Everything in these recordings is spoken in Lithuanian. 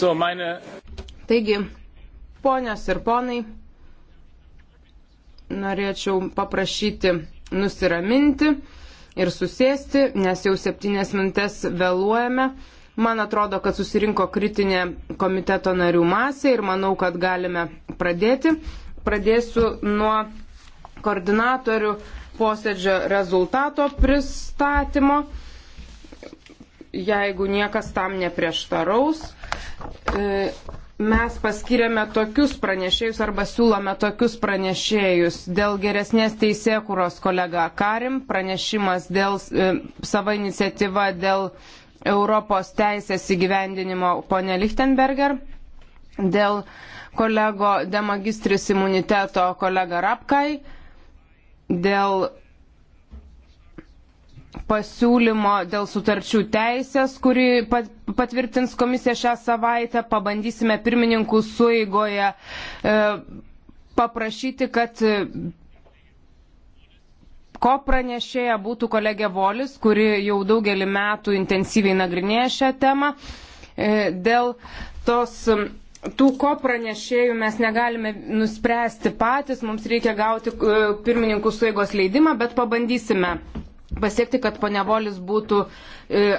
So, meine... Taigi, ponios ir ponai, norėčiau paprašyti nusiraminti ir susėsti, nes jau septynės mintes vėluojame. Man atrodo, kad susirinko kritinė komiteto narių masė ir manau, kad galime pradėti. Pradėsiu nuo koordinatorių posėdžio rezultato pristatymo jeigu niekas tam neprieštaraus, e, mes paskiriame tokius pranešėjus arba siūlome tokius pranešėjus dėl geresnės teisėkuros kolega Karim, pranešimas dėl e, savo iniciatyva dėl Europos teisės įgyvendinimo ponė Lichtenberger, dėl kolego demagistris imuniteto kolega Rapkai, dėl pasiūlymo dėl sutarčių teisės, kurį patvirtins komisija šią savaitę. Pabandysime pirmininkų suigoje e, paprašyti, kad ko pranešėja būtų kolegė Volis, kuri jau daugelį metų intensyviai nagrinėja šią temą. E, dėl tos tų ko pranešėjų mes negalime nuspręsti patys, mums reikia gauti e, pirmininkų suėgos leidimą, bet pabandysime pasiekti, kad ponia Volis būtų e,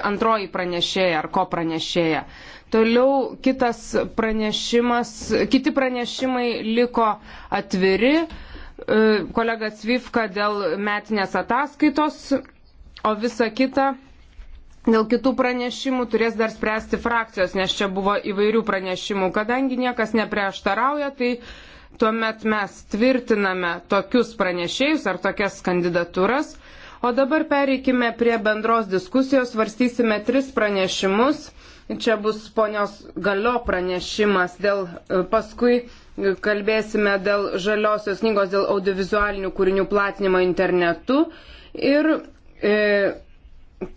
antroji pranešėja ar ko pranešėja. Toliau kitas pranešimas, kiti pranešimai liko atviri. E, kolega Cvifka dėl metinės ataskaitos, o visa kita Dėl kitų pranešimų turės dar spręsti frakcijos, nes čia buvo įvairių pranešimų. Kadangi niekas neprieštarauja, tai tuomet mes tvirtiname tokius pranešėjus ar tokias kandidatūras. O dabar pereikime prie bendros diskusijos, varstysime tris pranešimus. Čia bus ponios galio pranešimas, dėl, e, paskui e, kalbėsime dėl žaliosios knygos, dėl audiovizualinių kūrinių platinimo internetu. Ir e,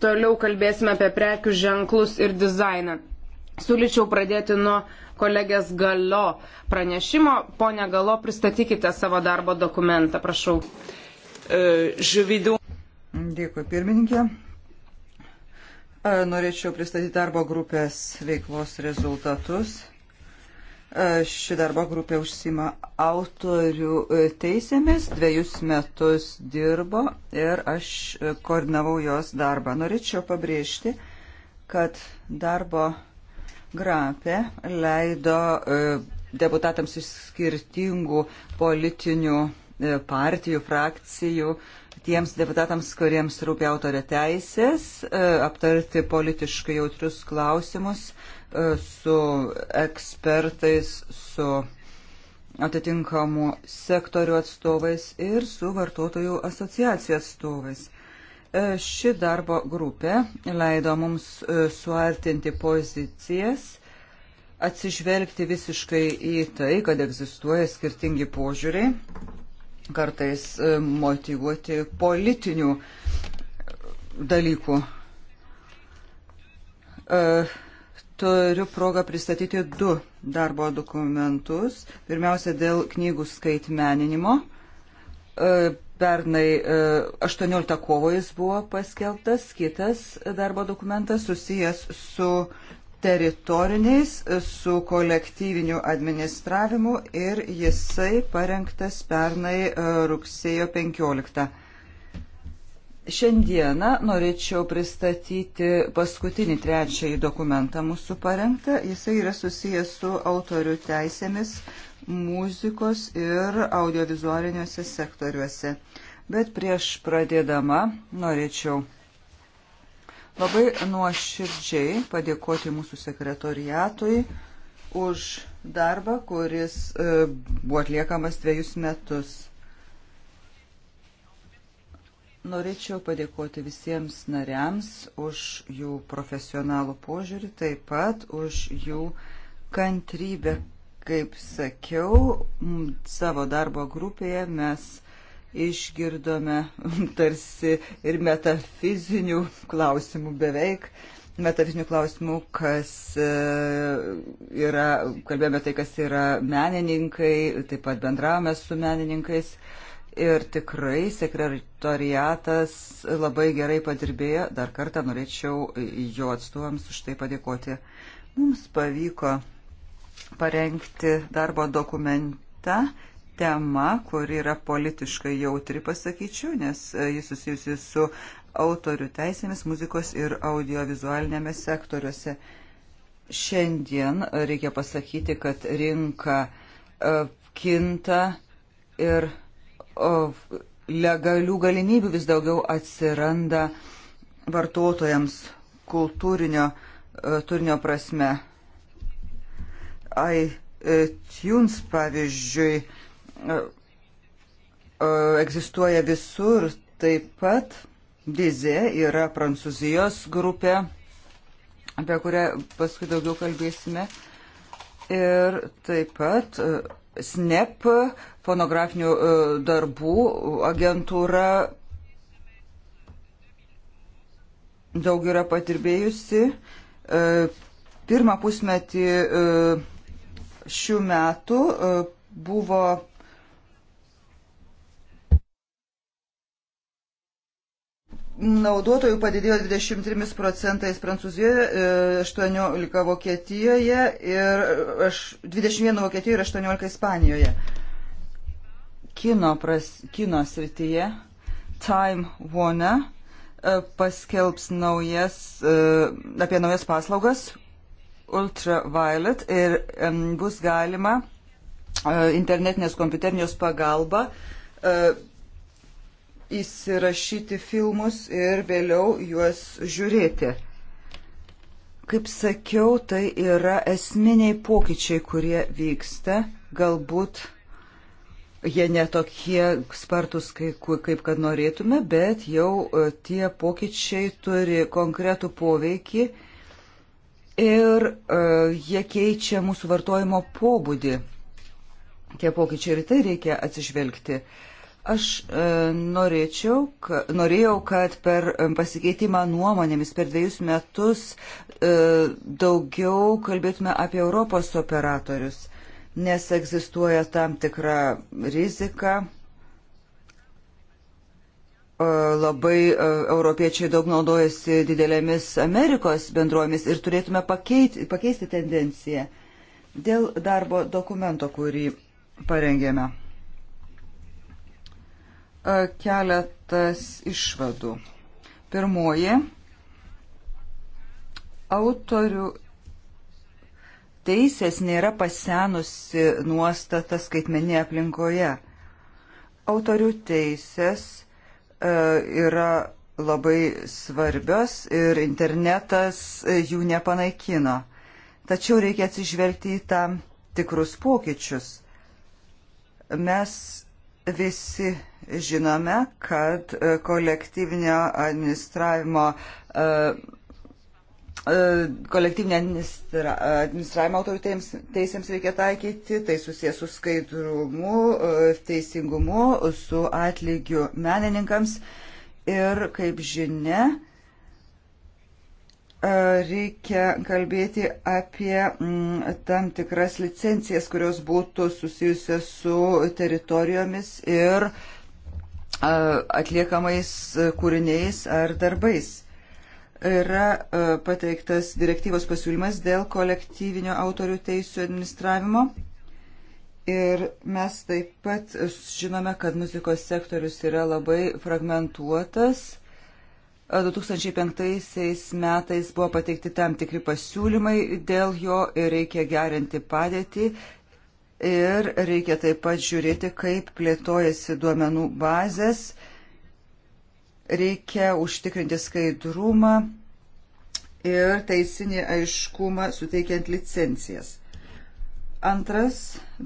toliau kalbėsime apie prekių ženklus ir dizainą. Siūlyčiau pradėti nuo kolegės Galo pranešimo. Pone Galo, pristatykite savo darbo dokumentą, prašau. Uh, Dėkui, pirmininkė. Norėčiau pristatyti darbo grupės veiklos rezultatus. Ši darbo grupė užsima autorių teisėmis, dviejus metus dirbo ir aš koordinavau jos darbą. Norėčiau pabrėžti, kad darbo grupė leido e, deputatams iš skirtingų politinių e, partijų, frakcijų tiems deputatams, kuriems rūpia autorio teisės, e, aptarti politiškai jautrius klausimus e, su ekspertais, su atitinkamų sektorių atstovais ir su vartotojų asociacijų atstovais. E, ši darbo grupė leido mums suartinti pozicijas, atsižvelgti visiškai į tai, kad egzistuoja skirtingi požiūriai kartais e, motivuoti politinių dalykų. E, turiu progą pristatyti du darbo dokumentus. Pirmiausia, dėl knygų skaitmeninimo. E, pernai 18 kovo jis buvo paskelbtas, kitas darbo dokumentas susijęs su teritoriniais e, su kolektyviniu administravimu ir jisai parengtas pernai e, rugsėjo 15. Šiandieną norėčiau pristatyti paskutinį trečiąjį dokumentą mūsų parengtą. Jisai yra susijęs su autorių teisėmis muzikos ir audiovizualiniuose sektoriuose. Bet prieš pradėdama norėčiau labai nuoširdžiai padėkoti mūsų sekretoriatui už darbą, kuris e, buvo atliekamas dviejus metus. Norėčiau padėkoti visiems nariams už jų profesionalų požiūrį, taip pat už jų kantrybę. Kaip sakiau, savo darbo grupėje mes išgirdome tarsi ir metafizinių klausimų beveik metafizinių klausimų, kas e, yra, kalbėjome tai, kas yra menininkai, taip pat bendravome su menininkais ir tikrai sekretoriatas labai gerai padirbėjo. Dar kartą norėčiau jo atstovams už tai padėkoti. Mums pavyko parengti darbo dokumentą tema, kuri yra politiškai jautri, pasakyčiau, nes e, jis susijusi su autorių teisėmis muzikos ir audiovizualinėme sektoriuose. Šiandien e, reikia pasakyti, kad rinka e, kinta ir legalių galimybių vis daugiau atsiranda vartotojams kultūrinio turinio prasme. iTunes, pavyzdžiui, E, egzistuoja visur. Taip pat Dizė yra prancūzijos grupė, apie kurią paskui daugiau kalbėsime. Ir taip pat e, SNEP fonografinių e, darbų agentūra daug yra patirbėjusi. Pirmą pusmetį šių metų buvo Naudotojų padidėjo 23 procentais Prancūzijoje, 18 e, Vokietijoje ir 21 e, Vokietijoje ir 18 Ispanijoje. Kino, pras, kino srityje Time Warner e, paskelbs naujas, apie naujas paslaugas Ultraviolet ir bus galima internetinės kompiuterinės pagalba įsirašyti filmus ir vėliau juos žiūrėti. Kaip sakiau, tai yra esminiai pokyčiai, kurie vyksta. Galbūt jie netokie spartus, kaip, kaip kad norėtume, bet jau e, tie pokyčiai turi konkretų poveikį ir uh, jie keičia mūsų vartojimo pobūdį. Tie pokyčiai ir tai reikia atsižvelgti. Uh, Aš e, norėčiau, ka, norėjau, kad per e, pasikeitimą nuomonėmis per dviejus metus e, daugiau kalbėtume apie Europos operatorius, nes egzistuoja tam tikra rizika. E, labai e, europiečiai daug naudojasi didelėmis Amerikos bendruomis ir turėtume pakeiti, pakeisti tendenciją dėl darbo dokumento, kurį parengėme keletas išvadų. Pirmoji, autorių teisės nėra pasenusi nuostata skaitmenėje aplinkoje. Autorių teisės e, yra labai svarbios ir internetas e, jų nepanaikino. Tačiau reikia atsižvelgti į tam tikrus pokyčius. Mes visi žinome, kad e, kolektyvinio administravimo e, e, kolektyvinė administra, administravimo autoritėms teisėms reikia taikyti, tai susijęs su skaidrumu, teisingumu, su atlygiu menininkams ir, kaip žinia, reikia kalbėti apie mm, tam tikras licencijas, kurios būtų susijusios su teritorijomis ir uh, atliekamais kūriniais ar darbais. Yra pateiktas direktyvos pasiūlymas dėl kolektyvinio autorių teisų administravimo. Ir mes taip pat žinome, kad muzikos sektorius yra labai fragmentuotas. 2005 metais buvo pateikti tam tikri pasiūlymai dėl jo ir reikia gerinti padėtį ir reikia taip pat žiūrėti, kaip plėtojasi duomenų bazės, reikia užtikrinti skaidrumą ir teisinį aiškumą suteikiant licencijas. Antras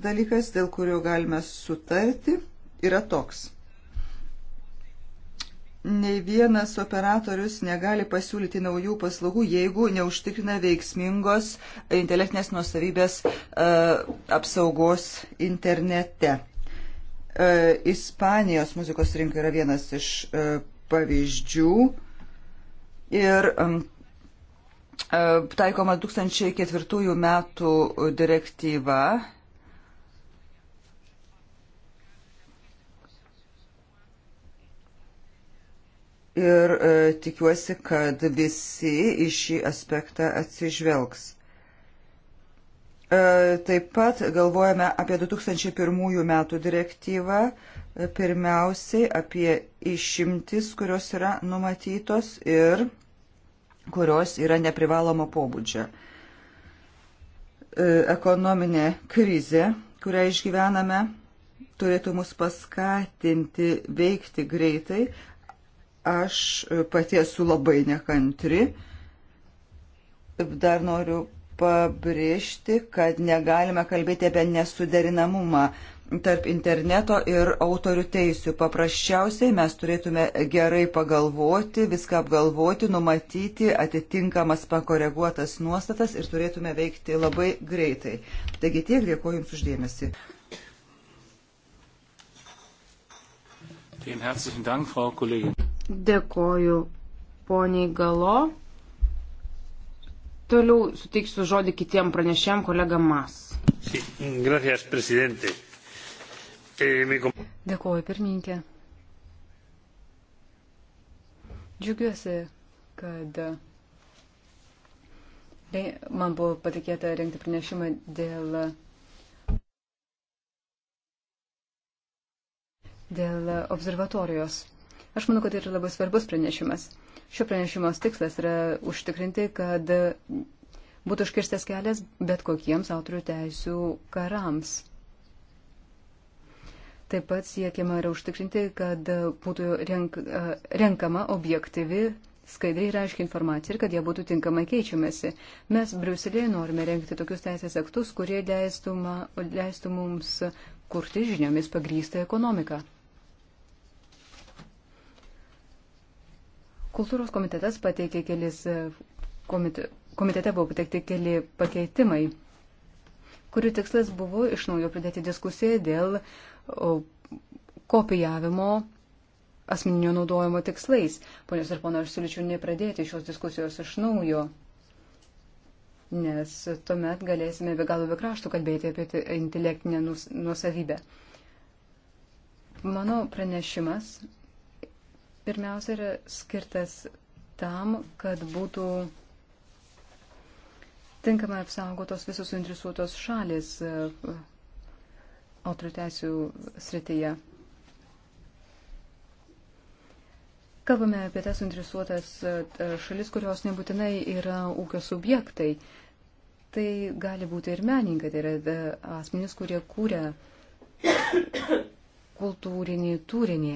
dalykas, dėl kurio galime sutarti, yra toks – Nei vienas operatorius negali pasiūlyti naujų paslaugų, jeigu neužtikrina veiksmingos intelektinės nuosavybės e, apsaugos internete. E, Ispanijos muzikos rinka yra vienas iš e, pavyzdžių ir e, taikoma 2004 metų direktyva ir e, tikiuosi, kad visi į šį aspektą atsižvelgs. E, taip pat galvojame apie 2001 metų direktyvą, e, pirmiausiai apie išimtis, kurios yra numatytos ir kurios yra neprivaloma pobūdžio. E, ekonominė krizė, kurią išgyvename, turėtų mus paskatinti veikti greitai, Aš pati esu labai nekantri. Dar noriu pabrėžti, kad negalime kalbėti apie nesuderinamumą tarp interneto ir autorių teisių. Paprasčiausiai mes turėtume gerai pagalvoti, viską apgalvoti, numatyti atitinkamas pakoreguotas nuostatas ir turėtume veikti labai greitai. Taigi tiek, dėkuoju Jums uždėmesi. Vielen herzlichen Dank, Frau Kollegin. Dėkoju poniai Galo. Toliau suteiksiu žodį kitiem pranešėm kolegam Mas. Sí, gracias, presidente. Eh, Dėkuoju, pirmininkė. Džiugiuosi, kad man buvo patikėta rengti pranešimą dėl, dėl observatorijos. Aš manau, kad tai yra labai svarbus pranešimas. Šio pranešimos tikslas yra užtikrinti, kad būtų užkirstas kelias bet kokiems autorių teisų karams. Taip pat siekiama yra užtikrinti, kad būtų renk, renkama objektyvi skaidriai reiškia informaciją ir kad jie būtų tinkamai keičiamasi. Mes Briuselėje norime renkti tokius teisės aktus, kurie leistų, ma, leistų mums kurti žiniomis pagrystą ekonomiką. Kultūros komitetas pateikė kelis, e, komite, komitete buvo pateikti keli pakeitimai, kurių tikslas buvo iš naujo pridėti diskusiją dėl kopijavimo asmeninio naudojimo tikslais. Ponios ir pono, aš siūlyčiau nepradėti šios diskusijos iš naujo, nes tuomet galėsime be galo be kraštų kalbėti apie intelektinę nuosavybę. Mano pranešimas pirmiausia yra skirtas tam, kad būtų tinkamai apsaugotos visos suinteresuotos šalis e, autorių teisų srityje. Kalbame apie tas suinteresuotas e, šalis, kurios nebūtinai yra ūkio subjektai. Tai gali būti ir meninkai, tai yra e, asmenys, kurie kūrė kultūrinį turinį.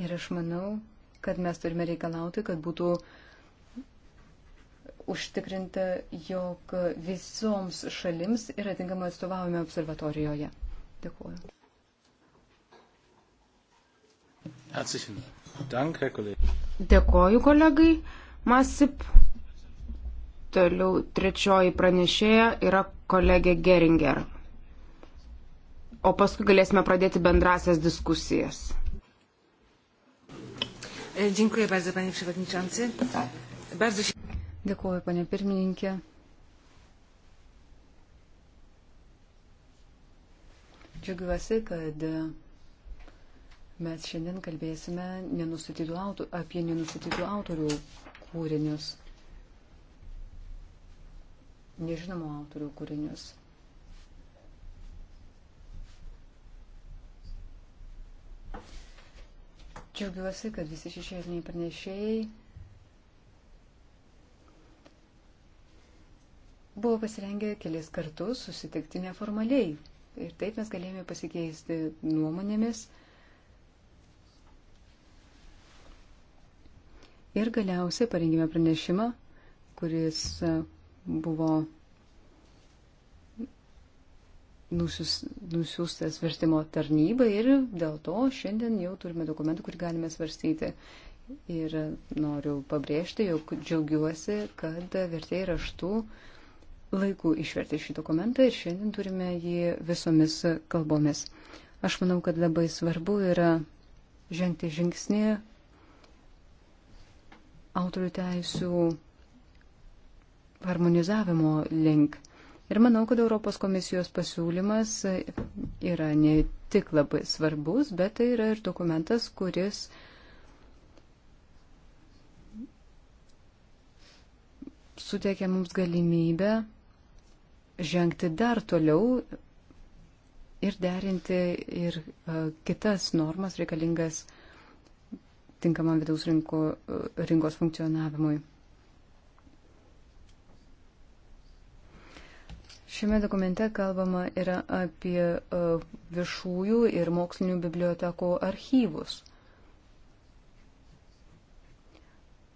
Ir aš manau, kad mes turime reikalauti, kad būtų užtikrinta, jog visoms šalims yra tinkamai atstovaujame observatorijoje. Dėkuoju. Dėkoju kolegai Masip. Toliau trečioji pranešėja yra kolegė Geringer. O paskui galėsime pradėti bendrasias diskusijas. E, dziękuję bardzo, panie przewodniczący. Bardzo się... Dėkuoju, panė pirmininkė. Džiaugiuosi, kad mes šiandien kalbėsime nenustatytų autorių, apie nenustatytų autorių kūrinius, nežinomų autorių kūrinius. Džiaugiuosi, kad visi šešėliniai pranešėjai buvo pasirengę kelis kartus susitikti neformaliai. Ir taip mes galėjome pasikeisti nuomonėmis. Ir galiausiai parengėme pranešimą, kuris buvo nusius, nusiustas vertimo tarnybai ir dėl to šiandien jau turime dokumentų, kurį galime svarstyti. Ir noriu pabrėžti, jog džiaugiuosi, kad vertėjai raštų laiku išvertė šį dokumentą ir šiandien turime jį visomis kalbomis. Aš manau, kad labai svarbu yra žengti žingsnį autorių teisų harmonizavimo link. Ir manau, kad Europos komisijos pasiūlymas yra ne tik labai svarbus, bet tai yra ir dokumentas, kuris suteikia mums galimybę žengti dar toliau ir derinti ir uh, kitas normas reikalingas tinkamam vidaus rinko, e, rinkos funkcionavimui. Šiame dokumente kalbama yra apie e, viešųjų ir mokslinių bibliotekų archyvus.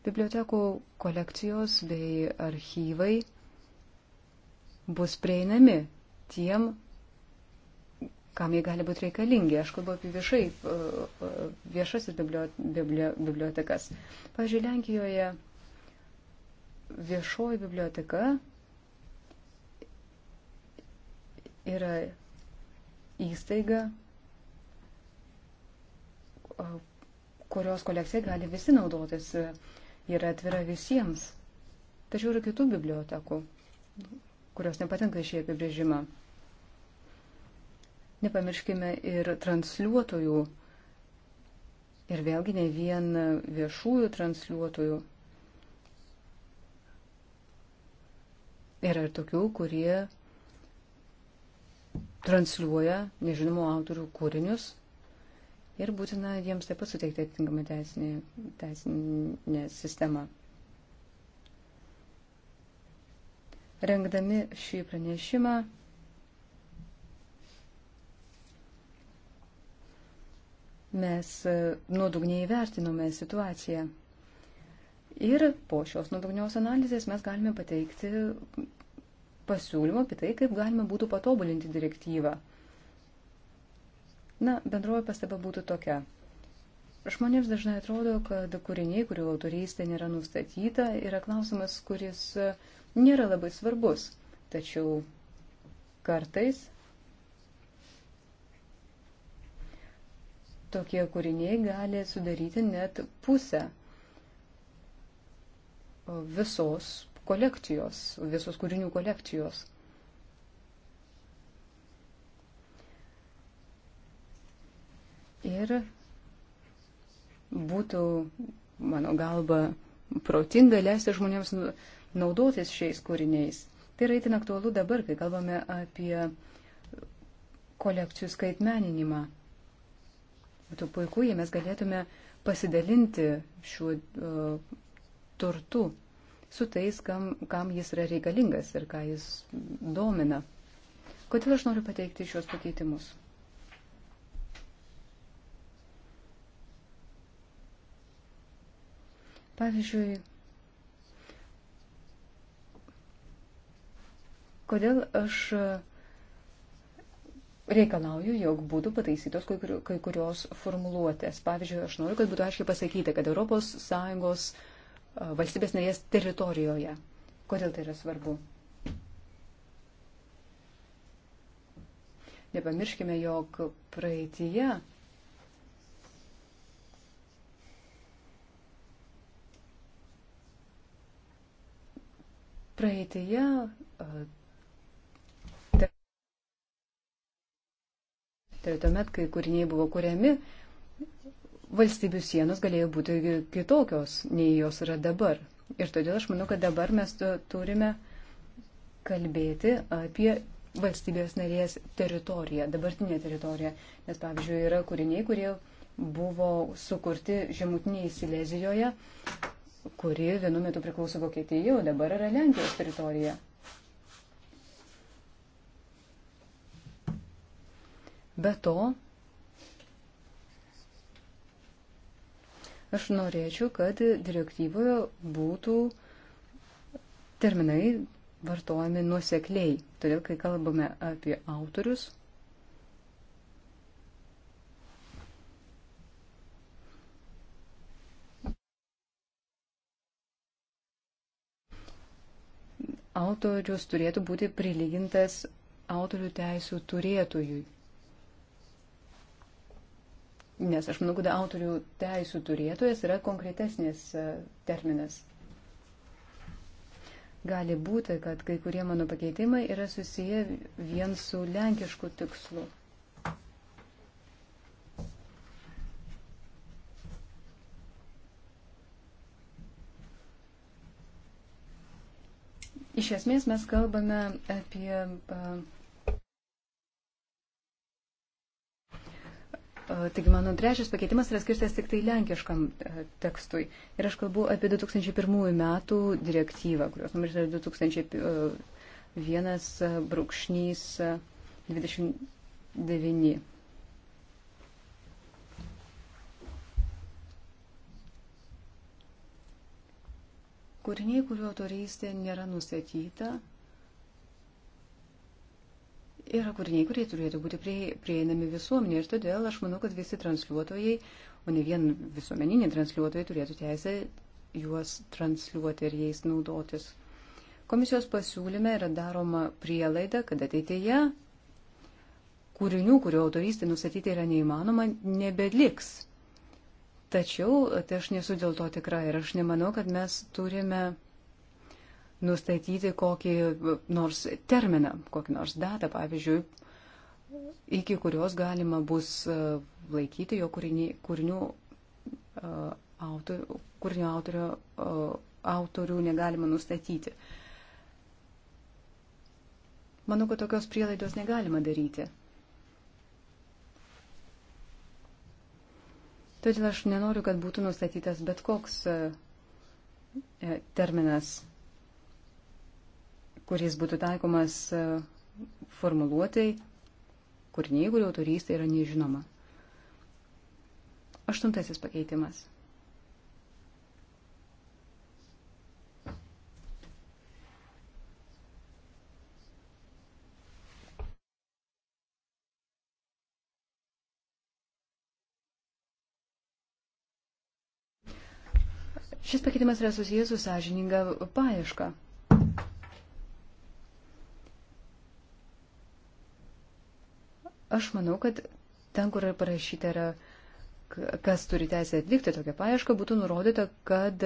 Bibliotekų kolekcijos bei archyvai bus prieinami tiem, kam jie gali būti reikalingi. Aš kalbu apie viešai, e, e, viešasis bibliotekas. Pavyzdžiui, Lenkijoje viešoji biblioteka yra įstaiga, kurios kolekcija gali visi naudotis, yra atvira visiems. Tačiau yra kitų bibliotekų, kurios nepatenka į šį apibrėžimą. Nepamirškime ir transliuotojų, ir vėlgi ne vien viešųjų transliuotojų. Yra ir tokių, kurie transliuoja nežinomų autorių kūrinius ir būtina jiems taip pat suteikti atitinkamą teisinį, teisinę sistemą. Rengdami šį pranešimą mes e, nuodugniai vertinome situaciją. Ir po šios nuodugnios analizės mes galime pateikti pasiūlymų apie tai, kaip galima būtų patobulinti direktyvą. Na, bendroji pastaba būtų tokia. Žmonėms dažnai atrodo, kad kūriniai, kurių autorystė nėra nustatyta, yra klausimas, kuris e, nėra labai svarbus. Tačiau kartais tokie kūriniai gali sudaryti net pusę visos kolekcijos, visos kūrinių kolekcijos. Ir būtų, mano galva, protinga leisti žmonėms nu, naudotis šiais kūriniais. Tai yra itin aktualu dabar, kai kalbame apie kolekcijų skaitmeninimą. Būtų puiku, jei mes galėtume pasidalinti šiuo uh, turtu su tais, kam, kam jis yra reikalingas ir ką jis domina. Kodėl aš noriu pateikti šios pakeitimus? Pavyzdžiui, kodėl aš reikalauju, jog būtų pataisytos kai kurios formuluotės. Pavyzdžiui, aš noriu, kad būtų aiškiai pasakyta, kad ES valstybės narės teritorijoje. Kodėl tai yra svarbu? Nepamirškime, jog praeitie praeitėje tai tuomet, kai kūriniai buvo kuriami, valstybių sienos galėjo būti kitokios, nei jos yra dabar. Ir todėl aš manau, kad dabar mes turime kalbėti apie valstybės narės teritoriją, dabartinę teritoriją. Nes, pavyzdžiui, yra kūriniai, kurie buvo sukurti žemutiniai Silezijoje, kuri vienu metu priklauso Vokietijai, o dabar yra Lenkijos teritorija. Be to, Aš norėčiau, kad direktyvoje būtų terminai vartojami nusekliai. Todėl, kai kalbame apie autorius, autorius turėtų būti prilygintas autorių teisų turėtojui. Nes aš manau, kad autorių teisų turėtojas yra konkretesnis e, terminas. Gali būti, kad kai kurie mano pakeitimai yra susiję vien su lenkišku tikslu. Iš esmės mes kalbame apie e, Taigi mano trečias pakeitimas yra skirtas tik tai lenkiškam e, tekstui. Ir aš kalbu apie 2001 metų direktyvą, kurios numeris yra 2001 e, e, brūkšnys 29. Kūriniai, kurių autorystė nėra nustatyta, yra kūriniai, kurie turėtų būti prie, prieinami visuomenė ir todėl aš manau, kad visi transliuotojai, o ne vien visuomeniniai transliuotojai turėtų teisę juos transliuoti ir jais naudotis. Komisijos pasiūlyme yra daroma prielaida, kad ateityje kūrinių, kurio autorystė nustatyti yra neįmanoma, nebeliks. Tačiau tai aš nesu dėl to tikra ir aš nemanau, kad mes turime nustatyti kokį nors terminą, kokį nors datą, pavyzdžiui, iki kurios galima bus e, laikyti jo kūrinį, kūrinių, e, autor, kūrinio autorio, e, autorių negalima nustatyti. Manau, kad tokios prielaidos negalima daryti. Todėl aš nenoriu, kad būtų nustatytas bet koks terminas kuris būtų taikomas e, formuluotai kūriniai, kurių autorystė yra nežinoma. Aštuntasis pakeitimas. Šis pakeitimas yra susijęs su sąžininga paieška. Aš manau, kad ten, kur yra parašyta, yra, kas turi teisę atlikti tokią paiešką, būtų nurodyta, kad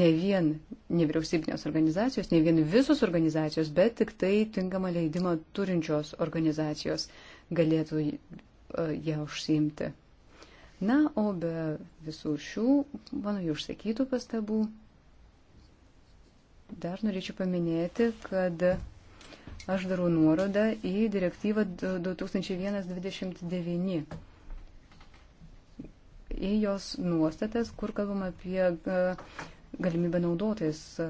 ne vien nevyriausybinės organizacijos, ne vien visos organizacijos, bet tik tai tinkamą leidimą turinčios organizacijos galėtų e, ją užsiimti. Na, o be visų šių mano jau užsakytų pastabų, dar norėčiau paminėti, kad aš darau nuorodą į direktyvą 2129. Į jos nuostatas, kur kalbam apie e, galimybę naudotis e,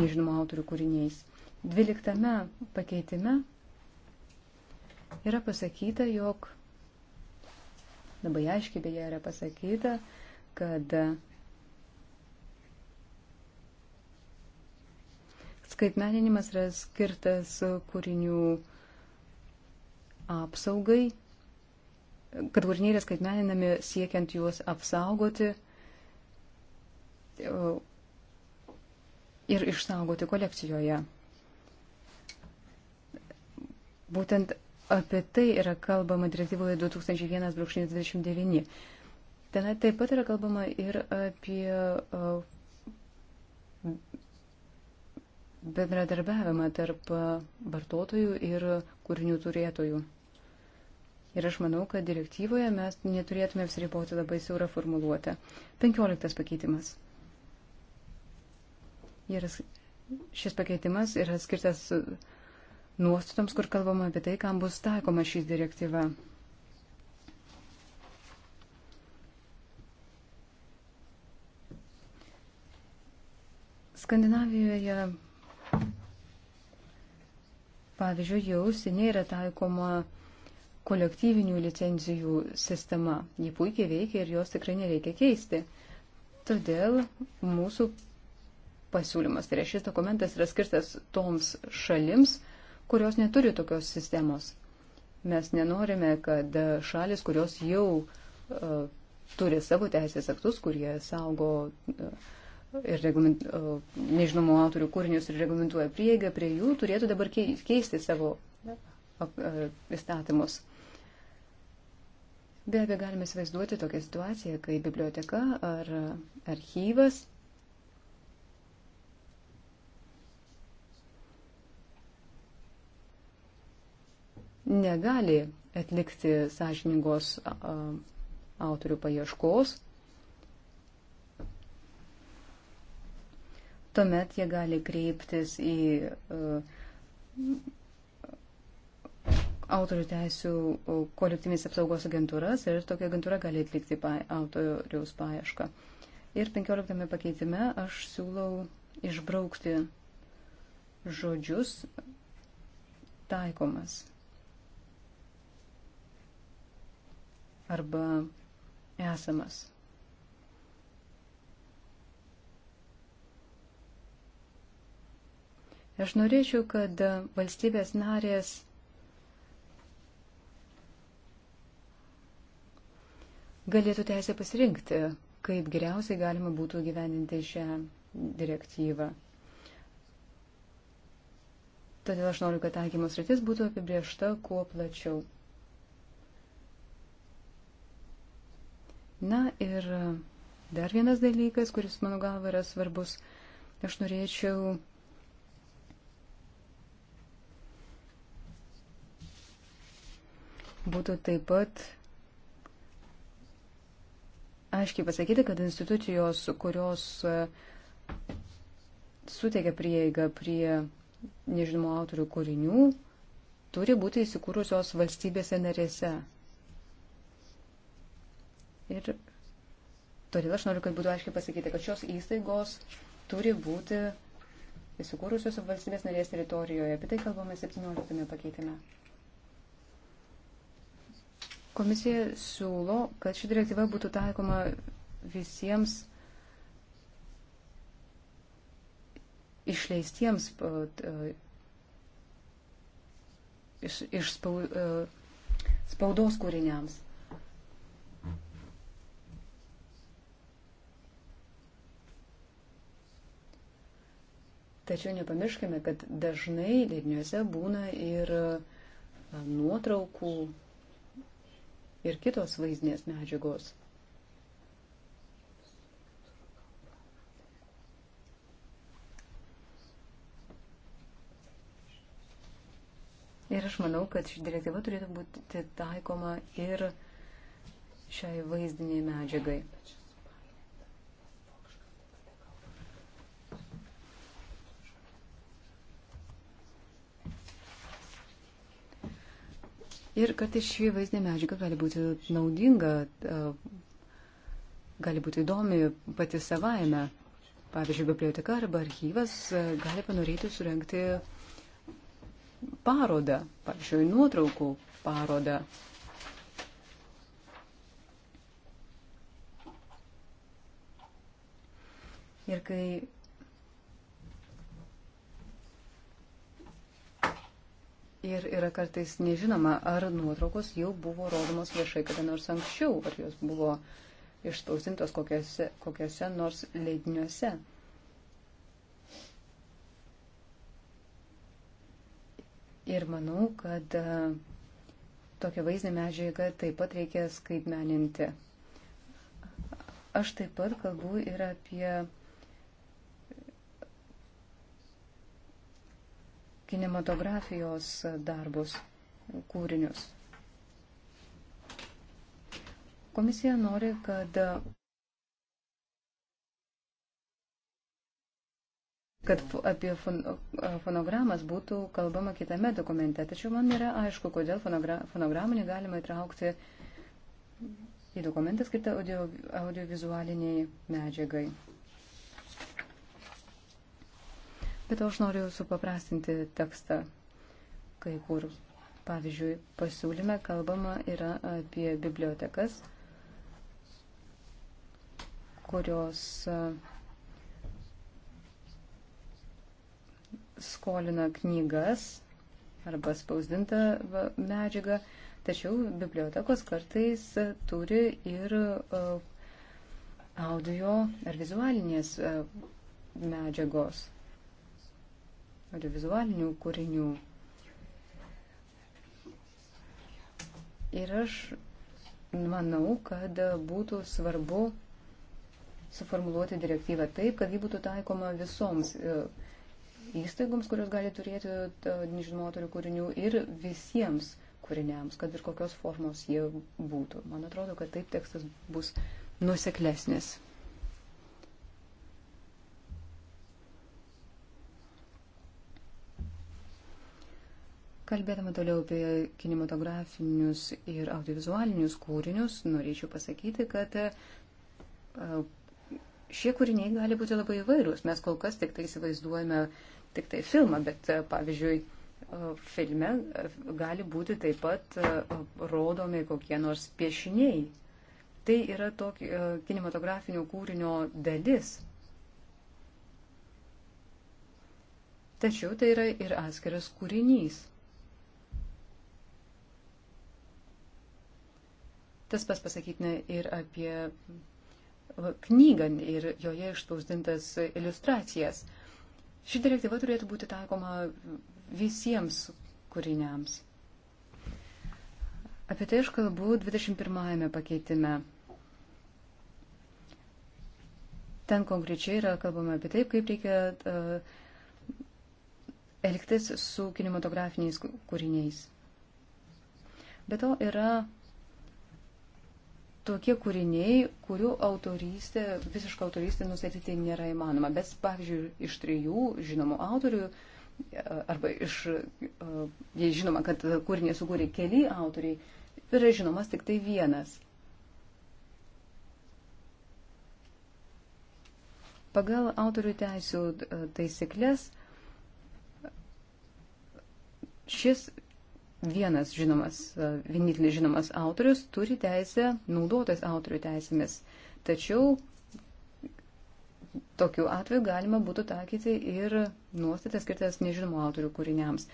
nežinomų autorių kūriniais. 12 pakeitime yra pasakyta, jog labai aiškiai beje yra pasakyta, kad Skaitmeninimas yra skirtas kūrinių apsaugai, kad kūriniai yra skaitmeninami siekiant juos apsaugoti ir išsaugoti kolekcijoje. Būtent apie tai yra kalbama direktyvoje 2001-29. Ten taip pat yra kalbama ir apie bendradarbiavimą tarp vartotojų ir kūrinių turėtojų. Ir aš manau, kad direktyvoje mes neturėtume apsiriboti labai siaurą formuluotę. 15 pakeitimas. Ir šis pakeitimas yra skirtas nuostatoms, kur kalbama apie tai, kam bus taikoma šis direktyva. Skandinavijoje Pavyzdžiui, jau seniai yra taikoma kolektyvinių licenzijų sistema. Ji puikiai veikia ir jos tikrai nereikia keisti. Todėl mūsų pasiūlymas, tai yra šis dokumentas yra skirtas toms šalims, kurios neturi tokios sistemos. Mes nenorime, kad šalis, kurios jau uh, turi savo teisės aktus, kurie saugo uh, ir reglament, nežinomų autorių kūrinius ir reglamentuoja prieigą prie jų, turėtų dabar keisti savo įstatymus. Be abejo, galime įsivaizduoti tokią situaciją, kai biblioteka ar archyvas negali atlikti sąžiningos autorių paieškos tuomet jie gali kreiptis į uh, autorių teisų uh, kolektyvinės apsaugos agentūras ir tokia agentūra gali atlikti pa, autoriaus paiešką. Ir 15 pakeitime aš siūlau išbraukti žodžius taikomas arba esamas. Aš norėčiau, kad valstybės narės galėtų teisę pasirinkti, kaip geriausiai galima būtų gyveninti šią direktyvą. Todėl aš noriu, kad taikymos rytis būtų apibriešta kuo plačiau. Na ir dar vienas dalykas, kuris mano galva yra svarbus. Aš norėčiau būtų taip pat aiškiai pasakyti, kad institucijos, kurios e, suteikia prieigą prie nežinomų autorių kūrinių, turi būti įsikūrusios valstybėse narėse. Ir todėl aš noriu, kad būtų aiškiai pasakyti, kad šios įstaigos turi būti įsikūrusios valstybės narės teritorijoje. Apie tai kalbame 17 pakeitime. Komisija siūlo, kad ši direktyva būtų taikoma visiems išleistiems e, iš, iš e, spaudos kūriniams. Tačiau nepamirškime, kad dažnai leidiniuose būna ir e, nuotraukų ir kitos vaizdinės medžiagos. Ir aš manau, kad ši direktyva turėtų būti taikoma ir šiai vaizdiniai medžiagai. Ir kartais šį vaizdinę medžiagą gali būti naudinga, e, gali būti įdomi pati savaime. Pavyzdžiui, biblioteka arba archyvas e, gali panorėti surenkti parodą, pavyzdžiui, nuotraukų parodą. Ir kai Ir yra kartais nežinoma, ar nuotraukos jau buvo rodomos viešai kada nors anksčiau, ar jos buvo išspausintos kokiuose, kokiuose nors leidiniuose. Ir manau, kad e, tokią vaizdinę medžiagą taip pat reikia skaitmeninti. Aš taip pat kalbu ir apie kinematografijos darbus, kūrinius. Komisija nori, kad kad apie fon, fonogramas būtų kalbama kitame dokumente. Tačiau man nėra aišku, kodėl fonogra, fonogramą negalima įtraukti į dokumentą skirtą audiovizualiniai audio, audio medžiagai. Bet aš noriu supaprastinti tekstą kai kur. Pavyzdžiui, pasiūlyme kalbama yra apie bibliotekas, kurios e, skolina knygas arba spausdintą medžiagą, tačiau bibliotekos kartais turi ir e, audio ar vizualinės e, medžiagos audiovizualinių kūrinių. Ir aš manau, kad būtų svarbu suformuluoti direktyvą taip, kad ji būtų taikoma visoms e, įstaigoms, kurios gali turėti e, nežinotorių kūrinių ir visiems kūriniams, kad ir kokios formos jie būtų. Man atrodo, kad taip tekstas bus nuseklesnis. Kalbėdama toliau apie kinematografinius ir audiovizualinius kūrinius, norėčiau pasakyti, kad e, šie kūriniai gali būti labai įvairūs. Mes kol kas tik tai įsivaizduojame tik tai filmą, bet e, pavyzdžiui, e, filme gali būti taip pat rodomi kokie nors piešiniai. Tai yra tokio kinematografinio kūrinio dalis. Tačiau tai yra ir atskiras kūrinys. Tas pas pasakytina ir apie knygą ir joje išspausdintas iliustracijas. Ši direktyva turėtų būti taikoma visiems kūriniams. Apie tai aš kalbu 21 pakeitime. Ten konkrečiai yra kalbama apie taip, kaip reikia uh, elgtis su kinematografiniais kūriniais. Be to yra tokie kūriniai, kurių autorystė, visiška autorystė nustatyti nėra įmanoma. Bet, pavyzdžiui, iš trijų žinomų autorių, e, arba iš, e, jei žinoma, kad kūrinį sukūrė keli autoriai, yra žinomas tik tai vienas. Pagal autorių teisų e, taisyklės šis vienas žinomas, e, vienintelis žinomas autorius turi teisę naudotis autorių teisėmis. Tačiau tokiu atveju galima būtų taikyti ir nuostatas skirtas nežinomų autorių kūriniams,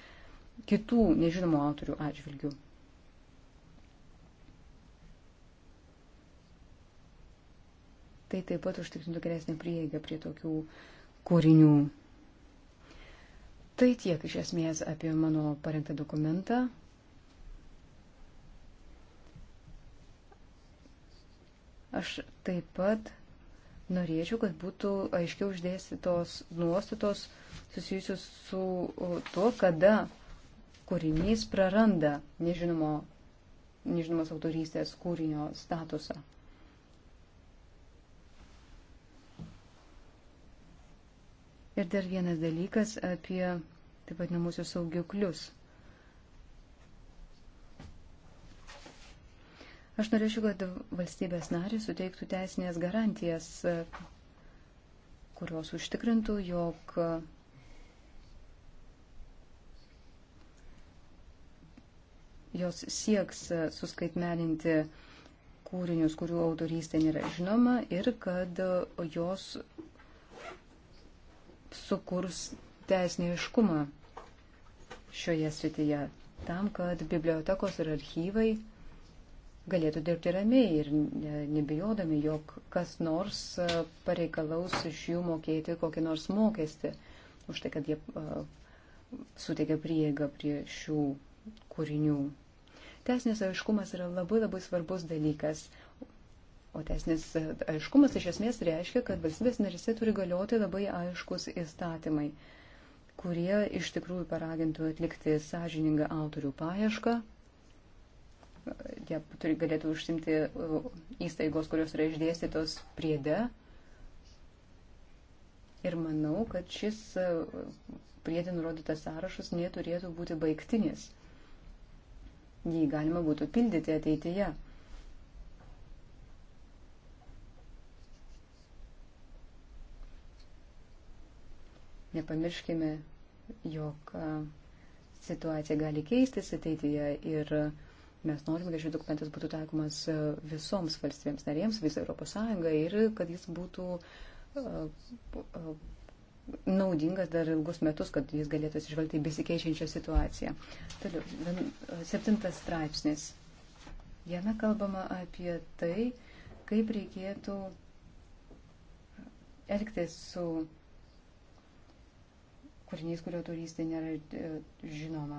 kitų nežinomų autorių atžvilgių. Tai taip pat užtikrintų geresnę prieigą prie tokių kūrinių. Tai tiek iš esmės apie mano parengtą dokumentą. Aš taip pat norėčiau, kad būtų aiškiau uždėstytos nuostatos susijusios su tuo, kada kūrinys praranda nežinomo, nežinomos autorystės kūrinio statusą. Ir dar vienas dalykas apie taip vadinamusius saugiklius. Aš norėčiau, kad valstybės narės suteiktų teisinės garantijas, kurios užtikrintų, jog jos sieks suskaitmeninti kūrinius, kurių autorystė nėra žinoma ir kad jos sukurs teisinį iškumą šioje srityje, tam, kad bibliotekos ir archyvai galėtų dirbti ramiai ir nebijodami, jog kas nors e, pareikalaus iš jų mokėti kokį nors mokestį už tai, kad jie e, suteikia prieigą prie šių kūrinių. Tesnis aiškumas yra labai labai svarbus dalykas. O tesnis e, aiškumas iš esmės reiškia, kad valstybės narise turi galioti labai aiškus įstatymai. Uh, kurie iš tikrųjų paragintų atlikti sąžiningą autorių paiešką. Jie turi, galėtų užsimti uh, įstaigos, kurios yra išdėstytos priede. Ir manau, kad šis uh, priedė nurodytas sąrašas neturėtų būti baigtinis. Jį galima būtų pildyti ateityje. Nepamirškime jog e, situacija gali keistis ateityje ir mes norime, kad šis dokumentas būtų taikomas e, visoms valstybėms narėms, visą Europos Sąjungą ir kad jis būtų e, naudingas dar ilgus metus, kad jis galėtų atsižvelgti į besikeičiančią situaciją. Toliau, septintas straipsnis. Jame kalbama apie tai, kaip reikėtų elgtis su kūrinys, kurio turistė nėra e, žinoma.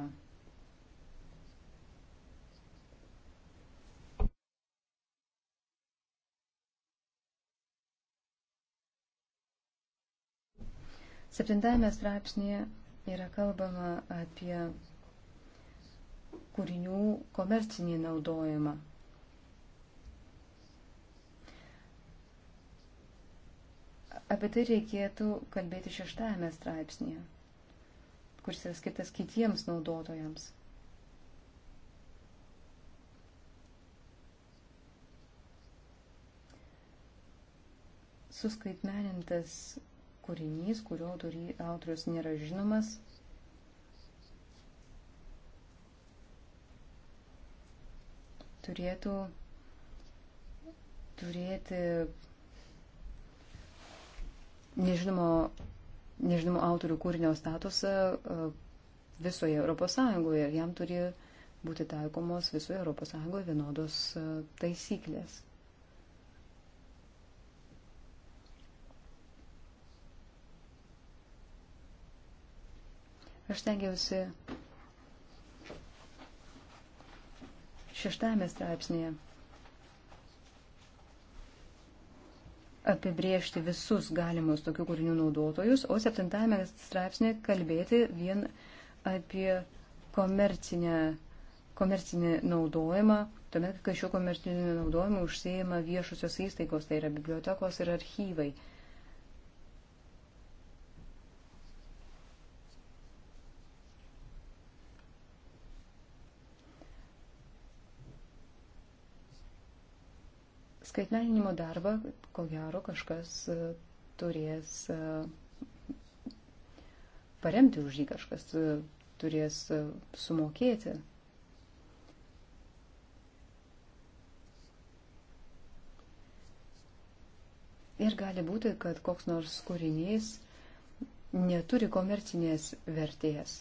Septintame straipsnėje yra kalbama apie kūrinių komercinį naudojimą. Apie tai reikėtų kalbėti šeštame straipsnėje kuris yra skirtas kitiems naudotojams. Suskaitmenintas kūrinys, kurio autorius nėra žinomas, turėtų turėti nežinomo nežinomų autorių kūrinio statusą e, visoje Europos Sąjungoje ir jam turi būti taikomos visoje Europos Sąjungoje vienodos e, taisyklės. Aš tengiausi šeštame straipsnėje apibriežti visus galimus tokių kūrinių naudotojus, o septintame straipsnė kalbėti vien apie komercinę, komercinį naudojimą, tuomet, kai šiuo komerciniu naudojimu užsieima viešusios įstaigos, tai yra bibliotekos ir archyvai. skaitmeninimo darbą, ko gero, kažkas e, turės e, paremti už jį, kažkas e, turės sumokėti. Ir gali būti, kad koks nors kūrinys neturi komercinės vertės.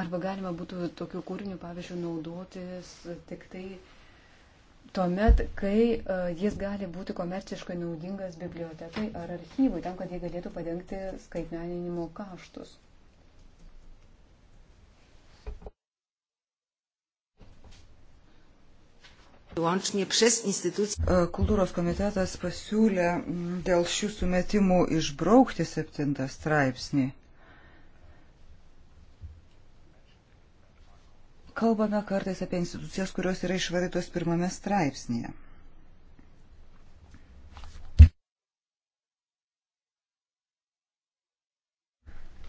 Arba galima būtų tokių kūrinių, pavyzdžiui, naudotis tik tai uh, tuomet, kai e, jis gali būti komerciškai naudingas bibliotekai ar archyvui, tam, kad jie galėtų padengti skaitmeninimo kaštus. E, kultūros komitetas pasiūlė dėl šių sumetimų išbraukti septintą straipsnį. Kalbame kartais apie institucijas, kurios yra išvarytos pirmame straipsnėje.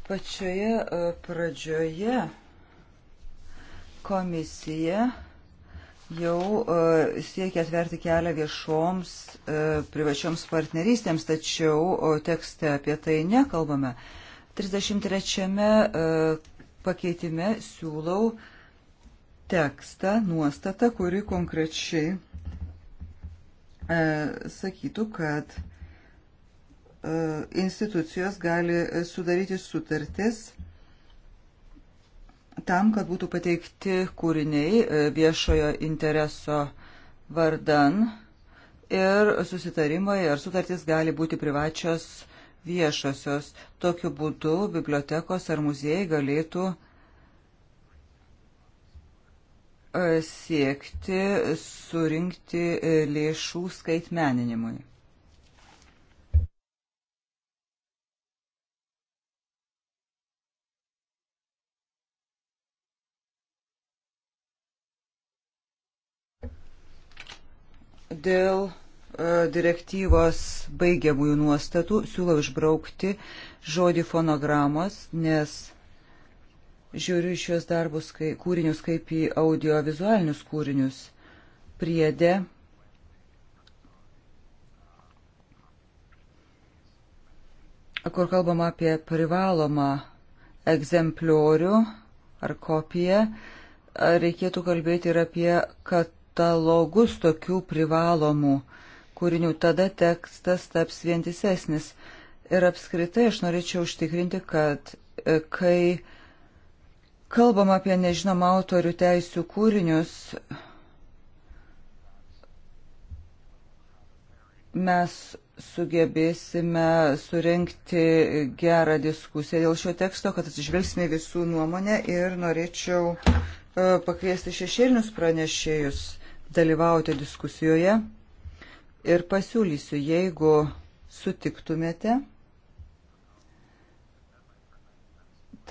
Pačioje e, pradžioje komisija jau uh, siekia atverti kelią viešoms uh, privačioms partnerystėms, tačiau uh, tekste apie tai nekalbame. 33 uh, pakeitime siūlau tekstą, nuostatą, kuri konkrečiai e, sakytų, kad e, institucijos gali sudaryti sutartis tam, kad būtų pateikti kūriniai e, viešojo intereso vardan ir susitarimai ar sutartys gali būti privačios viešosios. Tokiu būdu bibliotekos ar muziejai galėtų E, siekti surinkti e, lėšų skaitmeninimui. Dėl e, direktyvos baigiamųjų nuostatų siūlau išbraukti žodį fonogramos, nes žiūriu šios darbus, kai, kūrinius kaip į audiovizualinius kūrinius. Priedė kur kalbama apie privalomą egzempliorių ar kopiją, reikėtų kalbėti ir apie katalogus tokių privalomų kūrinių. Tada tekstas taps vientisesnis. Ir apskritai aš norėčiau užtikrinti, kad e, kai kalbam apie nežinomą autorių teisų kūrinius, mes sugebėsime surenkti gerą diskusiją dėl šio teksto, kad atsižvelgsime visų nuomonę ir norėčiau e, pakviesti šešėlinius pranešėjus dalyvauti diskusijoje ir pasiūlysiu, jeigu sutiktumėte,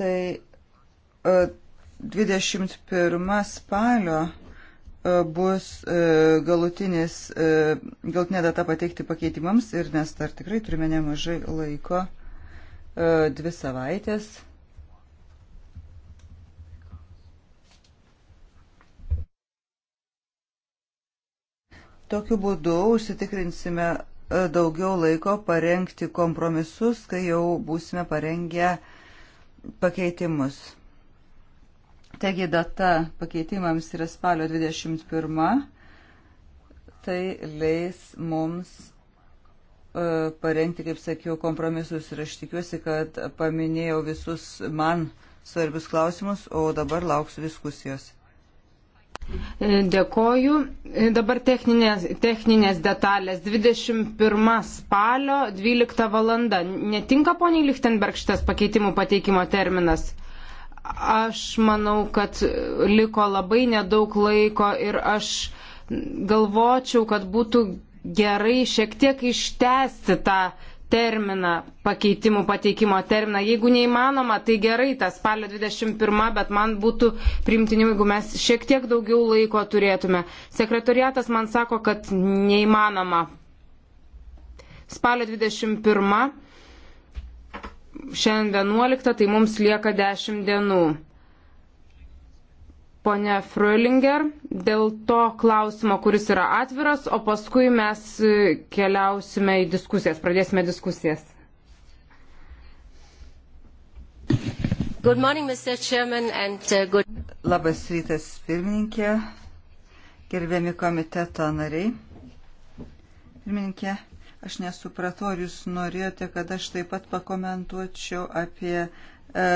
tai 21 spalio e, bus e, galutinis, e, galutinė data pateikti pakeitimams ir mes dar tikrai turime nemažai laiko, dvi savaitės. Tokiu būdu užsitikrinsime daugiau laiko parengti kompromisus, kai jau būsime parengę pakeitimus. Taigi data pakeitimams yra spalio 21. Tai leis mums e, parengti, kaip sakiau, kompromisus ir aš tikiuosi, kad paminėjau visus man svarbius klausimus, o dabar lauksiu diskusijos. E, dėkoju. E, dabar techninės, techninės detalės. 21 spalio 12 valanda. Netinka poniai Lichtenberg šitas pakeitimų pateikimo terminas? Aš manau, kad liko labai nedaug laiko ir aš galvočiau, kad būtų gerai šiek tiek ištesti tą terminą, pakeitimų pateikimo terminą. Jeigu neįmanoma, tai gerai, ta spalio 21, bet man būtų primtiniau, jeigu mes šiek tiek daugiau laiko turėtume. Sekretoriatas man sako, kad neįmanoma. Spalio 21 šiandien 11, tai mums lieka 10 dienų. Pone Frölinger, dėl to klausimo, kuris yra atviras, o paskui mes e, keliausime į diskusijas, pradėsime diskusijas. Good morning, Mr. Chairman, and uh, good... Labas rytas, pirmininkė, gerbiami komiteto nariai. Pirmininkė, Aš nesupratau, ar jūs norėjote, kad aš taip pat pakomentuočiau apie e,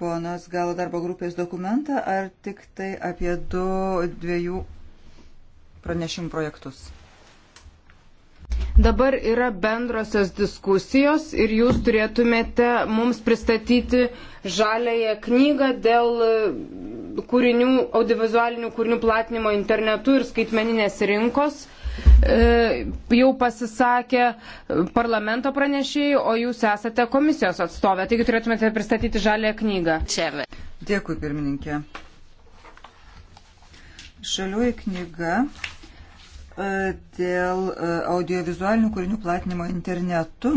ponas galo darbo grupės dokumentą, ar tik tai apie du dviejų pranešimų projektus. Dabar yra bendrosios diskusijos ir jūs turėtumėte mums pristatyti žalėje knygą dėl e, kūrinių, audiovizualinių kūrinių platinimo internetu ir skaitmeninės rinkos. E, jau pasisakė parlamento pranešėjai, o jūs esate komisijos atstovė. Taigi turėtumėte pristatyti žalę knygą. Čia. Dėkui, pirmininkė. Žalioji knyga e, dėl e, audiovizualinių kūrinių platinimo internetu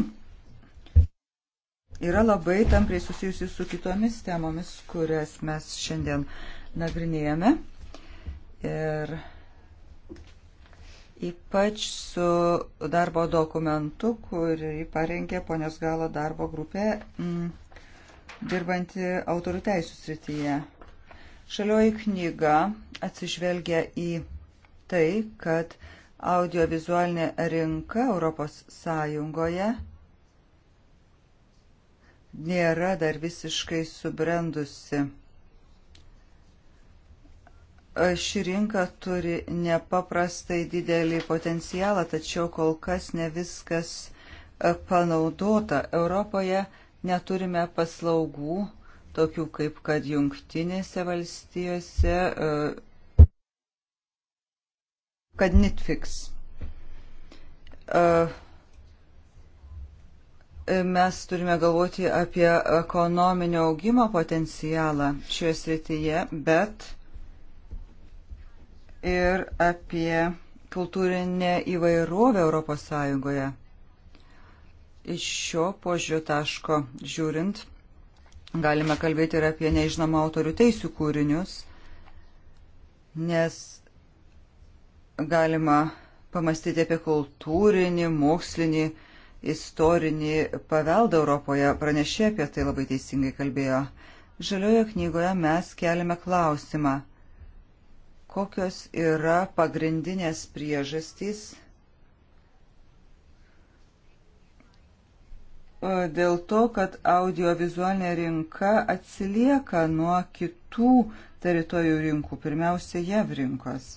yra labai tampriai susijusi su kitomis temomis, kurias mes šiandien nagrinėjame. Ir ypač su darbo dokumentu, kurį parengė ponios galo darbo grupė m, mm, dirbanti autorių teisų srityje. Šalioji knyga atsižvelgia į tai, kad audiovizualinė rinka Europos Sąjungoje nėra dar visiškai subrendusi Ši rinka turi nepaprastai didelį potencialą, tačiau kol kas ne viskas e, panaudota. Europoje neturime paslaugų, tokių kaip kad jungtinėse valstijose, e, kad Netflix. E, mes turime galvoti apie ekonominio augimo potencialą šioje srityje, bet ir apie kultūrinę įvairovę Europos Sąjungoje. Iš šio požiūrio taško žiūrint, galime kalbėti ir apie nežinomą autorių teisų kūrinius, nes galima pamastyti apie kultūrinį, mokslinį, istorinį paveldą Europoje. Pranešė apie tai labai teisingai kalbėjo. Žaliojo knygoje mes keliame klausimą – Kokios yra pagrindinės priežastys e, dėl to, kad audiovizualinė rinka atsilieka nuo kitų teritorijų rinkų, pirmiausia, jav rinkos.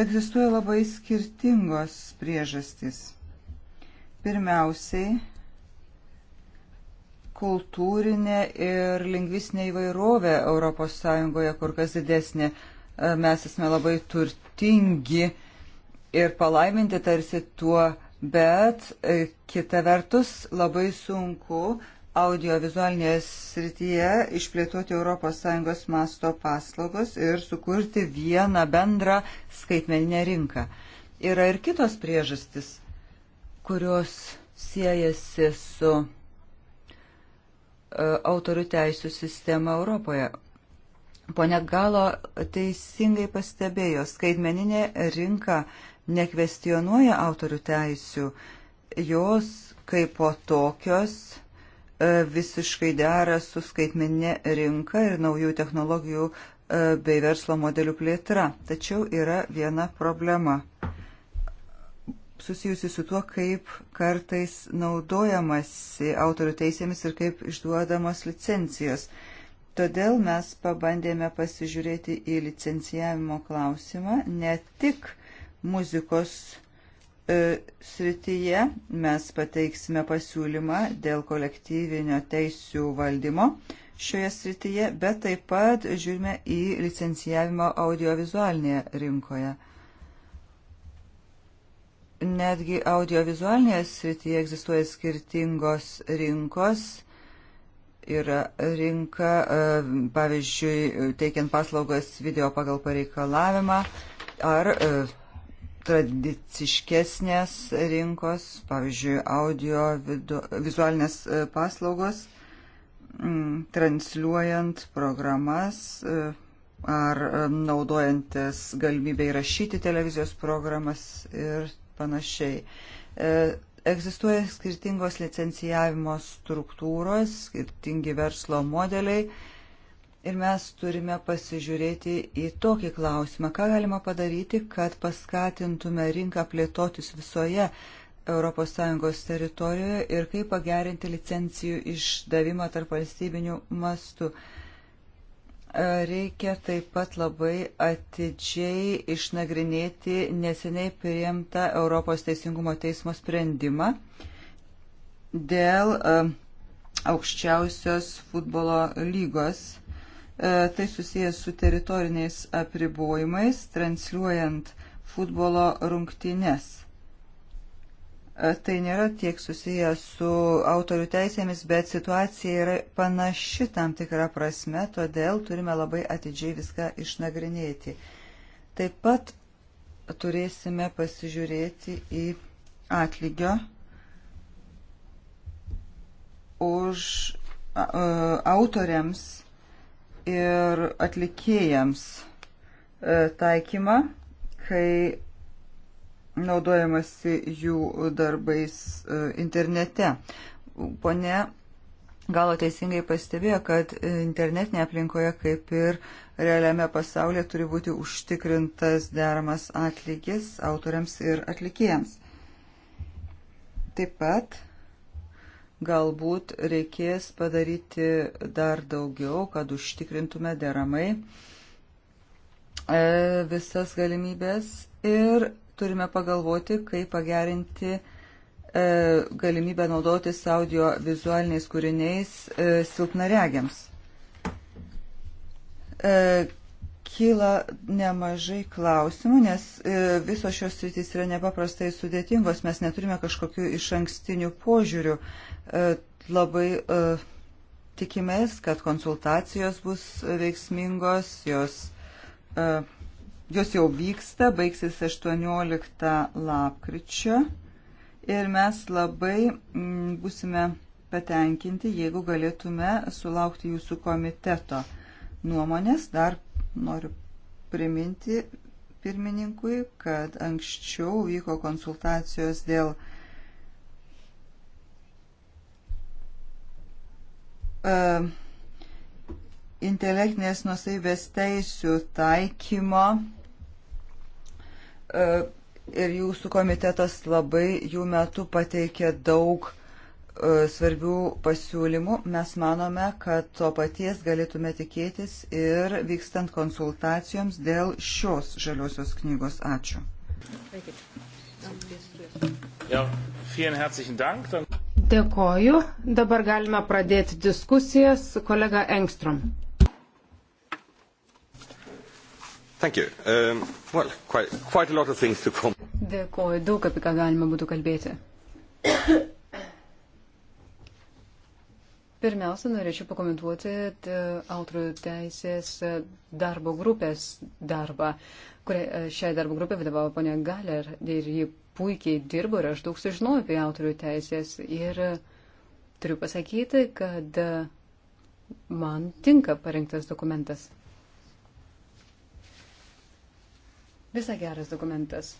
Egzistuoja labai skirtingos priežastys. Pirmiausiai, kultūrinė ir lingvistinė įvairovė ES kur kas didesnė mes esame labai turtingi ir palaiminti tarsi tuo, bet e, kita vertus labai sunku audiovizualinėje srityje išplėtoti ES masto paslaugos ir sukurti vieną bendrą skaitmeninę rinką. Yra ir kitos priežastis, kurios siejasi su e, autorių teisų sistema Europoje. Pone Galo teisingai pastebėjo, skaitmeninė rinka nekvestionuoja autorių teisių, jos kaip po tokios e, visiškai dera su skaitmeninė rinka ir naujų technologijų e, bei verslo modelių plėtra. Tačiau yra viena problema susijusi su tuo, kaip kartais naudojamasi autorių teisėmis ir kaip išduodamos licencijos. Todėl mes pabandėme pasižiūrėti į licencijavimo klausimą ne tik muzikos e, srityje, mes pateiksime pasiūlymą dėl kolektyvinio teisių valdymo šioje srityje, bet taip pat žiūrime į licencijavimo audiovizualinėje rinkoje. Netgi audiovizualinėje srityje egzistuoja skirtingos rinkos yra rinka, e, pavyzdžiui, teikiant paslaugas video pagal pareikalavimą ar e, tradiciškesnės rinkos, pavyzdžiui, audio vidu, vizualinės e, paslaugos, transliuojant programas ar naudojantis galimybę įrašyti televizijos programas ir panašiai Egzistuoja skirtingos licencijavimo struktūros, skirtingi verslo modeliai ir mes turime pasižiūrėti į tokį klausimą, ką galima padaryti, kad paskatintume rinką plėtotis visoje ES teritorijoje ir kaip pagerinti licencijų išdavimą tarp valstybinių mastų. Reikia taip pat labai atidžiai išnagrinėti neseniai priimtą Europos Teisingumo teismo sprendimą dėl e, aukščiausios futbolo lygos. E, tai susijęs su teritoriniais apribojimais, transliuojant futbolo rungtynes. E, tai nėra tiek susijęs su autorių teisėmis, bet situacija yra panaši tam tikrą prasme, todėl turime labai atidžiai viską išnagrinėti. Taip pat turėsime pasižiūrėti į atlygio už e, autoriams ir atlikėjams e, taikymą, kai naudojamasi jų darbais e, internete. Pone Galo teisingai pastebėjo, kad internetinėje aplinkoje, kaip ir realiame pasaulyje, turi būti užtikrintas deramas atlygis autoriams ir atlikėjams. Taip pat galbūt reikės padaryti dar daugiau, kad užtikrintume deramai e, visas galimybės ir turime pagalvoti, kaip pagerinti e, galimybę naudotis audio vizualiniais kūriniais e, silpnaregiams. E, kyla nemažai klausimų, nes e, visos šios sritys yra nepaprastai sudėtingos, mes neturime kažkokių iš ankstinių požiūrių. E, labai e, tikimės, kad konsultacijos bus veiksmingos, jos e, jos jau vyksta, baigsis 18 lapkričio ir mes labai m, mm, busime patenkinti, jeigu galėtume sulaukti jūsų komiteto nuomonės. Dar noriu priminti pirmininkui, kad anksčiau vyko konsultacijos dėl uh, intelektinės nusavybės teisių taikymo E, ir jūsų komitetas labai jų metu pateikė daug e, svarbių pasiūlymų. Mes manome, kad to paties galėtume tikėtis ir vykstant konsultacijoms dėl šios žaliosios knygos. Ačiū. Dėkoju. Dabar galime pradėti diskusijas. Kolega Engstrom. Thank you. Um, well, quite, quite a lot of things to come. Dėkuoju, daug apie ką galima būtų kalbėti. Pirmiausia, norėčiau pakomentuoti e, autorių teisės e, darbo grupės darbą, kurią e, šią darbo grupę vadovavo ponia Galer ir ji puikiai dirbo ir aš daug sužinojau apie autorių teisės ir turiu pasakyti, kad man tinka parengtas dokumentas. Visai geras dokumentas.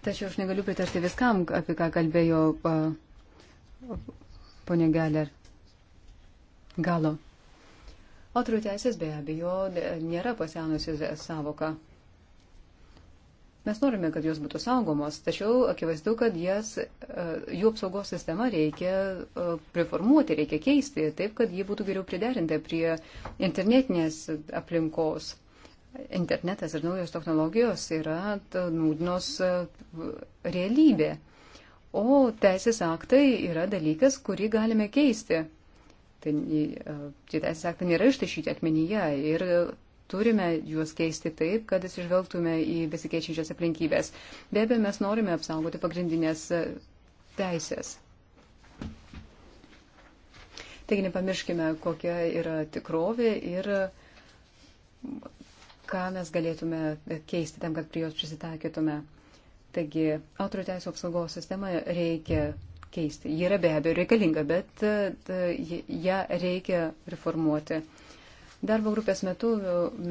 Tačiau aš negaliu pritarti viskam, apie ką kalbėjo ponė Galer. Galo. Autorių teisės be abejo nėra pasenusi savoka. Mes norime, kad jos būtų saugomos, tačiau akivaizdu, kad jas, e, jų apsaugos sistemą reikia e, reformuoti, reikia keisti taip, kad ji būtų geriau priderinta prie internetinės aplinkos. Internetas ir naujos technologijos yra nūdnos e, realybė, o teisės aktai yra dalykas, kurį galime keisti. Tai, tie teisės aktai nėra ištašyti akmenyje ir turime juos keisti taip, kad atsižvelgtume į besikeičiančias aplinkybės. Be abejo, mes norime apsaugoti pagrindinės e, teisės. Taigi nepamirškime, kokia yra tikrovė ir ką mes galėtume keisti tam, kad prie jos prisitaikytume. Taigi, autorių teisų apsaugos sistemą reikia keisti. Ji yra be abejo reikalinga, bet e, ją reikia reformuoti. Darbo grupės metu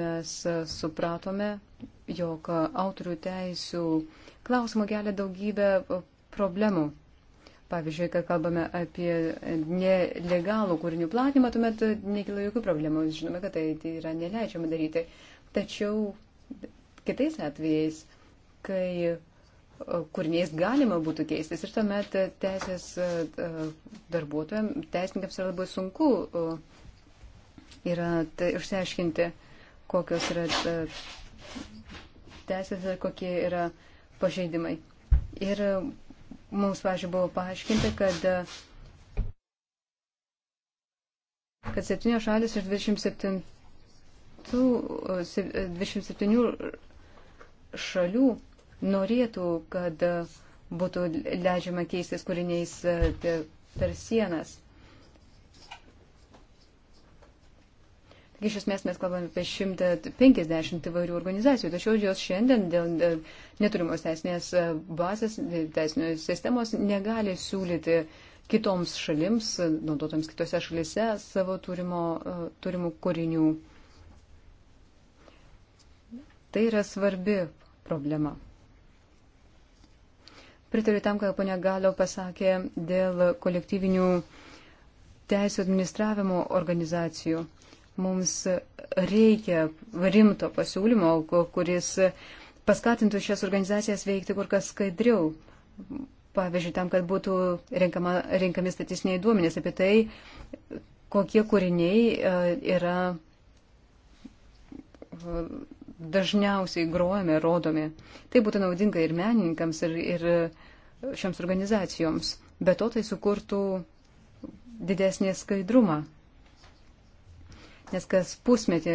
mes supratome, jog autorių teisų klausimų kelia daugybę problemų. Pavyzdžiui, kai kalbame apie nelegalų kūrinių platinimą, tuomet nekyla jokių problemų. Žinome, kad tai, tai yra neleidžiama daryti. Tačiau kitais atvejais, kai e, kūriniais galima būtų keistis ir tuomet teisės e, darbuotojams, teisininkams yra labai sunku uh, yra tai, išsiaiškinti, kokios yra e, teisės ir kokie yra pažeidimai. Ir mums, pažiūrėjau, buvo paaiškinta, kad, e, kad 7 šalis iš 27, 27 e, šalių norėtų, kad būtų leidžiama keistis kūriniais per sienas. Iš esmės mes kalbame apie 150 įvairių organizacijų, tačiau jos šiandien dėl neturimos teisinės e, bazės, e, teisinės sistemos negali siūlyti kitoms šalims, e, naudotams kitose šalise savo turimo, turimų kūrinių. Tai yra svarbi problema. Pritariu tam, ką ponia Galio pasakė dėl kolektyvinių teisų administravimo organizacijų. Mums reikia rimto pasiūlymo, kuris paskatintų šias organizacijas veikti kur kas skaidriau. Pavyzdžiui, tam, kad būtų renkama, renkami statistiniai duomenys apie tai, kokie kūriniai e, yra e, dažniausiai grojami, rodomi. Tai būtų naudinga ir menininkams, ir, ir šioms organizacijoms. Be to tai sukurtų didesnį skaidrumą nes kas pusmetį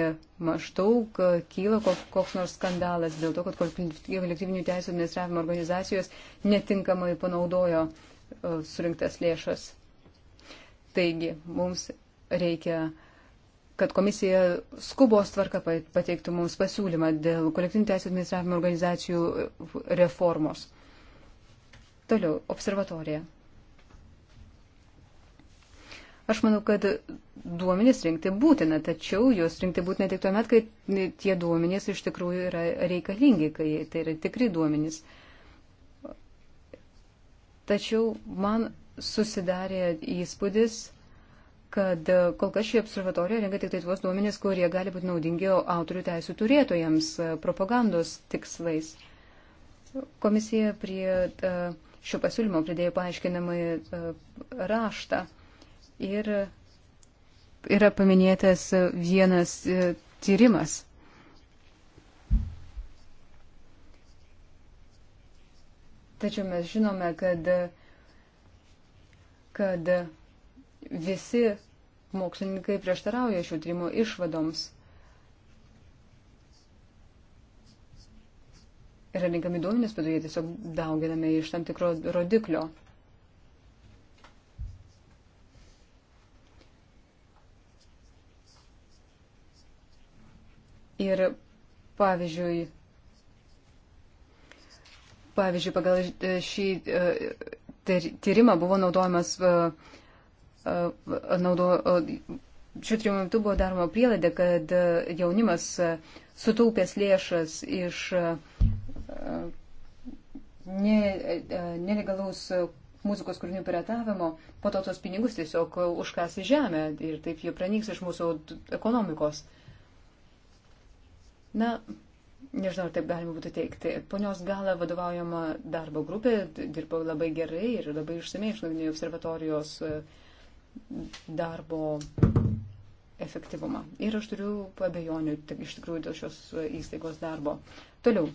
maždaug kyla koks nors skandalas dėl to, kad kolektyvinių teisų administravimo organizacijos netinkamai panaudojo e, surinktas lėšas. Taigi, mums reikia, kad komisija skubos tvarka pateiktų mums pasiūlymą dėl kolektyvinių teisų administravimo organizacijų reformos. Toliau, observatorija. Aš manau, kad duomenys rinkti būtina, tačiau juos rinkti būtina tik tuomet, kai tie duomenys iš tikrųjų yra reikalingi, kai tai yra tikri duomenys. Tačiau man susidarė įspūdis, kad kol kas ši observatorija renka tik tai tuos duomenys, kurie gali būti naudingi autorių teisų turėtojams e, propagandos tikslais. Komisija prie e, šio pasiūlymo pridėjo paaiškinamai e, raštą. Ir yra paminėtas vienas e, tyrimas. Tačiau mes žinome, kad, kad visi mokslininkai prieštarauja šių tyrimų išvadoms. Yra rinkami duomenys, bet jie tiesiog dauginami iš tam tikro rodiklio. Pavyzdžiui, pavyzdžiui pagal šį e, tyrimą buvo naudojamas, e, e, naudo, šių tyrimų metu buvo daroma prielaida, kad jaunimas sutaupęs lėšas iš ne, nelegalaus muzikos kūrinių piratavimo, po to tos pinigus tiesiog užkasi žemę ir taip jie pranyks iš mūsų ekonomikos. Uh, Na, nežinau, ar taip galima būtų teikti. Ponios Gala vadovaujama darbo grupė dirbo labai gerai ir labai išsamei išnagrinėjo observatorijos e, darbo efektyvumą. Ir aš turiu abejonių iš tikrųjų dėl šios įstaigos darbo. Toliau.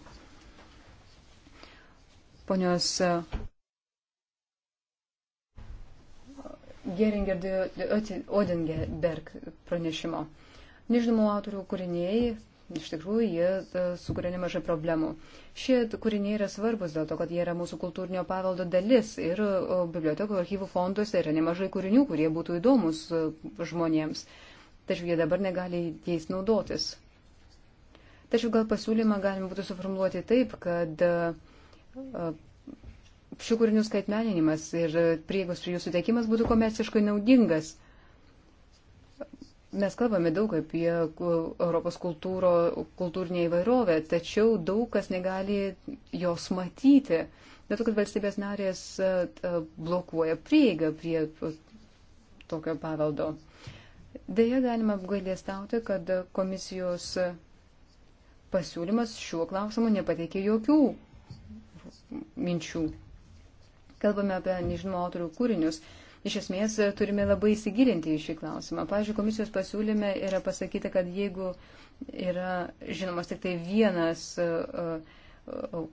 Ponios e, Geringer de Odenberg pranešimo. Nežinomų autorių kūriniai Iš tikrųjų, jie e, sukuria nemažai problemų. Šie kūriniai yra svarbus dėl to, kad jie yra mūsų kultūrinio paveldo dalis ir e, bibliotekų archyvų fonduose yra nemažai kūrinių, kurie būtų įdomus e, žmonėms. Tačiau jie dabar negali jais naudotis. Tačiau gal pasiūlymą galima būtų suformuoluoti taip, kad šių kūrinių skaitmeninimas ir prieigos prie jų suteikimas būtų komerciškai naudingas Mes kalbame daug apie Europos kultūro, kultūrinę įvairovę, tačiau daug kas negali jos matyti, dėl to, kad valstybės narės e, e, blokuoja prieigą prie tokio paveldo. Deja, galima apgailėstauti, kad komisijos pasiūlymas šiuo klausimu nepateikė jokių minčių. Kalbame apie nežinomo autorių kūrinius iš esmės e, turime labai įsigilinti į šį klausimą. Pavyzdžiui, komisijos pasiūlyme yra pasakyta, kad jeigu yra žinomas tik tai vienas e, e,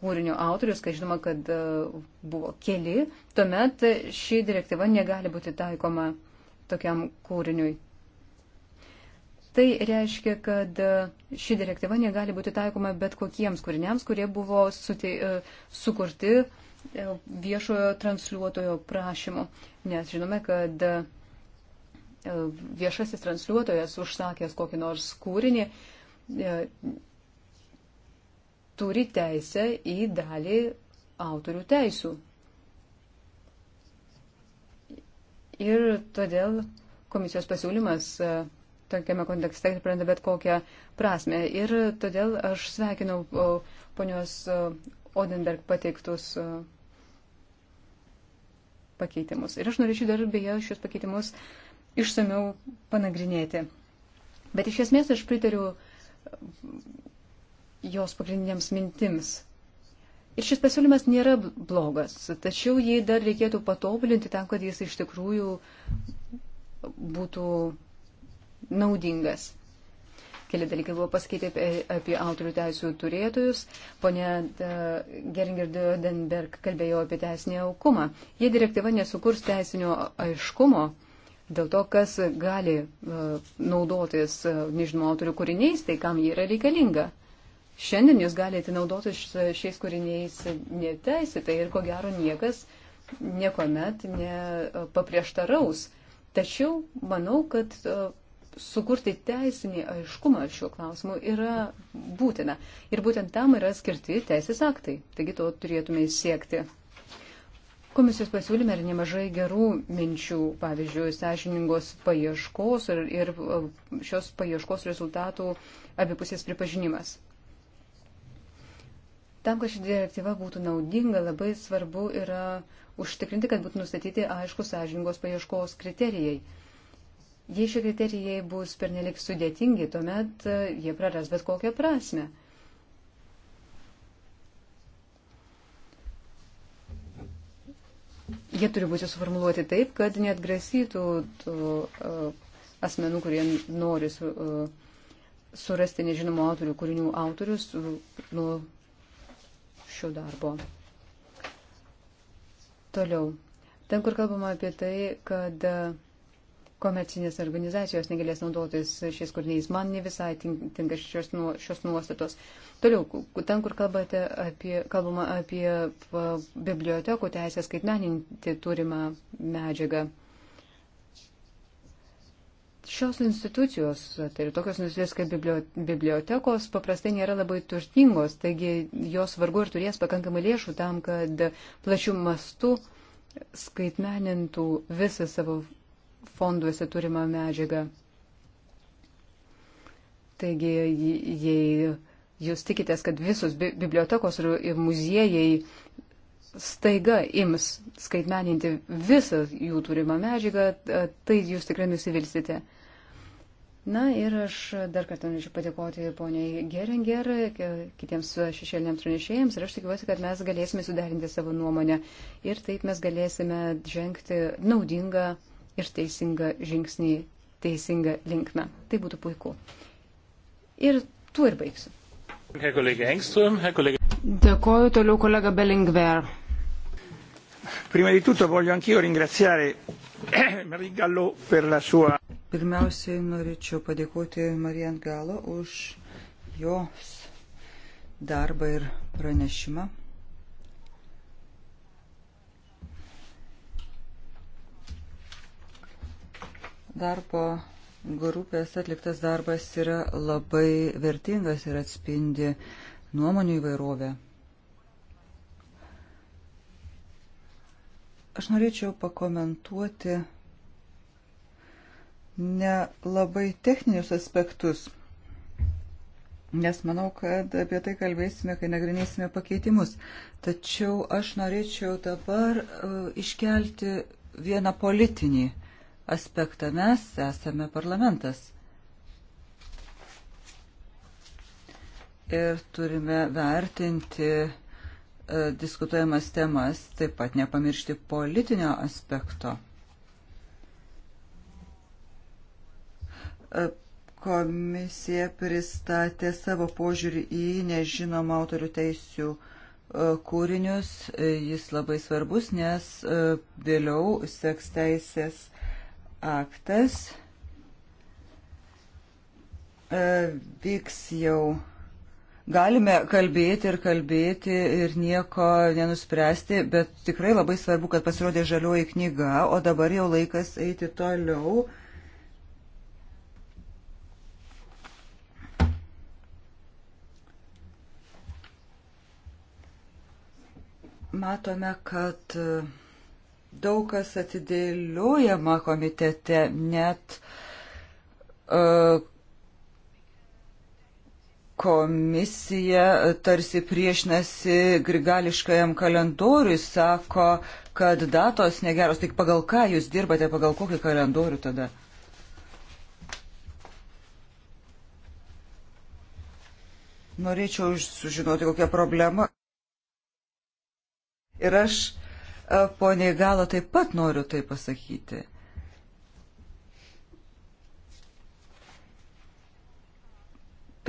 kūrinio autorius, kai žinoma, kad buvo keli, tuomet ši direktyva negali būti taikoma tokiam kūriniui. Tai reiškia, kad ši direktyva negali būti taikoma bet kokiems kūriniams, kurie buvo suti, sukurti uh, E, viešojo transliuotojo prašymu, nes žinome, kad e, viešasis transliuotojas užsakęs kokį nors kūrinį e, turi teisę į dalį autorių teisų. Ir todėl komisijos pasiūlymas tokiame kontekste praranda bet kokią prasme. Ir todėl aš sveikinu ponios Odenberg pateiktus e, pakeitimus. Ir aš norėčiau dar beje šios pakeitimus išsamiau panagrinėti. Bet iš esmės aš pritariu e, jos pagrindiniams mintims. Ir šis pasiūlymas nėra blogas, tačiau jį dar reikėtų patobulinti tam, kad jis iš tikrųjų būtų naudingas. Keli dalykai buvo pasakyti apie, apie autorių teisų turėtojus. Pone e, Geringer Denberg kalbėjo apie teisinį aukumą. Jei direktyva nesukurs teisinio aiškumo, Dėl to, kas gali e, naudotis e, nežinau autorių kūriniais, tai kam jie yra reikalinga. Šiandien jūs galite naudotis šiais kūriniais neteisėtai ir ko gero niekas niekuomet nepaprieštaraus. Tačiau manau, kad sukurti teisinį aiškumą šiuo klausimu yra būtina. Ir būtent tam yra skirti teisės aktai. Taigi to turėtume siekti. Komisijos pasiūlyme yra nemažai gerų minčių, pavyzdžiui, sąžiningos paieškos ir, ir e, šios paieškos rezultatų abipusės pripažinimas. Tam, kad ši direktyva būtų naudinga, labai svarbu yra užtikrinti, kad būtų nustatyti aiškus sąžiningos paieškos kriterijai. Jei šie kriterijai bus pernelik sudėtingi, tuomet e, jie praras bet kokią prasme. Jie turi būti suformuoluoti taip, kad neatgrasytų tų, uh, asmenų, kurie nori su, uh, surasti nežinomų autorių, kūrinių autorius uh, nuo šio darbo. Toliau. Ten, kur kalbama apie tai, kad uh, komercinės organizacijos negalės naudotis šiais kūriniais. Man ne visai tinka šios, nu, šios nuostatos. Toliau, ten, kur kalbate apie, kalbama apie bibliotekų teisę skaitmeninti turimą medžiagą. Šios institucijos, tai ir tokios institucijos kaip bibliotekos, paprastai nėra labai turtingos, taigi jos vargu ir turės pakankamai lėšų tam, kad plačių mastų skaitmenintų visą savo fonduose turimą medžiagą. Taigi, jei jūs tikitės, kad visus bibliotekos ir muziejai staiga ims skaitmeninti visą jų turimą medžiagą, tai jūs tikrai nusivilsite. Na ir aš dar kartą norėčiau padėkoti poniai Geringer, kitiems šešėliniams pranešėjams ir aš tikiuosi, kad mes galėsime suderinti savo nuomonę ir taip mes galėsime žengti naudingą ir teisingą žingsnį teisingą linkmę. Tai būtų puiku. Ir tuo ir baigsiu. Dėkoju toliau kolega Belingver. Prima di tutto voglio anch'io ringraziare Marie Gallo per la sua. Pirmiausiai norėčiau padėkoti Marijan Galo už jos darbą ir pranešimą. Darbo grupės atliktas darbas yra labai vertingas ir atspindi nuomonių įvairovę. Aš norėčiau pakomentuoti nelabai techninius aspektus, nes manau, kad apie tai kalbėsime, kai nagrinėsime pakeitimus. Tačiau aš norėčiau dabar uh, iškelti vieną politinį uh, aspektą. Mes esame parlamentas. Ir turime vertinti e, diskutuojamas temas, taip pat nepamiršti politinio aspekto. E, komisija pristatė savo požiūrį į nežinomą autorių teisių e, kūrinius. Jis labai svarbus, nes vėliau seks teisės aktas e, vyks jau. Galime kalbėti ir kalbėti ir nieko nenuspręsti, bet tikrai labai svarbu, kad pasirodė žalioji knyga, o dabar jau laikas eiti toliau. Matome, kad daug kas atidėliojama komitete, net uh, komisija tarsi priešinasi grigališkajam kalendoriui, sako, kad datos negeros, tik pagal ką jūs dirbate, pagal kokį kalendorių tada? Norėčiau sužinoti, kokia problema. Ir aš Pone Galo, taip pat noriu tai pasakyti.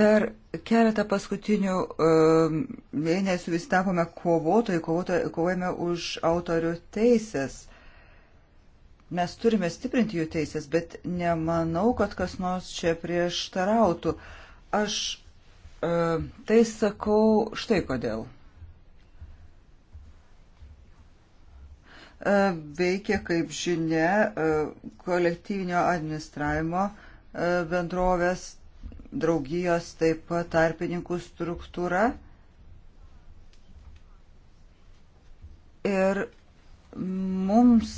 Per keletą paskutinių um, mėnesių vis tapome kovotojai, kovojame už autorių teisės. Mes turime stiprinti jų teisės, bet nemanau, kad kas nors čia prieštarautų. Aš uh, um, tai sakau štai kodėl. E, veikia, kaip žinia, e, kolektyvinio administravimo e, bendrovės, draugijos, taip pat tarpininkų struktūra. Ir mums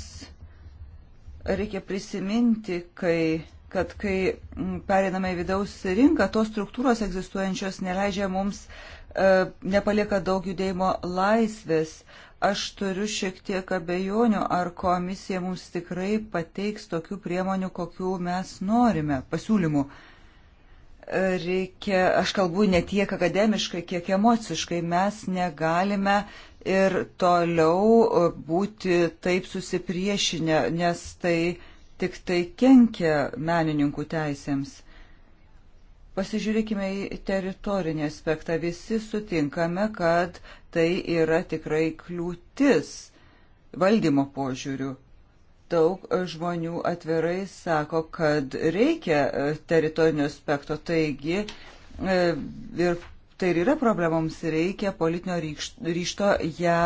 reikia prisiminti, kai, kad kai pereiname į vidaus rinką, tos struktūros egzistuojančios neleidžia mums, e, nepalieka daug judėjimo laisvės. Aš turiu šiek tiek abejonių, ar komisija mums tikrai pateiks tokių priemonių, kokių mes norime, pasiūlymų. Reikia, aš kalbu ne tiek akademiškai, kiek emociškai, mes negalime ir toliau būti taip susipriešinę, nes tai tik tai kenkia menininkų teisėms. Pasižiūrėkime į teritorinį aspektą. Visi sutinkame, kad tai yra tikrai kliūtis valdymo požiūrių. Daug žmonių atvirai sako, kad reikia e, teritorinio aspekto, taigi e, ir tai ir yra problema, mums reikia politinio ryšto ją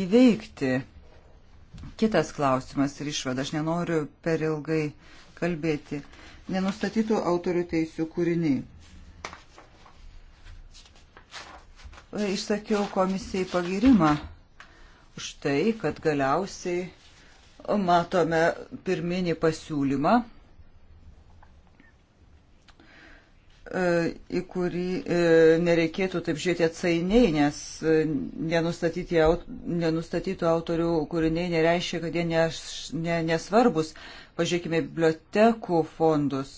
įveikti. Kitas klausimas ir išvada, aš nenoriu per ilgai kalbėti. Nenustatytų autorių teisų kūriniai. išsakiau komisijai pagirimą už tai, kad galiausiai matome pirminį pasiūlymą, e, į kurį e, nereikėtų taip žiūrėti atsainiai, nes e, nenustatytų autorių kūriniai nereiškia, kad jie nes, ne, nesvarbus. Pažiūrėkime bibliotekų fondus.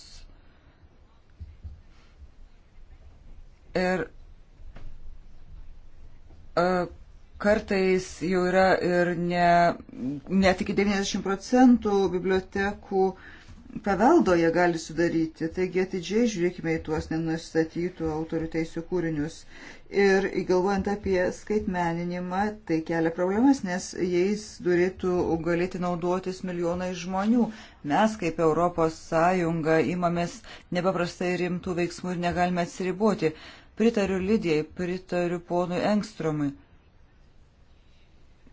Ir E, kartais jau yra ir ne, net iki 90 procentų bibliotekų paveldo jie gali sudaryti. Taigi atidžiai žiūrėkime į tuos nenustatytų autorių teisų kūrinius. Ir galvojant apie skaitmeninimą, tai kelia problemas, nes jais turėtų galėti naudotis milijonai žmonių. Mes kaip Europos Sąjunga imamės nepaprastai rimtų veiksmų ir negalime atsiriboti. Pritariu Lidijai, pritariu ponui Engstromui.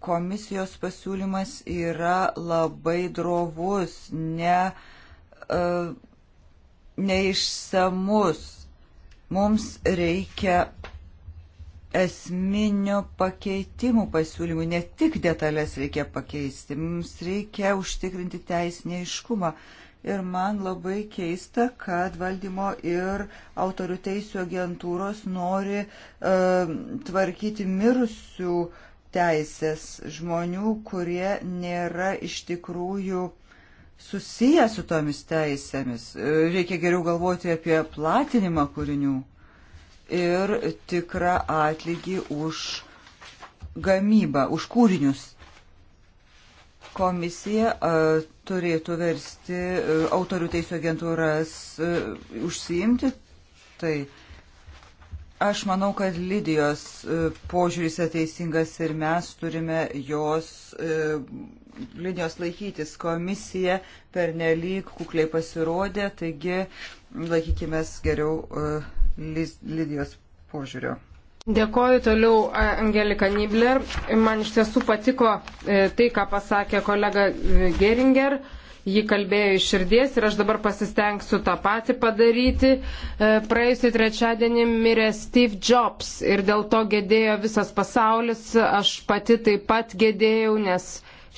Komisijos pasiūlymas yra labai drovus, ne, uh, neišsamus. Mums reikia esminių pakeitimų pasiūlymų, ne tik detalės reikia pakeisti, mums reikia užtikrinti teisinį iškumą ir man labai keista, kad valdymo ir autorių teisų agentūros nori e, tvarkyti mirusių teisės žmonių, kurie nėra iš tikrųjų susiję su tomis teisėmis. Uh, reikia geriau galvoti apie platinimą kūrinių ir tikrą atlygį už gamybą, už kūrinius Komisija turėtų versti autorių teisų agentūras užsiimti. Tai aš manau, kad Lydijos požiūris ateisingas ir mes turime jos linijos laikytis. Komisija per nelyg kukliai pasirodė, taigi laikykime geriau Lydijos požiūrio. Dėkoju toliau Angelika Nibler. Man iš tiesų patiko e, tai, ką pasakė kolega e, Geringer. Ji kalbėjo iš širdies ir aš dabar pasistengsiu tą patį padaryti. E, praėjusį trečiadienį mirė Steve Jobs ir dėl to gėdėjo visas pasaulis. Aš pati taip pat gėdėjau, nes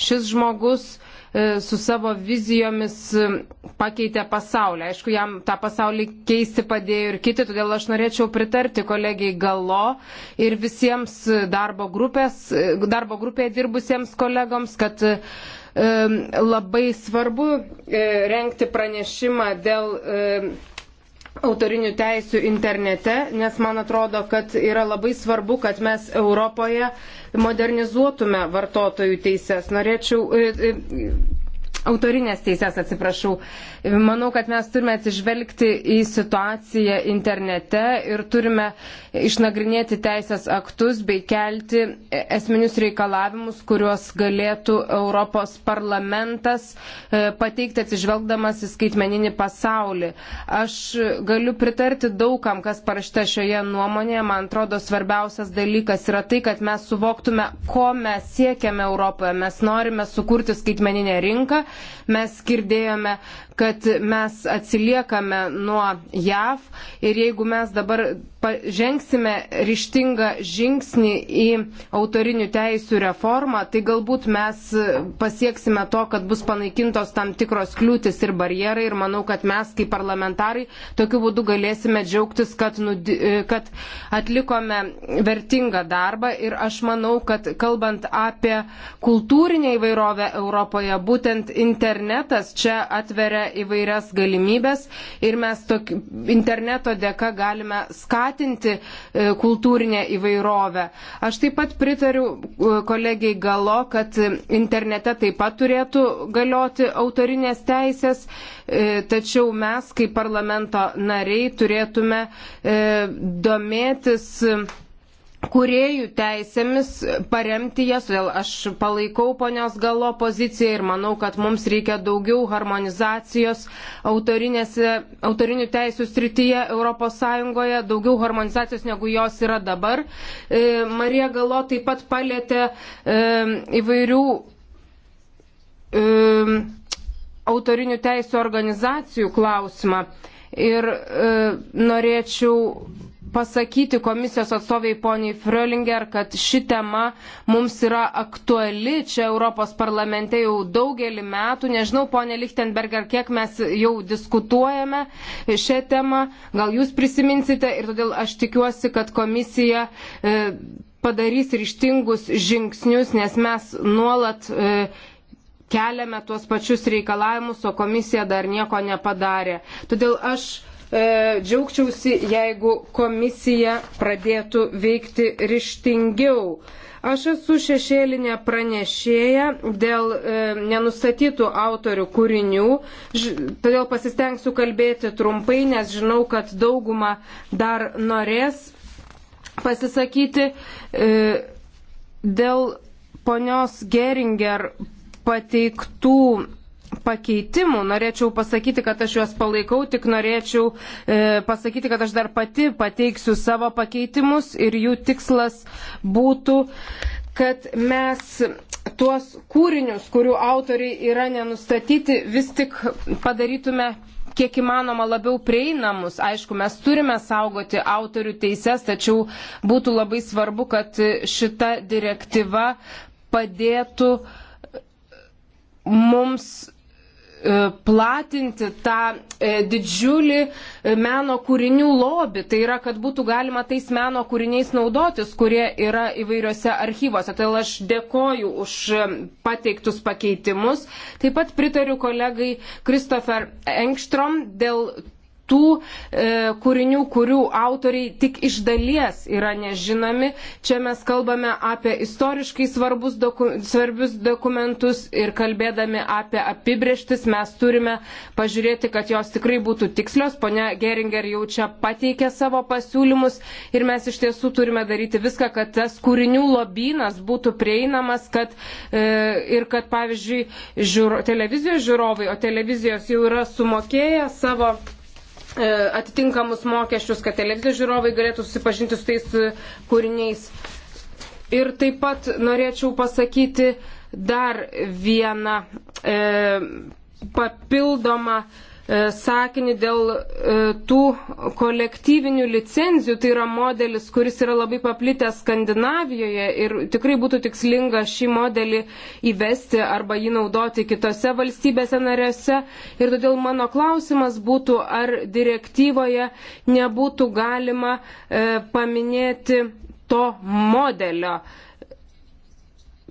šis žmogus E, su savo vizijomis e, pakeitė pasaulį. Aišku, jam tą pasaulį keisti padėjo ir kiti, todėl aš norėčiau pritarti kolegijai Galo ir visiems darbo, grupės, e, darbo grupėje dirbusiems kolegoms, kad labai svarbu renkti pranešimą dėl autorinių teisių internete, nes man atrodo, kad yra labai svarbu, kad mes Europoje modernizuotume vartotojų teises. Norėčiau e, e, autorinės teisės, atsiprašau. Manau, kad mes turime atsižvelgti į situaciją internete ir turime išnagrinėti teisės aktus bei kelti esminius reikalavimus, kuriuos galėtų Europos parlamentas e, pateikti atsižvelgdamas į skaitmeninį pasaulį. Aš galiu pritarti daugam, kas parašta šioje nuomonėje. Man atrodo, svarbiausias dalykas yra tai, kad mes suvoktume, ko mes siekiame Europoje. Mes norime sukurti skaitmeninę rinką Mes girdėjome, kad mes atsiliekame nuo JAV ir jeigu mes dabar žengsime ryštingą žingsnį į autorinių teisų reformą, tai galbūt mes pasieksime to, kad bus panaikintos tam tikros kliūtis ir barjerai ir manau, kad mes kaip parlamentarai tokiu būdu galėsime džiaugtis, kad, nudi, kad atlikome vertingą darbą ir aš manau, kad kalbant apie kultūrinę įvairovę Europoje, būtent internetas čia atveria turime įvairias galimybės ir mes tok, interneto dėka galime skatinti e, kultūrinę įvairovę. Aš taip pat pritariu e, kolegiai Galo, kad internete taip pat turėtų galioti autorinės teisės, e, tačiau mes kaip parlamento nariai turėtume domėtis kuriejų teisėmis paremti jas. Todėl aš palaikau ponios galo poziciją ir manau, kad mums reikia daugiau harmonizacijos autorinių teisų srityje ES, daugiau harmonizacijos negu jos yra dabar. E, Marija galo taip pat palėtė e, įvairių. E, autorinių teisų organizacijų klausimą ir e, norėčiau pasakyti komisijos atstoviai poniai Frölinger, kad ši tema mums yra aktuali čia Europos parlamente jau daugelį metų. Nežinau, ponė Lichtenberger, kiek mes jau diskutuojame šią temą, gal jūs prisiminsite ir todėl aš tikiuosi, kad komisija. E, padarys ryštingus žingsnius, nes mes nuolat e, keliame tuos pačius reikalavimus, o komisija dar nieko nepadarė. Todėl aš E, džiaugčiausi, jeigu komisija pradėtų veikti ryštingiau. Aš esu šešėlinė pranešėja dėl e, nenustatytų autorių kūrinių, ž, todėl pasistengsiu kalbėti trumpai, nes žinau, kad dauguma dar norės pasisakyti e, dėl ponios Geringer pateiktų pakeitimų. Norėčiau pasakyti, kad aš juos palaikau, tik norėčiau e, pasakyti, kad aš dar pati pateiksiu savo pakeitimus ir jų tikslas būtų, kad mes tuos kūrinius, kurių autoriai yra nenustatyti, vis tik padarytume kiek įmanoma labiau prieinamus. Aišku, mes turime saugoti autorių teises, tačiau būtų labai svarbu, kad šita direktyva padėtų mums E, platinti tą e, didžiulį e, meno kūrinių lobį. Tai yra, kad būtų galima tais meno kūriniais naudotis, kurie yra įvairiuose archyvose. Tai aš dėkoju už pateiktus pakeitimus. Taip pat pritariu kolegai Kristofer Engstrom dėl tų e, kūrinių, kurių autoriai tik iš dalies yra nežinomi. Čia mes kalbame apie istoriškai doku, svarbius dokumentus ir kalbėdami apie apibrieštis mes turime pažiūrėti, kad jos tikrai būtų tikslios. Pone Geringer jau čia pateikė savo pasiūlymus ir mes iš tiesų turime daryti viską, kad tas kūrinių lobynas būtų prieinamas kad, e, ir kad, pavyzdžiui, žiūro, televizijos žiūrovai, o televizijos jau yra sumokėję savo E, atitinkamus mokesčius, kad televizijos žiūrovai galėtų susipažinti su tais e, kūriniais. Ir taip pat norėčiau pasakyti dar vieną e, papildomą e, E, sakinį dėl e, tų kolektyvinių licenzijų. Tai yra modelis, kuris yra labai paplitęs Skandinavijoje ir tikrai būtų tikslinga šį modelį įvesti arba jį naudoti kitose valstybėse narėse. Ir todėl mano klausimas būtų, ar direktyvoje nebūtų galima e, paminėti to modelio. E,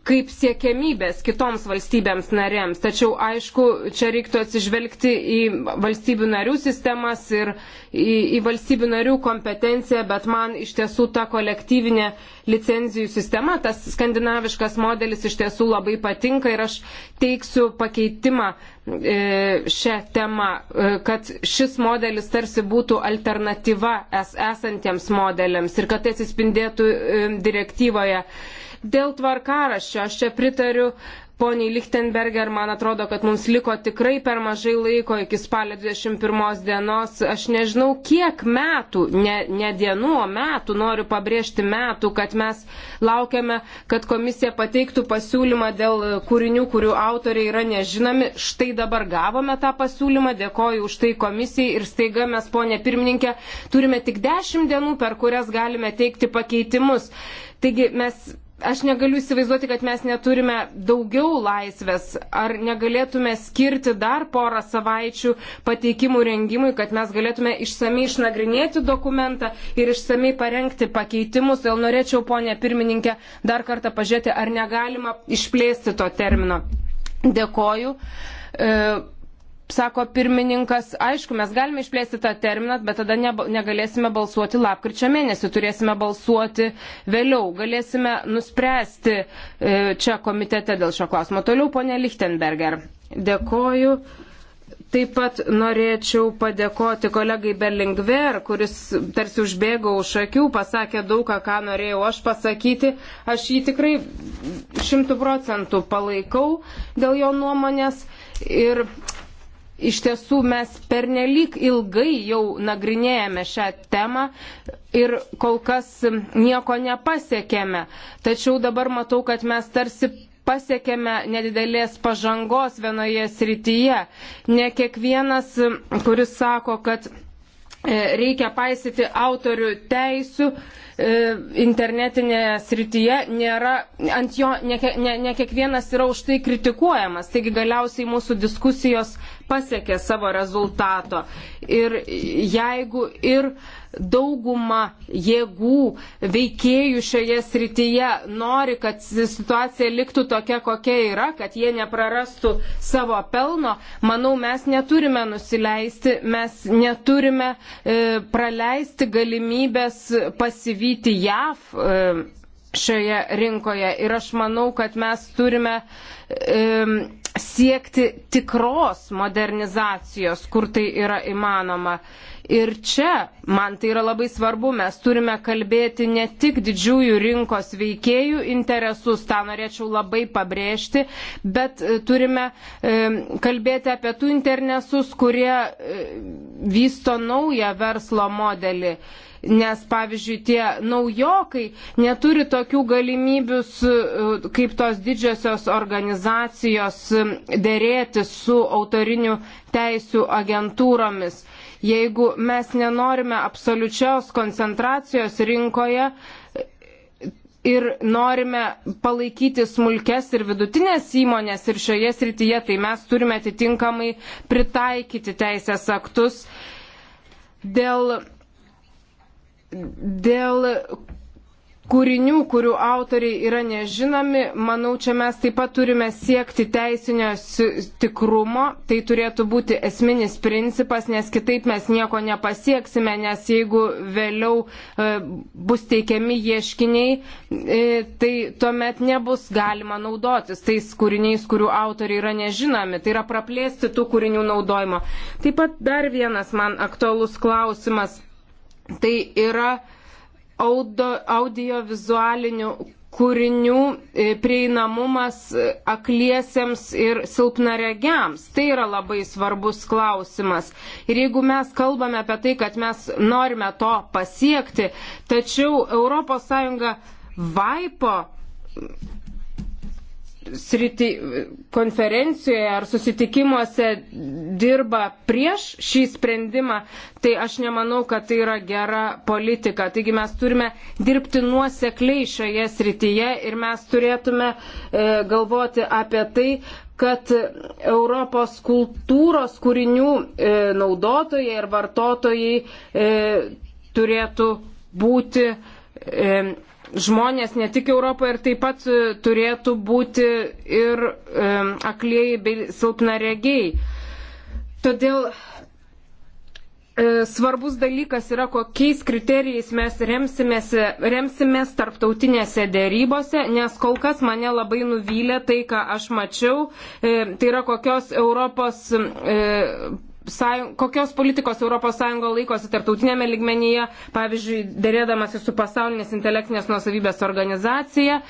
kaip siekiamybės kitoms valstybėms narėms. Tačiau, aišku, čia reiktų atsižvelgti į valstybių narių sistemas ir į, į valstybių narių kompetenciją, bet man iš tiesų ta kolektyvinė licenzijų sistema, tas skandinaviškas modelis iš tiesų labai patinka ir aš teiksiu pakeitimą e, šią temą, e, kad šis modelis tarsi būtų alternatyva es esantiems modeliams ir kad tai atsispindėtų e, direktyvoje. E, Dėl tvarkaraščio aš čia pritariu poniai Lichtenberger, man atrodo, kad mums liko tikrai per mažai laiko iki spalio 21 dienos. Aš nežinau, kiek metų, ne, ne dienų, o metų, noriu pabrėžti metų, kad mes laukiame, kad komisija pateiktų pasiūlymą dėl kūrinių, kurių autoriai yra nežinomi. Štai dabar gavome tą pasiūlymą, dėkoju už tai komisijai ir staiga mes, ponė pirmininkė, turime tik 10 dienų, per kurias galime teikti pakeitimus. Taigi mes aš negaliu įsivaizduoti, kad mes neturime daugiau laisvės. Ar negalėtume skirti dar porą savaičių pateikimų rengimui, kad mes galėtume išsamei išnagrinėti dokumentą ir išsamei parengti pakeitimus. Dėl norėčiau, ponė pirmininkė, dar kartą pažiūrėti, ar negalima išplėsti to termino. Dėkoju. E, sako pirmininkas, aišku, mes galime išplėsti tą terminą, bet tada ne, negalėsime balsuoti lapkričio mėnesį, turėsime balsuoti vėliau, galėsime nuspręsti e, čia komitete dėl šio klausimo. Toliau, ponė Lichtenberger, dėkoju. Taip pat norėčiau padėkoti kolegai Berlingver, kuris tarsi užbėgo už akių, pasakė daug, ką norėjau aš pasakyti. Aš jį tikrai šimtų procentų palaikau dėl jo nuomonės. Ir iš tiesų mes pernelyg ilgai jau nagrinėjame šią temą ir kol kas nieko nepasiekėme. Tačiau dabar matau, kad mes tarsi pasiekėme nedidelės pažangos vienoje srityje. Ne kiekvienas, kuris sako, kad e, reikia paisyti autorių teisių e, internetinėje srityje, nėra, ant jo ne, ne, ne kiekvienas yra už tai kritikuojamas. Taigi galiausiai mūsų diskusijos pasiekė savo rezultato. Ir jeigu ir dauguma jėgų veikėjų šioje srityje nori, kad situacija liktų tokia, kokia yra, kad jie neprarastų savo pelno, manau, mes neturime nusileisti, mes neturime e, praleisti galimybės pasivyti JAV. E, šioje rinkoje. Ir aš manau, kad mes turime e, siekti tikros modernizacijos, kur tai yra įmanoma. Ir čia, man tai yra labai svarbu, mes turime kalbėti ne tik didžiųjų rinkos veikėjų interesus, tą norėčiau labai pabrėžti, bet e, turime e, kalbėti apie tų interesus, kurie e, vysto naują verslo modelį. E, nes pavyzdžiui tie naujokai neturi tokių galimybių su, e, kaip tos didžiosios organizacijos e, dėrėti su autorinių teisų agentūromis. Jeigu mes nenorime absoliučios koncentracijos rinkoje, ir norime palaikyti smulkes ir vidutinės įmonės ir šioje srityje, tai mes turime atitinkamai pritaikyti teisės aktus. Dėl Dėl kūrinių, kurių autoriai yra nežinomi, manau, čia mes taip pat turime siekti teisinio tikrumo, tai turėtų būti esminis principas, nes kitaip mes nieko nepasieksime, nes jeigu vėliau e, bus teikiami ieškiniai, e, tai tuomet nebus galima naudotis tais kūriniais, kurių autoriai yra nežinomi, tai yra praplėsti tų kūrinių naudojimo. Taip pat dar vienas man aktualus klausimas tai yra audio, audiovizualinių kūrinių e, prieinamumas e, akliesiems ir silpnaregiams. Tai yra labai svarbus klausimas. Ir jeigu mes kalbame apie tai, kad mes norime to pasiekti, tačiau ES vaipo sriti, konferencijoje ar susitikimuose dirba prieš šį sprendimą, tai aš nemanau, kad tai yra gera politika. Taigi mes turime dirbti nuosekliai šioje srityje ir mes turėtume e, galvoti apie tai, kad Europos kultūros kūrinių e, naudotojai ir vartotojai e, turėtų būti e, žmonės ne tik Europoje ir taip pat e, turėtų būti ir e, aklieji bei silpnaregiai. Todėl e, svarbus dalykas yra, kokiais kriterijais mes remsimės, remsimės tarptautinėse dėrybose, nes kol kas mane labai nuvylė tai, ką aš mačiau. E, tai yra kokios Europos. E, sąjung, kokios politikos ES laikosi tarptautinėme ligmenyje, pavyzdžiui, dėrėdamasi su pasaulinės intelektinės nuosavybės organizacija.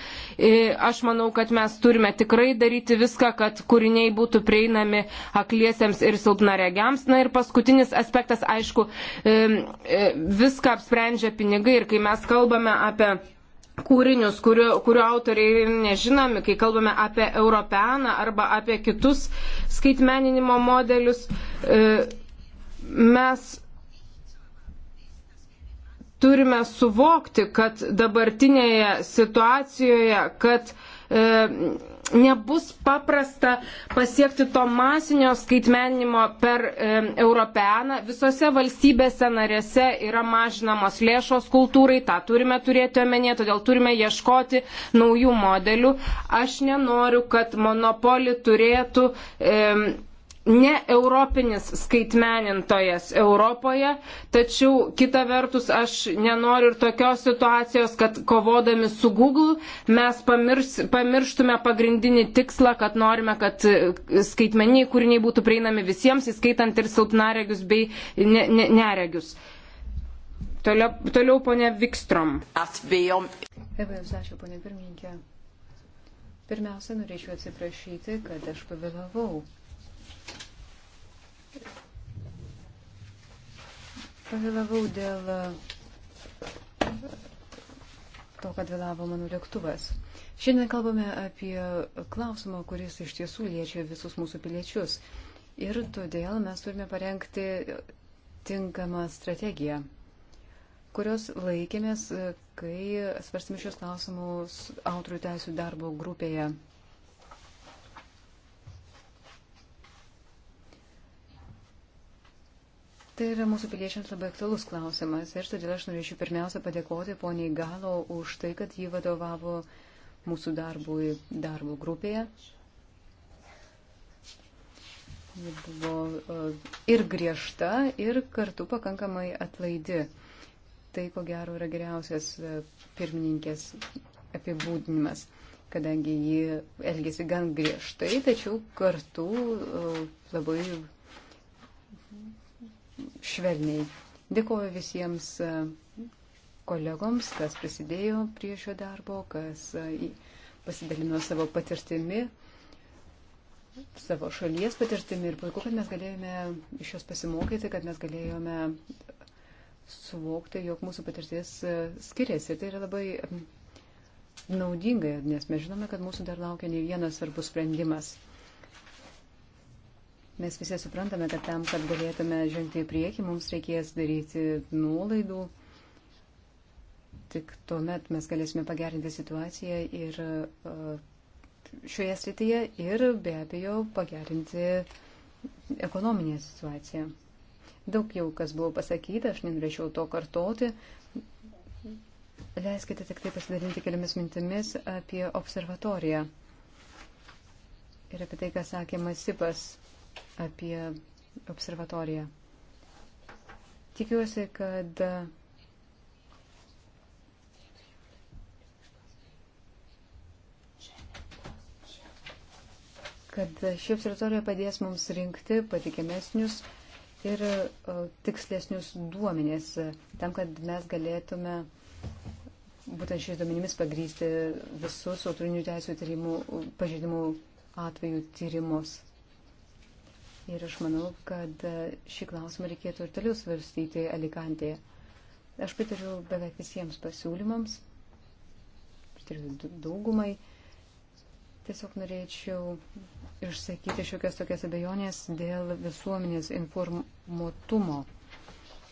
Aš manau, kad mes turime tikrai daryti viską, kad kūriniai būtų prieinami akliesiems ir silpnaregiams. Na ir paskutinis aspektas, aišku, viską apsprendžia pinigai ir kai mes kalbame apie kūrinius, kurių, kurių autoriai nežinomi, kai kalbame apie Europeaną arba apie kitus skaitmeninimo modelius, e, mes turime suvokti, kad dabartinėje situacijoje, kad e, nebus paprasta pasiekti to masinio skaitmeninimo per e, Europeaną. Visose valstybėse narėse yra mažinamos lėšos kultūrai, tą turime turėti omenyje, todėl turime ieškoti naujų modelių. Aš nenoriu, kad monopolį turėtų. E, ne europinis skaitmenintojas Europoje, tačiau kita vertus aš nenoriu ir tokios situacijos, kad kovodami su Google mes pamirs, pamirštume pagrindinį tikslą, kad norime, kad e, skaitmeniniai kūriniai būtų prieinami visiems, įskaitant ir silpnaregius bei ne, ne, neregius. Toliau, toliau ponė Vikstrom. Atvejom. Labai jums ačiū, ponė pirmininkė. Pirmiausia, norėčiau atsiprašyti, kad aš pavėlavau. pavėlavau dėl e, to, kad vėlavo mano lėktuvas. Šiandien kalbame apie klausimą, kuris iš tiesų liečia visus mūsų piliečius. Ir todėl mes turime parengti tinkamą strategiją, kurios laikėmės, e, kai svarstėme šios klausimus autorių teisų darbo grupėje Tai yra mūsų piliečiams labai aktualus klausimas ir todėl aš norėčiau pirmiausia padėkoti poniai Galo už tai, kad jį vadovavo mūsų darbui darbo grupėje. Ji buvo e, ir griežta, ir kartu pakankamai atlaidi. Tai, ko gero, yra geriausias e, pirmininkės apibūdinimas kadangi ji elgėsi gan griežtai, tačiau kartu e, labai švelniai. Dėkuoju visiems e, kolegoms, kas prisidėjo prie šio darbo, kas e, pasidalino savo patirtimi, savo šalies patirtimi ir puiku, kad mes galėjome iš jos pasimokyti, kad mes galėjome suvokti, jog mūsų patirtis e, skiriasi. Ir tai yra labai naudinga, nes mes žinome, kad mūsų dar laukia ne vienas svarbus sprendimas. Mes visi suprantame, kad tam, kad galėtume žengti į priekį, mums reikės daryti nuolaidų. Tik tuomet mes galėsime pagerinti situaciją ir uh, šioje srityje ir be abejo pagerinti ekonominę situaciją. Daug jau kas buvo pasakyta, aš nenorėčiau to kartoti. Leiskite tik tai pasidalinti keliomis mintimis apie observatoriją ir apie tai, ką sakė Masipas apie observatoriją. Tikiuosi, kad kad ši observatorija padės mums rinkti patikimesnius ir tikslesnius duomenės, tam, kad mes galėtume būtent šiais duomenimis pagrysti visus autorinių teisų tyrimų, pažeidimų atvejų tyrimus. Ir aš manau, kad šį klausimą reikėtų ir toliau svarstyti Alikantėje. Aš pritariu beveik visiems pasiūlymams, pritariu daugumai. Tiesiog norėčiau išsakyti šiokias tokias abejonės dėl visuomenės informuotumo.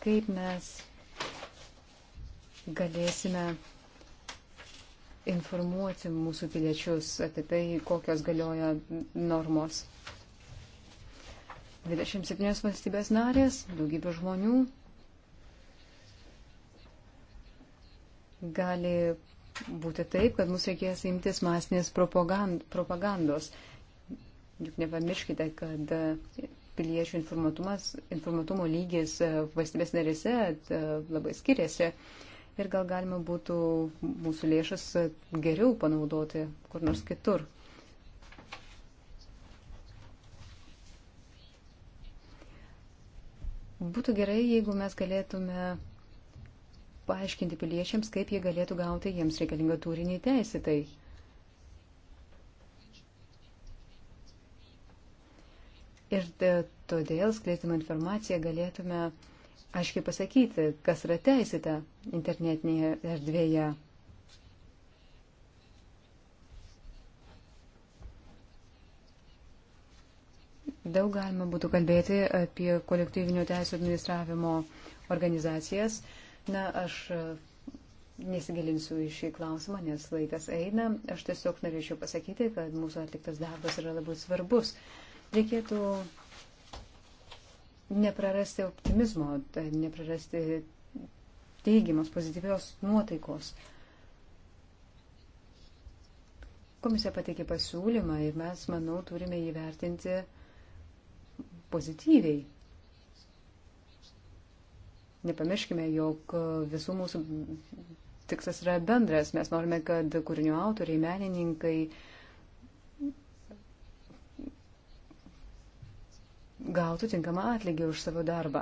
Kaip mes galėsime informuoti mūsų piliečius apie tai, kokios galioja normos. 27 valstybės narės, daugybė žmonių gali būti taip, kad mums reikės imtis masinės propagandos. Juk nepamirškite, kad e, piliečių informatumo lygis e, valstybės narėse e, labai skiriasi. Ir gal galima būtų mūsų lėšas geriau panaudoti kur nors kitur. Būtų gerai, jeigu mes galėtume paaiškinti piliečiams, kaip jie galėtų gauti jiems reikalingą turinį teisėtai. Ir todėl, skleidama informaciją, galėtume aiškiai pasakyti, kas yra teisėta internetinėje erdvėje. Daug galima būtų kalbėti apie kolektyvinių teisų administravimo organizacijas. Na, aš e, nesigilinsiu į šį klausimą, nes laikas eina. Aš tiesiog norėčiau pasakyti, kad mūsų atliktas darbas yra labai svarbus. Reikėtų neprarasti optimizmo, tai neprarasti teigiamos, pozityvios nuotaikos. Komisija pateikė pasiūlymą ir mes, manau, turime įvertinti pozityviai. Nepamirškime, jog visų mūsų tikslas yra bendras. Mes norime, kad kūrinio autoriai, menininkai, uh, gautų tinkamą atlygį už savo darbą.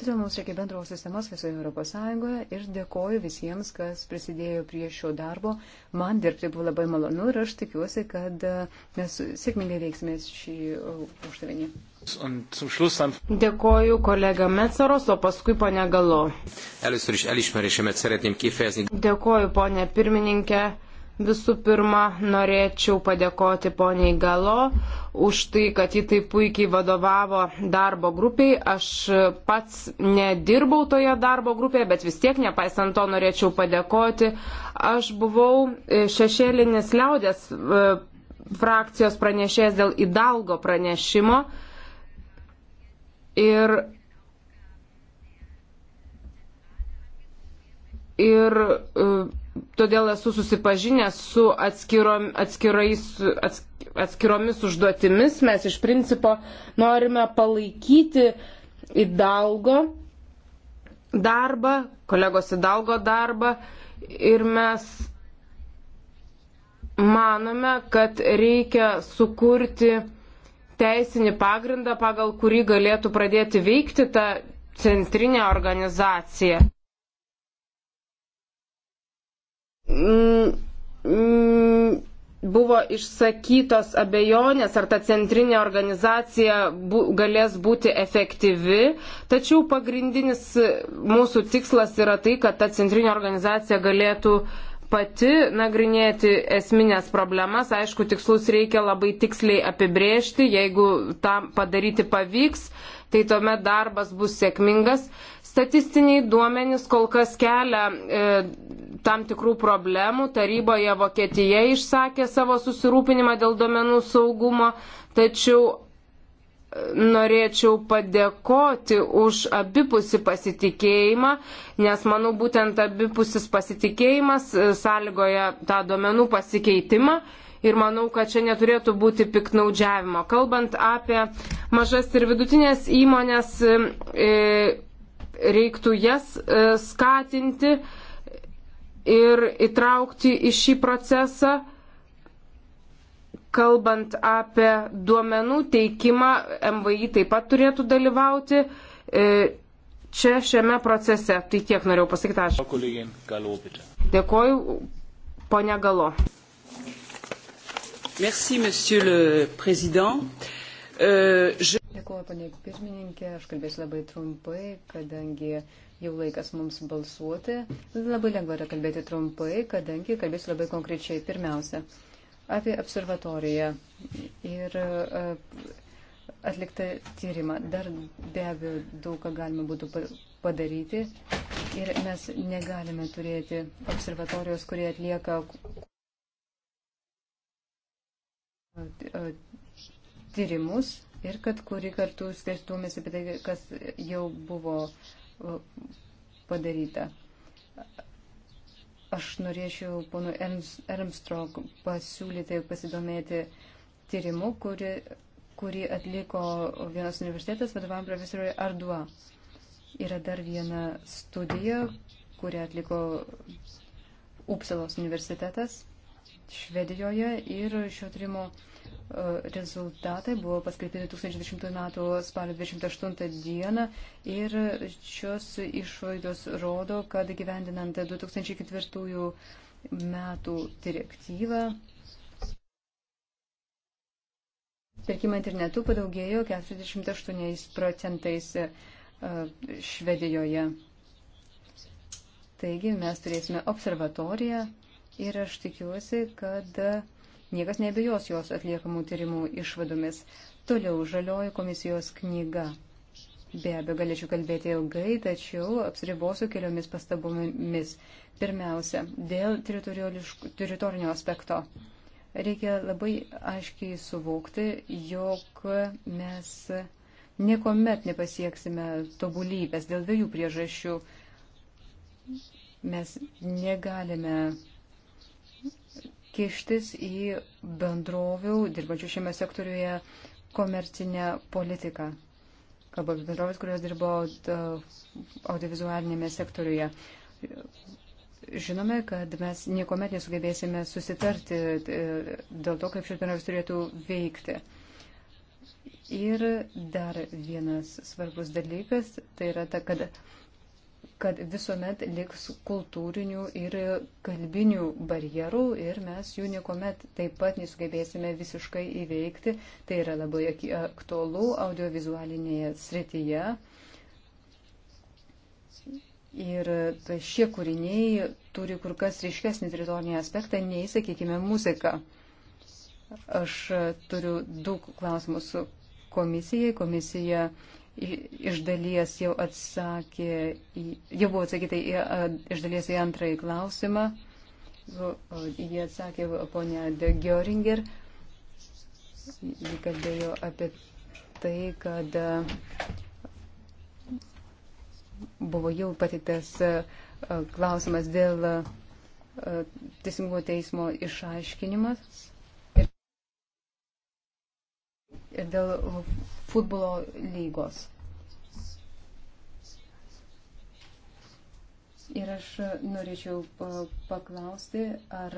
Todėl mums reikia bendros sistemos visoje Europos Sąjungoje ir dėkoju visiems, kas prisidėjo prie šio darbo. Man dirbti buvo labai malonu ir aš tikiuosi, kad e, mes sėkmingai veiksime šį e, uždavinį. Dėkoju kolega Metsaros, o paskui ponia Galo. Dėkoju ponia pirmininkė. Visų pirma, norėčiau padėkoti poniai Galo už tai, kad ji taip puikiai vadovavo darbo grupiai. Aš pats nedirbau toje darbo grupėje, bet vis tiek, nepaisant to, norėčiau padėkoti. Aš buvau e, šešėlinis liaudės e, frakcijos pranešėjas dėl įdalgo pranešimo. Ir ir e, todėl esu susipažinęs su atskirom, atskirais, ats, atskiromis užduotimis. Mes iš principo norime palaikyti įdalgo darbą, kolegos įdalgo darbą ir mes manome, kad reikia sukurti teisinį pagrindą, pagal kurį galėtų pradėti veikti ta centrinė organizacija. Mm, mm, buvo išsakytos abejonės, ar ta centrinė organizacija bu, galės būti efektyvi, tačiau pagrindinis mūsų tikslas yra tai, kad ta centrinė organizacija galėtų pati nagrinėti esminės problemas. Aišku, tikslus reikia labai tiksliai apibrėžti, jeigu tam padaryti pavyks, tai tuomet darbas bus sėkmingas. Statistiniai duomenys kol kas kelia e, tam tikrų problemų. Taryboje Vokietija išsakė savo susirūpinimą dėl duomenų saugumo, tačiau e, norėčiau padėkoti už abipusi pasitikėjimą, nes manau būtent abipusis pasitikėjimas e, sąlygoja tą duomenų pasikeitimą ir manau, kad čia neturėtų būti piknaudžiavimo. Kalbant apie mažas ir vidutinės įmonės. E, reiktų jas e, skatinti ir įtraukti į šį procesą. Kalbant apie duomenų teikimą, MVI taip pat turėtų dalyvauti e, čia šiame procese. Tai tiek norėjau pasakyti aš. Dėkoju, ponia Galo. Merci, monsieur le président. Euh, je... Dėkuoju, panė pirmininkė, aš kalbėsiu labai trumpai, kadangi jau laikas mums balsuoti. Labai lengva yra kalbėti trumpai, kadangi kalbėsiu labai konkrečiai. Pirmiausia, apie observatoriją ir e, atliktą tyrimą. Dar be abejo daug ką galima būtų padaryti ir mes negalime turėti observatorijos, kurie atlieka e, tyrimus ir kad kurį kartų skerstumės apie tai, kas jau buvo uh, padaryta. Aš norėčiau pono Ermstrog pasiūlyti pasidomėti tyrimu, kuri, kurį atliko vienas universitetas vadovam profesoriui Ardua. Yra dar viena studija, kurią atliko Upsalos universitetas Švedijoje ir šio tyrimo uh, rezultatai buvo paskelbti 2010 m. spalio 28 d. ir šios išvaidos rodo, kad gyvendinant 2004 metų direktyvą Pirkimo internetu padaugėjo 48 procentais e, Švedijoje. Taigi mes turėsime observatoriją ir aš tikiuosi, kad Niekas nebijos jos atliekamų tyrimų išvadomis. Toliau žalioji komisijos knyga. Be abejo, galėčiau kalbėti ilgai, tačiau apsiribosiu keliomis pastabomis. Pirmiausia, dėl teritorinio aspekto. Reikia labai aiškiai suvokti, jog mes niekuomet nepasieksime tobulybės dėl dviejų priežasčių. Mes negalime kištis į bendrovių, dirbančių šiame sektoriuje, komercinę politiką. Kalba apie bendrovės, kurios dirbo audiovizualinėme sektoriuje. Žinome, kad mes niekuomet nesugebėsime susitarti e, dėl to, kaip šis bendrovės turėtų veikti. Ir dar vienas svarbus dalykas, tai yra ta, kad kad visuomet liks kultūrinių ir kalbinių barjerų ir mes jų niekuomet taip pat nesugebėsime visiškai įveikti. Tai yra labai aktualu audiovizualinėje srityje. Ir šie kūriniai turi kur kas ryškesnį teritorinį aspektą nei, sakykime, muzika. Aš turiu daug klausimus komisijai. Komisija iš dalies jau atsakė, jau buvo atsakyta į, iš dalies į antrąjį klausimą. Jie atsakė ponia De Göringer. Jie kalbėjo apie tai, kad buvo jau patiktas klausimas dėl teisingumo teismo išaiškinimas ir dėl futbolo lygos. Ir aš norėčiau paklausti, ar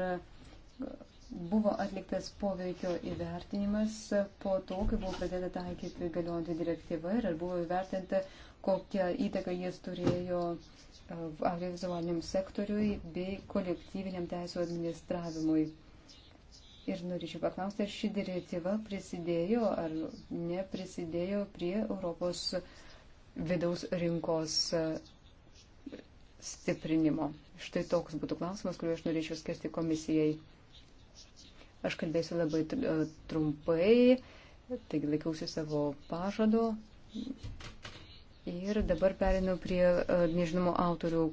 buvo atliktas poveikio įvertinimas po to, kai buvo pradėta taikyti galiojantį direktyvą ir ar buvo įvertinta, kokią įtaką jis turėjo e, audiovizualiniam sektoriui bei kolektyviniam teisų administravimui. Ir norėčiau paklausti, ar ši direktyva prisidėjo ar neprisidėjo prie Europos vidaus rinkos stiprinimo. Štai toks būtų klausimas, kuriuo aš norėčiau skirti komisijai. Aš kalbėsiu labai e, trumpai, taigi laikiausi savo pažado. Ir dabar perinu prie e, nežinomo autorių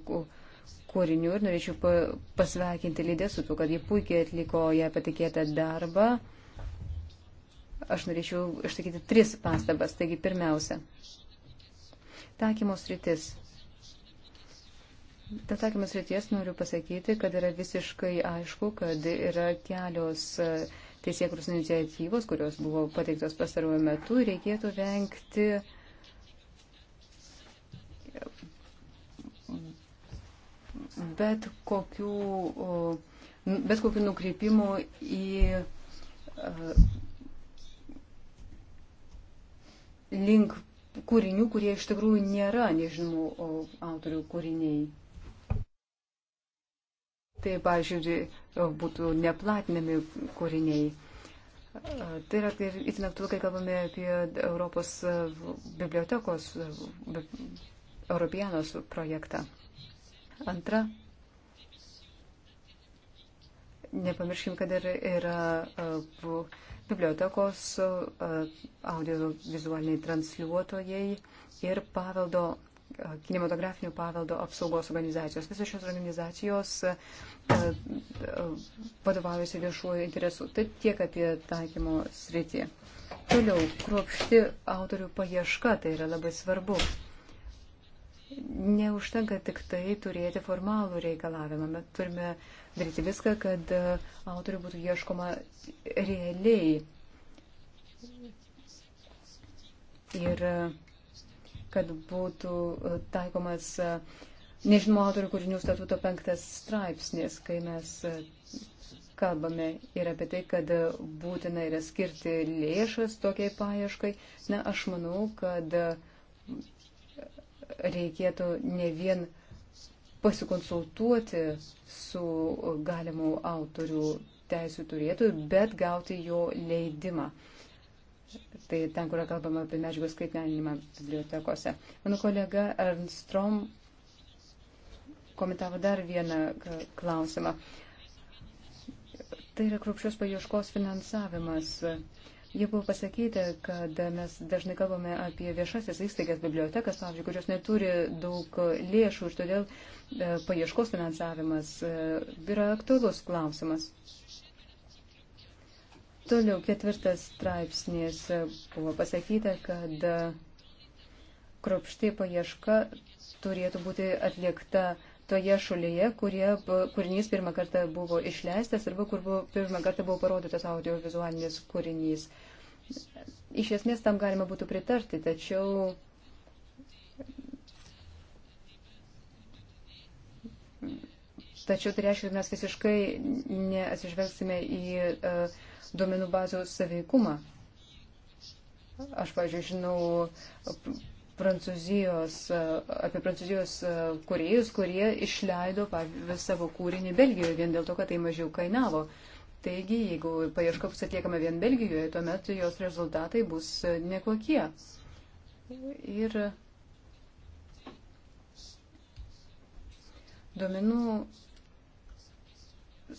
kūrinių ir norėčiau pasveikinti lydę su tuo, kad jie puikiai atliko ją patikėtą darbą. Aš norėčiau išsakyti tris pastabas. Taigi, pirmiausia, takymos rytis. Dėl takymos ryties noriu pasakyti, kad yra visiškai aišku, kad yra kelios e, teisėkrus iniciatyvos, kurios buvo pateiktos pastaruoju metu, reikėtų vengti uh, bet kokių, bet kokių nukreipimų į link kūrinių, kurie iš tikrųjų nėra, nežinau, autorių kūriniai. Tai, pažiūrėjau, būtų neplatinami kūriniai. Tai yra ir itin aktualu, kai kalbame apie Europos bibliotekos, Europianos projektą. Antra, nepamirškim, kad ir yra bibliotekos, audiovizualiniai transliuotojai ir paveldo, kinematografinio paveldo apsaugos organizacijos. Visos šios organizacijos vadovaujasi viešuoju interesu. Tai tiek apie taikymo sritį. Toliau, kruopšti autorių paieška, tai yra labai svarbu neužtenka tik tai turėti formalų reikalavimą, bet turime daryti viską, kad e, autorių būtų ieškoma realiai. Ir e, kad būtų e, taikomas nežinomo autorių kūrinių statuto penktas straipsnis, kai mes kalbame ir apie tai, kad būtina yra skirti lėšas tokiai paieškai. Na, aš manau, kad reikėtų ne vien pasikonsultuoti su galimu autorių teisų turėtoju, bet gauti jo leidimą. Tai ten, kur kalbama apie medžiagų skaitmeninimą bibliotekose. Mano kolega Ernstrom komentavo dar vieną klausimą. Tai yra krupščios paieškos finansavimas. Jau buvo pasakyti, kad mes dažnai kalbame apie viešasis įstaigas, bibliotekas, pavyzdžiui, kurios neturi daug lėšų ir todėl e, paieškos finansavimas e, yra aktualus klausimas. Toliau ketvirtas straipsnis e, buvo pasakyta, kad kropšti paieška turėtų būti atliekta uh, toje šalyje, kurie kūrinys pirmą kartą buvo išleistas arba kur buvo, pirmą kartą buvo parodytas audiovizualinis kūrinys. Iš esmės tam galima būtų pritarti, tačiau Tačiau tai reiškia, kad mes visiškai neatsižvelgsime į uh, duomenų bazų saveikumą. Aš, pažiūrėjau, žinau Prancūzijos, apie prancūzijos kuriejus, kurie išleido savo kūrinį Belgijoje vien dėl to, kad tai mažiau kainavo. Taigi, jeigu paieška bus atliekama vien Belgijoje, tuomet jos rezultatai bus nekokie. Ir duomenų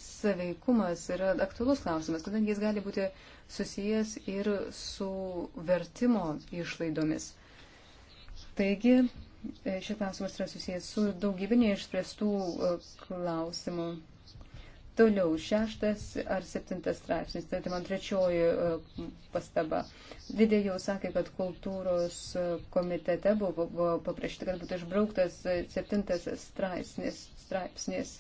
saveikumas yra aktualus klausimas, kadangi jis gali būti susijęs ir su vertimo išlaidomis. Taigi, e, šis klausimas yra susijęs su daugybė neišspręstų e, klausimų. Toliau šeštas ar septintas straipsnis, tai man trečioji e, pastaba. Didė jau sakė, kad kultūros komitete buvo, buvo paprašyta, kad būtų išbrauktas septintas straipsnis. straipsnis.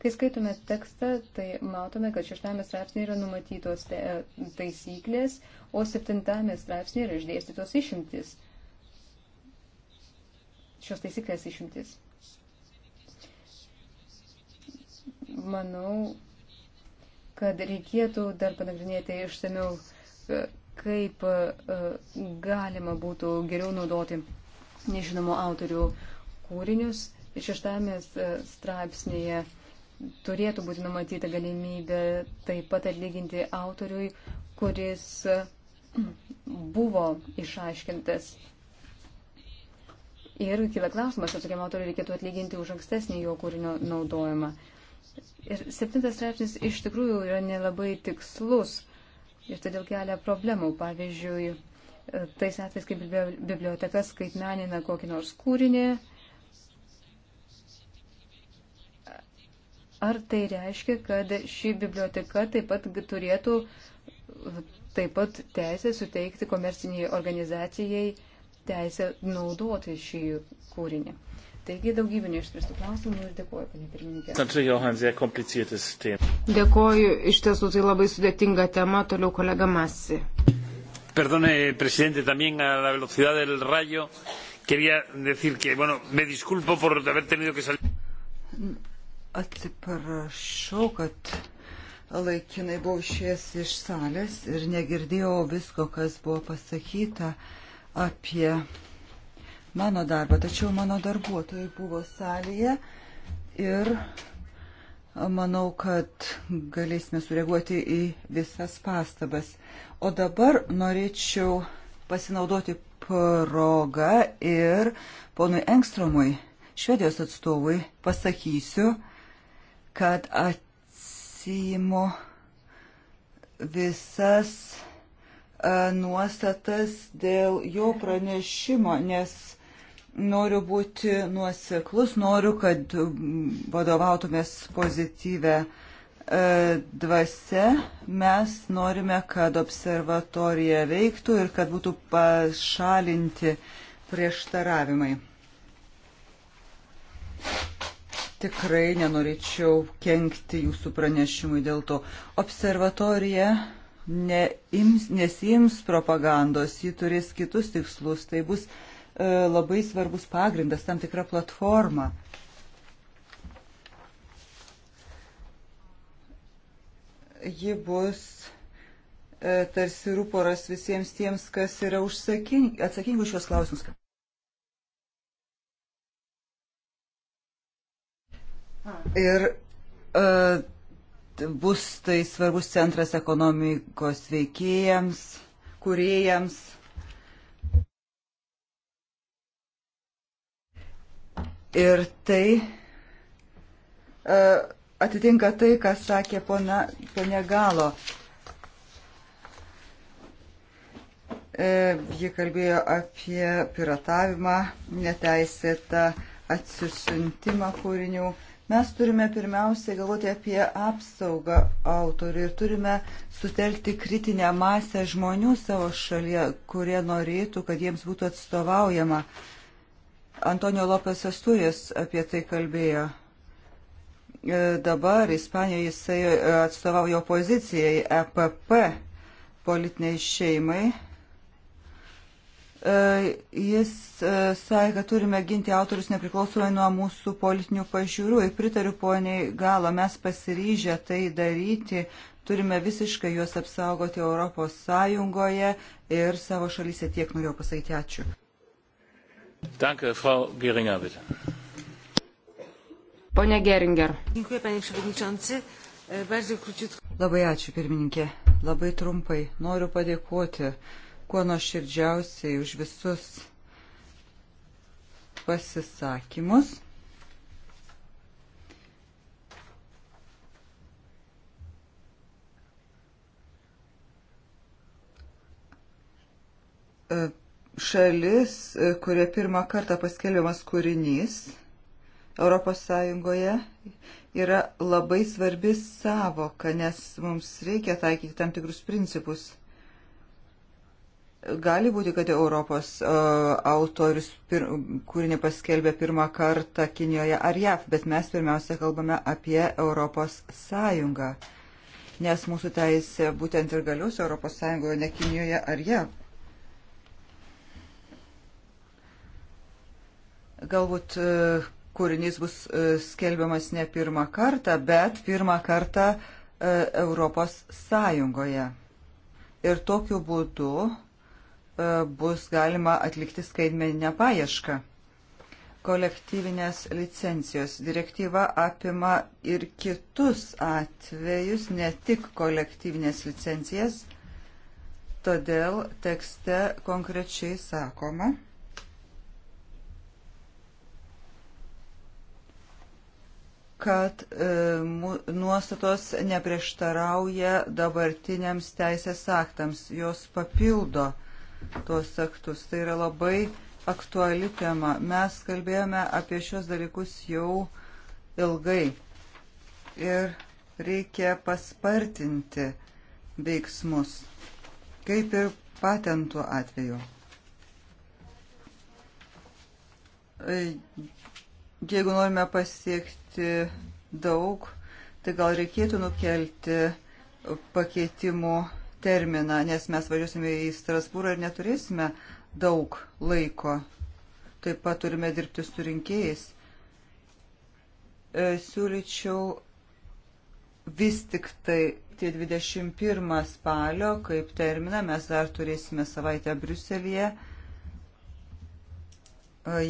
Kai skaitome tekstą, tai matome, kad šeštame straipsnėje yra numatytos taisyklės, te, o septintame straipsnėje yra išdėstytos išimtis. Šios taisyklės išimtis. Manau, kad reikėtų dar panagrinėti išsamiau, e, kaip e, galima būtų geriau naudoti nežinomų autorių kūrinius. Šeštame e, straipsnėje turėtų būti numatyta galimybė taip pat atlyginti autoriui, kuris buvo išaiškintas. Ir kila klausimas, ar tokiam autoriui reikėtų atlyginti už ankstesnį jo kūrinio naudojimą. Ir septintas straipsnis iš tikrųjų yra nelabai tikslus ir todėl kelia problemų. Pavyzdžiui, tais atvejais, kai biblioteka skaitmenina kokį nors kūrinį, ar tai reiškia, kad ši biblioteka taip pat turėtų taip pat teisę suteikti komerciniai organizacijai teisę naudoti šį kūrinį. Taigi daugybė neišspręstų klausimų ir dėkuoju, panė pirmininkė. Dėkuoju, iš tiesų tai labai sudėtinga tema, toliau kolega Masi. Perdone, presidente, también a la velocidad del rayo. Quería decir que, bueno, me disculpo por haber tenido que salir. Atsiprašau, kad laikinai buvau išėjęs iš salės ir negirdėjau visko, kas buvo pasakyta apie mano darbą. Tačiau mano darbuotojai buvo salėje ir manau, kad galėsime sureaguoti į visas pastabas. O dabar norėčiau pasinaudoti progą ir ponui Engstromui, švedijos atstovui, pasakysiu, kad atėjo atsijimu visas e, nuostatas dėl jo pranešimo, nes noriu būti nuoseklus, noriu, kad mm, vadovautumės pozityvę e, dvasia. Mes norime, kad observatorija veiktų ir kad būtų pašalinti prieštaravimai tikrai nenorėčiau kenkti jūsų pranešimui dėl to. Observatorija neims, nesims propagandos, ji turės kitus tikslus, tai bus e, labai svarbus pagrindas, tam tikra platforma. Ji bus e, tarsi rūporas visiems tiems, kas yra užsaking, atsakingi už šios klausimus. Ir uh, bus tai svarbus centras ekonomikos veikėjams, kuriejams. Ir tai uh, atitinka tai, ką sakė pona, ponia Galo. E, ji kalbėjo apie piratavimą, neteisėtą atsisuntimą kūrinių. E, Mes turime pirmiausiai galvoti apie apsaugą autorių ir turime sutelkti kritinę masę žmonių savo šalyje, kurie norėtų, kad jiems būtų atstovaujama. Antonio Lopes Astujas apie tai kalbėjo. E, dabar Ispanijoje jisai e, atstovauja opozicijai EPP politiniai šeimai E, jis e, sakė, kad turime ginti autorius nepriklausomai nuo mūsų politinių pažiūrų. Ir pritariu poniai galo, mes pasiryžę tai daryti, turime visiškai juos apsaugoti Europos Sąjungoje ir savo šalyse tiek norėjau pasakyti ačiū. Danke, Frau Geringer, bitte. Pone Geringer. E, Labai ačiū, pirmininkė. Labai trumpai noriu padėkoti kuo nuoširdžiausiai už visus pasisakymus. E, šalis, e, kurie pirmą kartą paskelbiamas kūrinys Europos Sąjungoje, yra labai svarbi savoka, nes mums reikia taikyti tam tikrus principus Gali būti, kad Europos uh, autorius pir, kūrinį paskelbė pirmą kartą Kinijoje ar JAV, bet mes pirmiausia kalbame apie Europos Sąjungą, nes mūsų teisė būtent ir galius Europos Sąjungoje, ne Kinijoje ar JAV. Galbūt uh, kūrinys bus uh, skelbiamas ne pirmą kartą, bet pirmą kartą uh, Europos Sąjungoje. Ir tokiu būdu E, bus galima atlikti skaitmeninę paiešką. Kolektyvinės licencijos direktyva apima ir kitus atvejus, ne tik kolektyvinės licencijas, todėl tekste konkrečiai sakoma, kad e, nuostatos neprieštarauja dabartiniams teisės aktams, jos papildo e, tuos aktus. Tai yra labai aktuali tema. Mes kalbėjome apie šios dalykus jau ilgai ir reikia paspartinti veiksmus, kaip ir patentų atveju. Jeigu norime pasiekti daug, tai gal reikėtų nukelti pakeitimų terminą, nes mes važiuosime į Strasbūrą ir neturėsime daug laiko. Taip pat turime dirbti su rinkėjais. E, siūlyčiau vis tik tai tie 21 spalio kaip terminą, mes dar turėsime savaitę Briuselėje. E,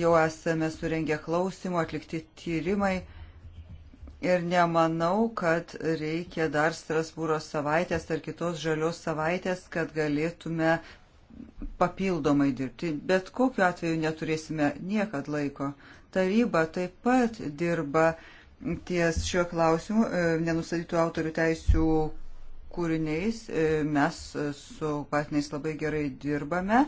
jau esame surengę klausimų, atlikti tyrimai Ir nemanau, kad reikia dar Strasbūro savaitės ar kitos žalios savaitės, kad galėtume papildomai dirbti. Bet kokiu atveju neturėsime niekad laiko. Taryba taip pat dirba ties šiuo klausimu, e, nenusadytų autorių teisių kūriniais. E, mes su patiniais labai gerai dirbame.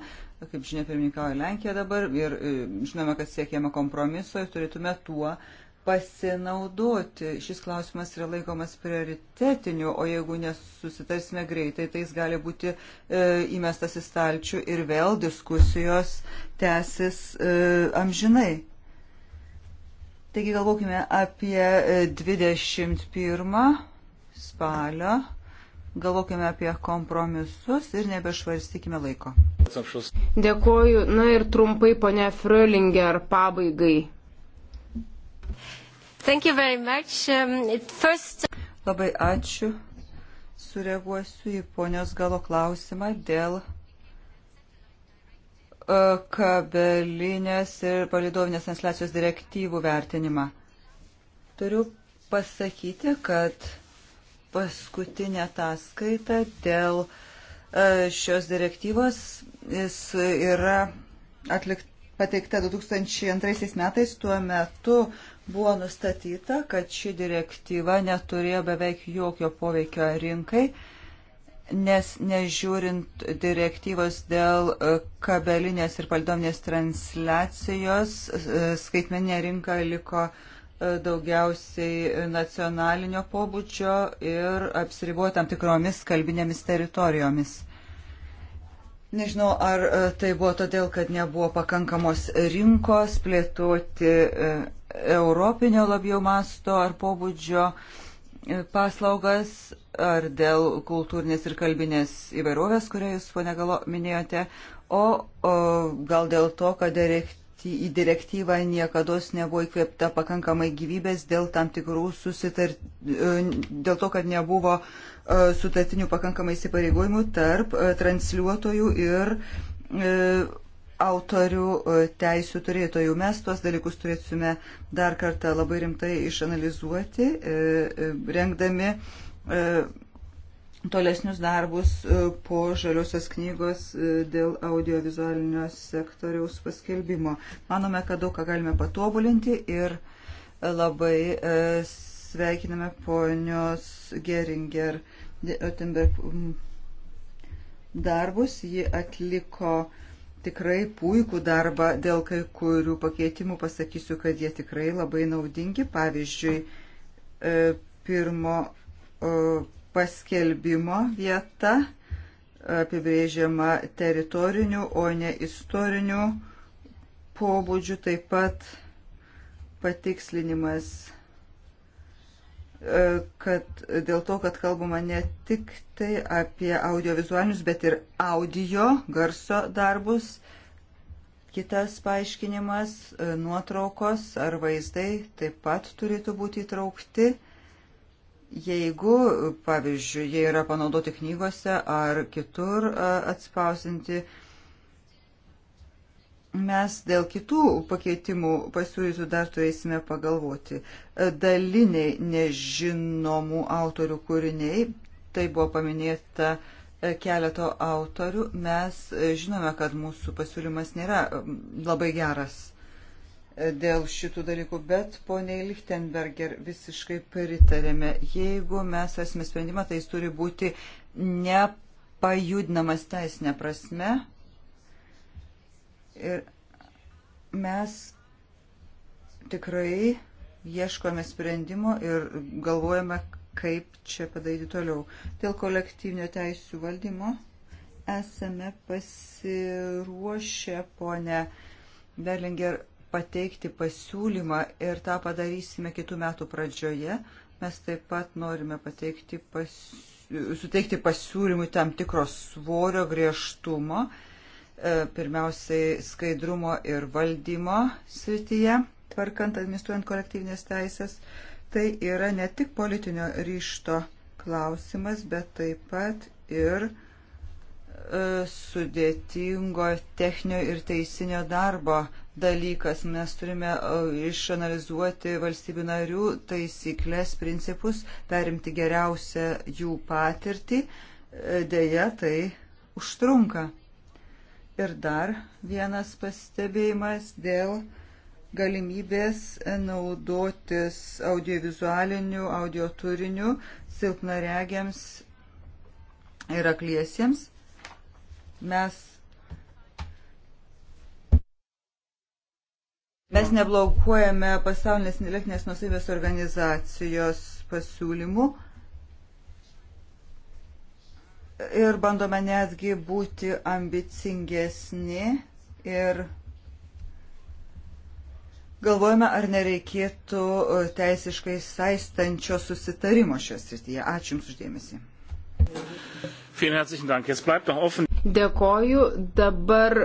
Kaip žinia, pirmininkauja Lenkija dabar ir e, žinome, kad siekėme kompromiso ir turėtume tuo uh, pasinaudoti. Šis klausimas yra laikomas prioritetiniu, o jeigu nesusitarsime greitai, tai jis gali būti e, įmestas į stalčių ir vėl diskusijos tęsis e, amžinai. Taigi galvokime apie 21 e, spalio, galvokime apie kompromisus ir nebešvarstykime laiko. Dėkoju. Na ir trumpai, ponia Frölinger, pabaigai. Um, first... Labai ačiū. Sureaguosiu į ponios galo klausimą dėl e, kabelinės ir palidovinės transliacijos direktyvų vertinimą. Turiu pasakyti, kad paskutinė ataskaita dėl e, šios direktyvos jis yra atlikt, pateikta 2002 metais. Tuo metu buvo nustatyta, kad ši direktyva neturėjo beveik jokio poveikio rinkai, nes nežiūrint direktyvos dėl e, kabelinės ir paldominės transliacijos, e, skaitmeninė rinka liko e, daugiausiai nacionalinio pobūdžio ir apsiribuoja tam tikromis kalbinėmis teritorijomis. Nežinau, ar e, tai buvo todėl, kad nebuvo pakankamos rinkos plėtoti e, europinio labiau masto ar pobūdžio e, paslaugas, ar dėl kultūrinės ir kalbinės įvairovės, kurią jūs, pone Galo, minėjote, o, o gal dėl to, kad direkt į direktyvą niekada nebuvo įkvėpta pakankamai gyvybės dėl tam tikrų susitart, e, dėl to, kad nebuvo e, sutartinių pakankamai įsipareigojimų tarp e, transliuotojų ir autorių teisų turėtojų. Mes tuos dalykus turėtume dar kartą labai rimtai išanalizuoti, rengdami tolesnius darbus e, po žaliosios knygos e, dėl audiovizualinio sektoriaus paskelbimo. Manome, kad daug ką galime patobulinti ir e, labai sveikiname ponios Geringer Otenberg darbus. Ji atliko tikrai puikų darbą dėl kai kurių pakeitimų. Pasakysiu, kad jie tikrai labai naudingi. Pavyzdžiui, pirmo paskelbimo vieta apibrėžiama teritoriniu, o ne istoriniu pobūdžiu, taip pat patikslinimas e, kad dėl to, kad kalbama ne tik tai apie audiovizualinius, bet ir audio garso darbus, kitas paaiškinimas, e, nuotraukos ar vaizdai taip pat turėtų būti įtraukti. Jeigu, pavyzdžiui, jie yra panaudoti knygose ar kitur atspausinti, mes dėl kitų pakeitimų pasiūlytų dar turėsime pagalvoti. Daliniai nežinomų autorių kūriniai, tai buvo paminėta keleto autorių, mes žinome, kad mūsų pasiūlymas nėra labai geras dėl šitų dalykų, bet poniai Lichtenberger visiškai pritarėme. Jeigu mes esame sprendimą, tai jis turi būti nepajudinamas teisinė prasme. Ir mes tikrai ieškome sprendimo ir galvojame, kaip čia padaryti toliau. Dėl kolektyvinio teisų valdymo esame pasiruošę, ponė Berlinger, pateikti pasiūlymą ir tą padarysime kitų metų pradžioje. Mes taip pat norime pateikti pas, suteikti pasiūlymui tam tikros svorio griežtumo, e, pirmiausiai skaidrumo ir valdymo srityje, tvarkant administruojant kolektyvinės teisės. Tai yra ne tik politinio ryšto klausimas, bet taip pat ir e, sudėtingo techninio ir teisinio darbo klausimas dalykas. Mes turime e, išanalizuoti valstybių narių taisyklės, principus, perimti geriausią jų patirtį. E, Deja, tai užtrunka. Ir dar vienas pastebėjimas dėl galimybės naudotis audiovizualiniu, audio turiniu silpnaregiams ir akliesiems. Mes Mes neblokuojame pasaulinės nelektinės nusavybės organizacijos pasiūlymų ir bandome netgi būti ambicingesni ir galvojame, ar nereikėtų e, teisiškai saistančio susitarimo šios srityje. Ačiū Jums uždėmesį. Dėkoju. Dabar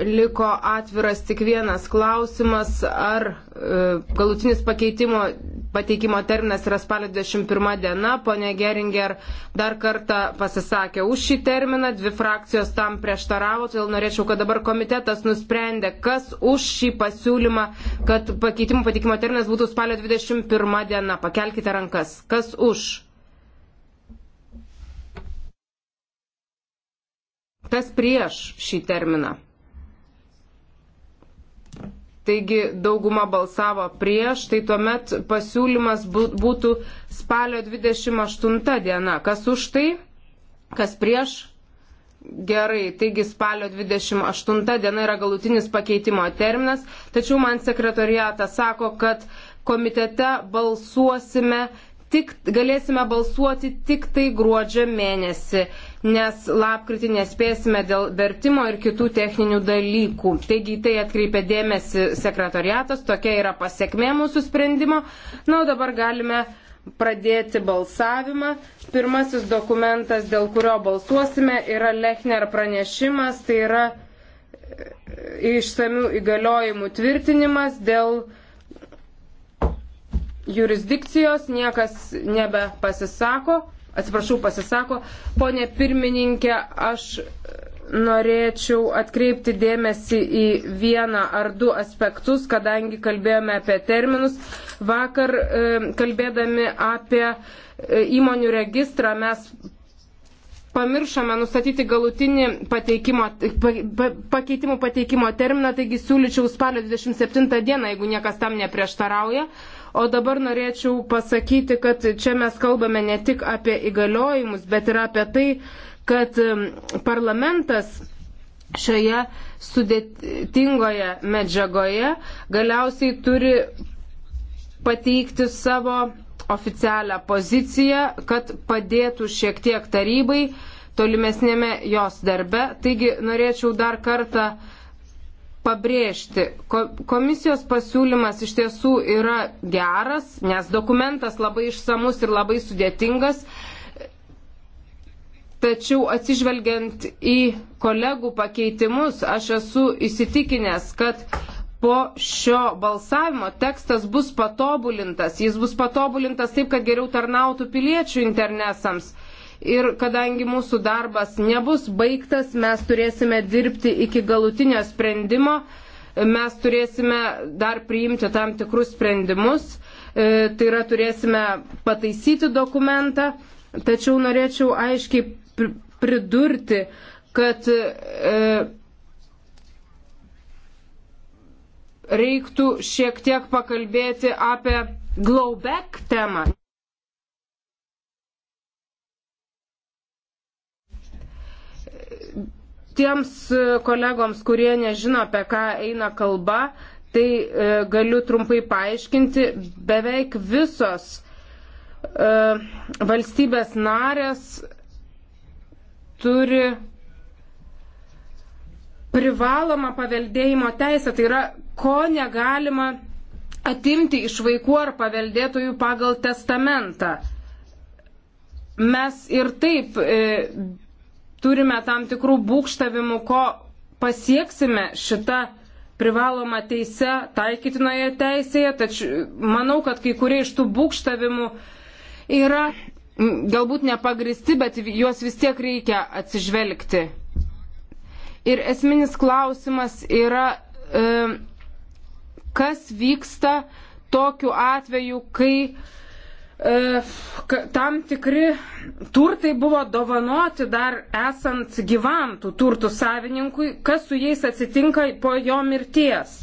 liko atviras tik vienas klausimas, ar e, galutinis pakeitimo pateikimo terminas yra spalio 21 diena. Pone Geringer dar kartą pasisakė už šį terminą, dvi frakcijos tam prieštaravo, todėl norėčiau, kad dabar komitetas nusprendė, kas už šį pasiūlymą, kad pakeitimų pateikimo terminas būtų spalio 21 diena. Pakelkite rankas. Kas už? Kas prieš šį terminą? taigi dauguma balsavo prieš, tai tuomet pasiūlymas būtų spalio 28 diena. Kas už tai, kas prieš? Gerai, taigi spalio 28 diena yra galutinis pakeitimo terminas, tačiau man sekretoriatas sako, kad komitete balsuosime tik, galėsime balsuoti tik tai gruodžio mėnesį, nes lapkritį nespėsime dėl vertimo ir kitų techninių dalykų. Taigi tai atkreipia dėmesį sekretariatas, tokia yra pasiekmė mūsų sprendimo. Na, o dabar galime pradėti balsavimą. Pirmasis dokumentas, dėl kurio balsuosime, yra Lechner pranešimas, tai yra e, e, išsamių įgaliojimų tvirtinimas dėl jurisdikcijos, niekas nebepasisako. Atsiprašau, pasisako. Pone pirmininkė, aš norėčiau atkreipti dėmesį į vieną ar du aspektus, kadangi kalbėjome apie terminus. Vakar e, kalbėdami apie e, įmonių registrą mes pamiršome nustatyti galutinį pateikimo, pakeitimų pateikimo terminą, taigi siūlyčiau spalio 27 dieną, jeigu niekas tam neprieštarauja. O dabar norėčiau pasakyti, kad čia mes kalbame ne tik apie įgaliojimus, bet ir apie tai, kad um, parlamentas šioje sudėtingoje medžiagoje galiausiai turi pateikti savo oficialią poziciją, kad padėtų šiek tiek tarybai tolimesnėme jos darbe. Taigi norėčiau dar kartą uh, pabrėžti. Komisijos pasiūlymas iš tiesų yra geras, nes dokumentas labai išsamus ir labai sudėtingas. Tačiau atsižvelgiant į kolegų pakeitimus, aš esu įsitikinęs, kad po šio balsavimo tekstas bus patobulintas. Jis bus patobulintas taip, kad geriau tarnautų piliečių interesams ir kadangi mūsų darbas nebus baigtas, mes turėsime dirbti iki galutinio sprendimo, mes turėsime dar priimti tam tikrus sprendimus, e, tai yra turėsime pataisyti dokumentą, tačiau norėčiau aiškiai pridurti, kad e, reiktų šiek tiek pakalbėti apie Glowback temą. Tiems e, kolegoms, kurie nežino, apie ką eina kalba, tai e, galiu trumpai paaiškinti. Beveik visos e, valstybės narės turi privalomą paveldėjimo teisę, tai yra, ko negalima atimti iš vaikų ar paveldėtojų pagal testamentą. Mes ir taip e, turime tam tikrų būkštavimų, ko pasieksime šitą privaloma teise, taikytinoje teisėje, tačiau manau, kad kai kurie iš tų būkštavimų yra galbūt nepagristi, bet juos vis tiek reikia atsižvelgti. Ir esminis klausimas yra, e, kas vyksta tokiu atveju, kai E, tam tikri turtai buvo dovanoti dar esant gyvam tų turtų savininkui, kas su jais atsitinka po jo mirties.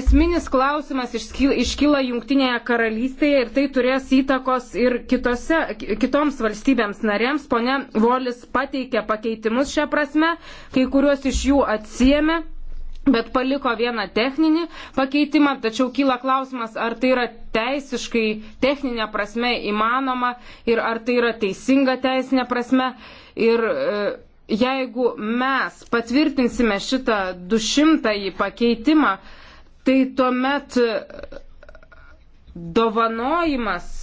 Esminis klausimas iškyla Junktinėje karalystėje ir tai turės įtakos ir kitose, kitoms valstybėms narėms. Pone Volis pateikė pakeitimus šią prasme, kai kuriuos iš jų atsiemė bet paliko vieną techninį pakeitimą, tačiau kyla klausimas, ar tai yra teisiškai, techninė prasme įmanoma ir ar tai yra teisinga teisinė prasme. Ir e, jeigu mes patvirtinsime šitą 200-ąjį pakeitimą, tai tuomet e, dovanojimas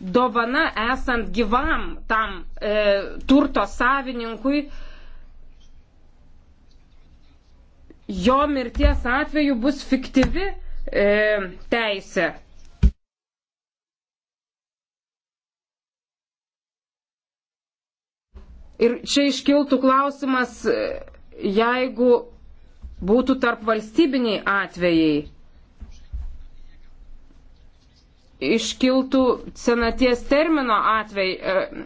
dovana esant gyvam tam e, turto savininkui jo mirties atveju bus fiktyvi e, teisė. Ir čia iškiltų klausimas, e, jeigu būtų tarp valstybiniai atvejai, iškiltų senaties termino atvejai, e,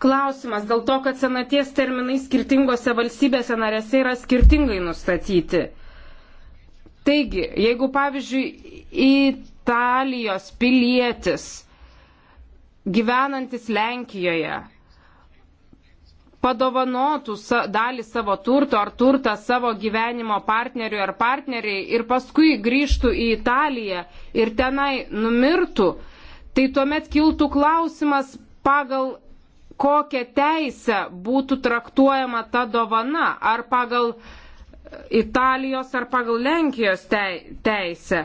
klausimas dėl to, kad senaties terminai skirtingose valstybėse narėse yra skirtingai nustatyti. Taigi, jeigu pavyzdžiui Italijos pilietis gyvenantis Lenkijoje padovanotų dalį savo turto ar turtą savo gyvenimo partneriui ar partneriai ir paskui grįžtų į Italiją ir tenai numirtų, tai tuomet kiltų klausimas pagal kokią teisę būtų traktuojama ta dovana, ar pagal Italijos, ar pagal Lenkijos teisę.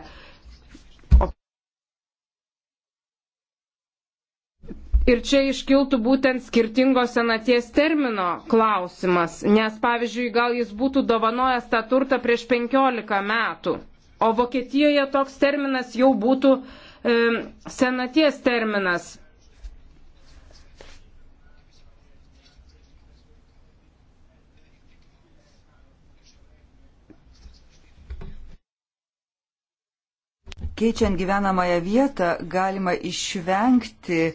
Ir čia iškiltų būtent skirtingos senaties termino klausimas, nes pavyzdžiui, gal jis būtų dovanojęs tą turtą prieš 15 metų, o Vokietijoje toks terminas jau būtų e, senaties terminas keičiant gyvenamąją vietą galima išvengti e,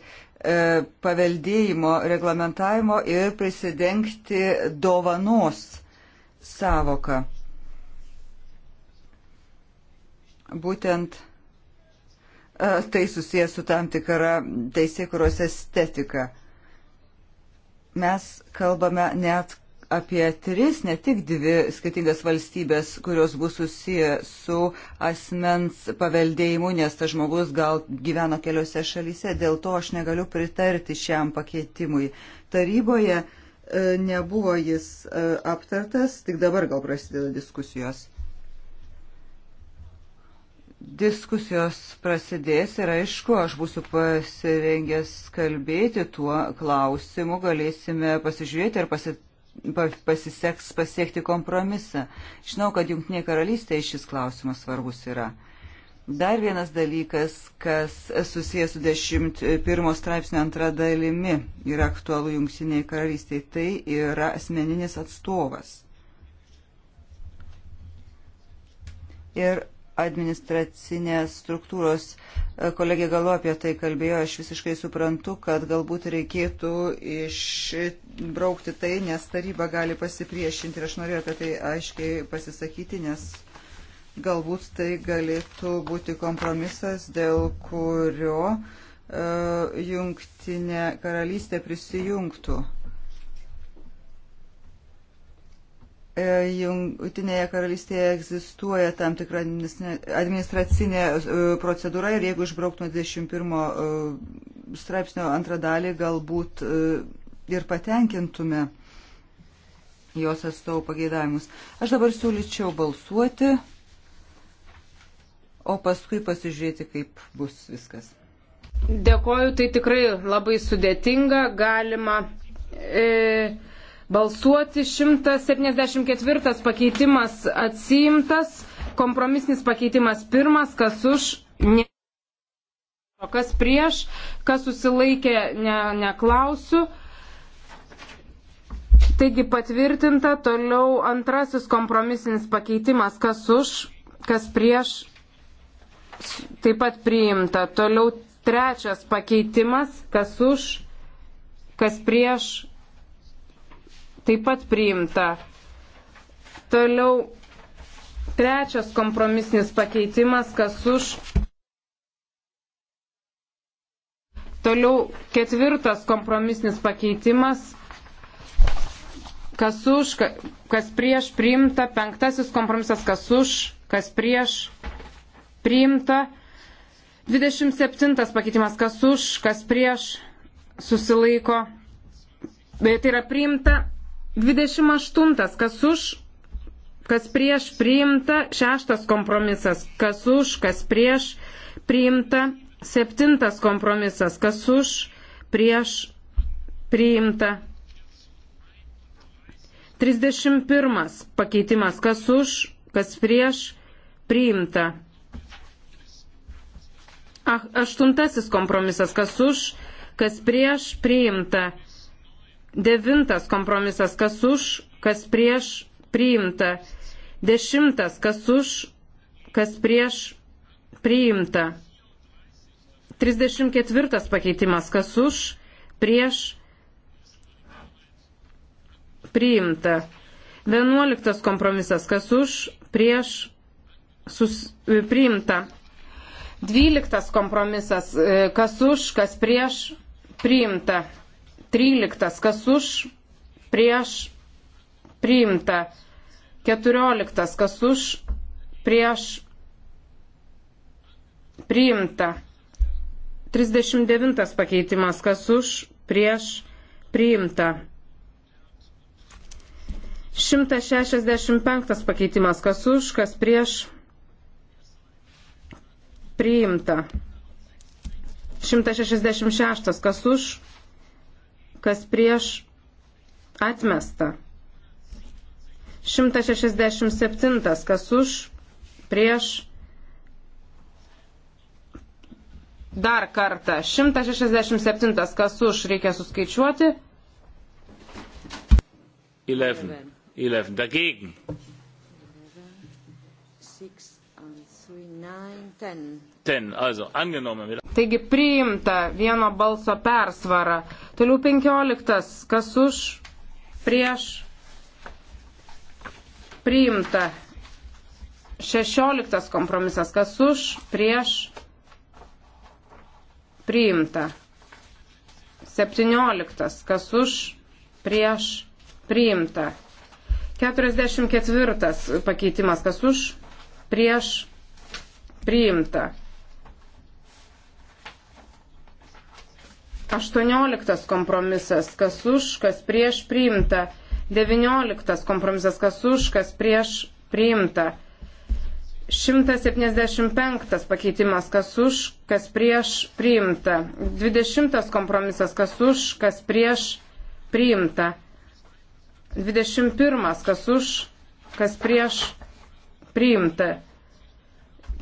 paveldėjimo reglamentavimo ir prisidengti dovanos savoką. Būtent e, tai susijęs su tam tikra teisėkuros estetika. Mes kalbame net apie tris, ne tik dvi skirtingas valstybės, kurios bus susiję su asmens paveldėjimu, nes tas žmogus gal gyveno keliose šalyse, dėl to aš negaliu pritarti šiam pakeitimui. Taryboje e, nebuvo jis e, aptartas, tik dabar gal prasideda diskusijos diskusijos prasidės ir aišku, aš būsiu pasirengęs kalbėti tuo klausimu, galėsime pasižiūrėti ir pasit pasiseks pasiekti kompromisą. Žinau, kad Junktinėje karalystėje šis klausimas svarbus yra. Dar vienas dalykas, kas susijęs su 11 straipsnio antra dalimi yra aktualu Junktinėje karalystėje, tai yra asmeninis atstovas. Ir administracinės struktūros. E, kolegė Galo apie tai kalbėjo, aš visiškai suprantu, kad galbūt reikėtų išbraukti tai, nes taryba gali pasipriešinti ir aš norėjau apie tai aiškiai pasisakyti, nes galbūt tai galėtų būti kompromisas, dėl kurio uh, jungtinė karalystė prisijungtų. Uh, E, jungtinėje karalystėje egzistuoja tam tikra administracinė e, procedūra ir jeigu išbrauktume 21 e, straipsnio antrą dalį, galbūt ir patenkintume jos atstovų pageidavimus. Aš dabar siūlyčiau balsuoti, o paskui pasižiūrėti, kaip bus viskas. Dėkoju, tai tikrai labai sudėtinga, galima. E, balsuoti. 174 pakeitimas atsiimtas, kompromisinis pakeitimas pirmas, kas už, ne, kas prieš, kas susilaikė, ne, neklausiu. Taigi patvirtinta, toliau antrasis kompromisinis pakeitimas, kas už, kas prieš, taip pat priimta. Toliau trečias pakeitimas, kas už, kas prieš, taip pat priimta. Toliau trečias kompromisinis pakeitimas, kas už. Toliau ketvirtas kompromisinis pakeitimas, kas už, kas prieš priimta. Penktasis kompromisas, kas už, kas prieš priimta. 27 pakeitimas, kas už, kas prieš susilaiko. Tai yra priimta 28. Kas už, kas prieš priimta. 6. Kompromisas. Kas už, kas prieš priimta. 7. Kompromisas. Kas už, prieš priimta. 31. Pakeitimas. Kas už, kas prieš priimta. Ach, aštuntasis kompromisas. Kas už, kas prieš priimta. Devintas kompromisas, kas už, kas prieš, priimta. Dešimtas, kas už, kas prieš, priimta. 34 pakeitimas, kas už, prieš, priimta. 11 kompromisas, kas už, prieš, sus, e, priimta. 12 kompromisas, e, kas už, kas prieš, priimta. 13. Kas už, prieš, priimta. 14. Kas už, prieš, priimta. 39. pakeitimas. Kas už, prieš, priimta. 165 pakeitimas. Kas už, kas prieš, priimta. 166. Kas už, kas prieš atmesta. 167, kas už prieš dar kartą. 167, kas už reikia suskaičiuoti. 11. 11. Dagegen. 6. Taigi priimta vieno balso persvara. Toliau 15. Kas už, prieš, priimta. 16 kompromisas. Kas už, prieš, priimta. 17. Kas už, prieš, priimta. 44 pakeitimas. Kas už, prieš priimta. 18 kompromisas, kas už, kas prieš priimta. 19 kompromisas, kas už, kas prieš priimta. 175 pakeitimas, kas už, kas prieš priimta. 20 kompromisas, kas už, kas prieš priimta. 21 kas už, kas prieš priimta.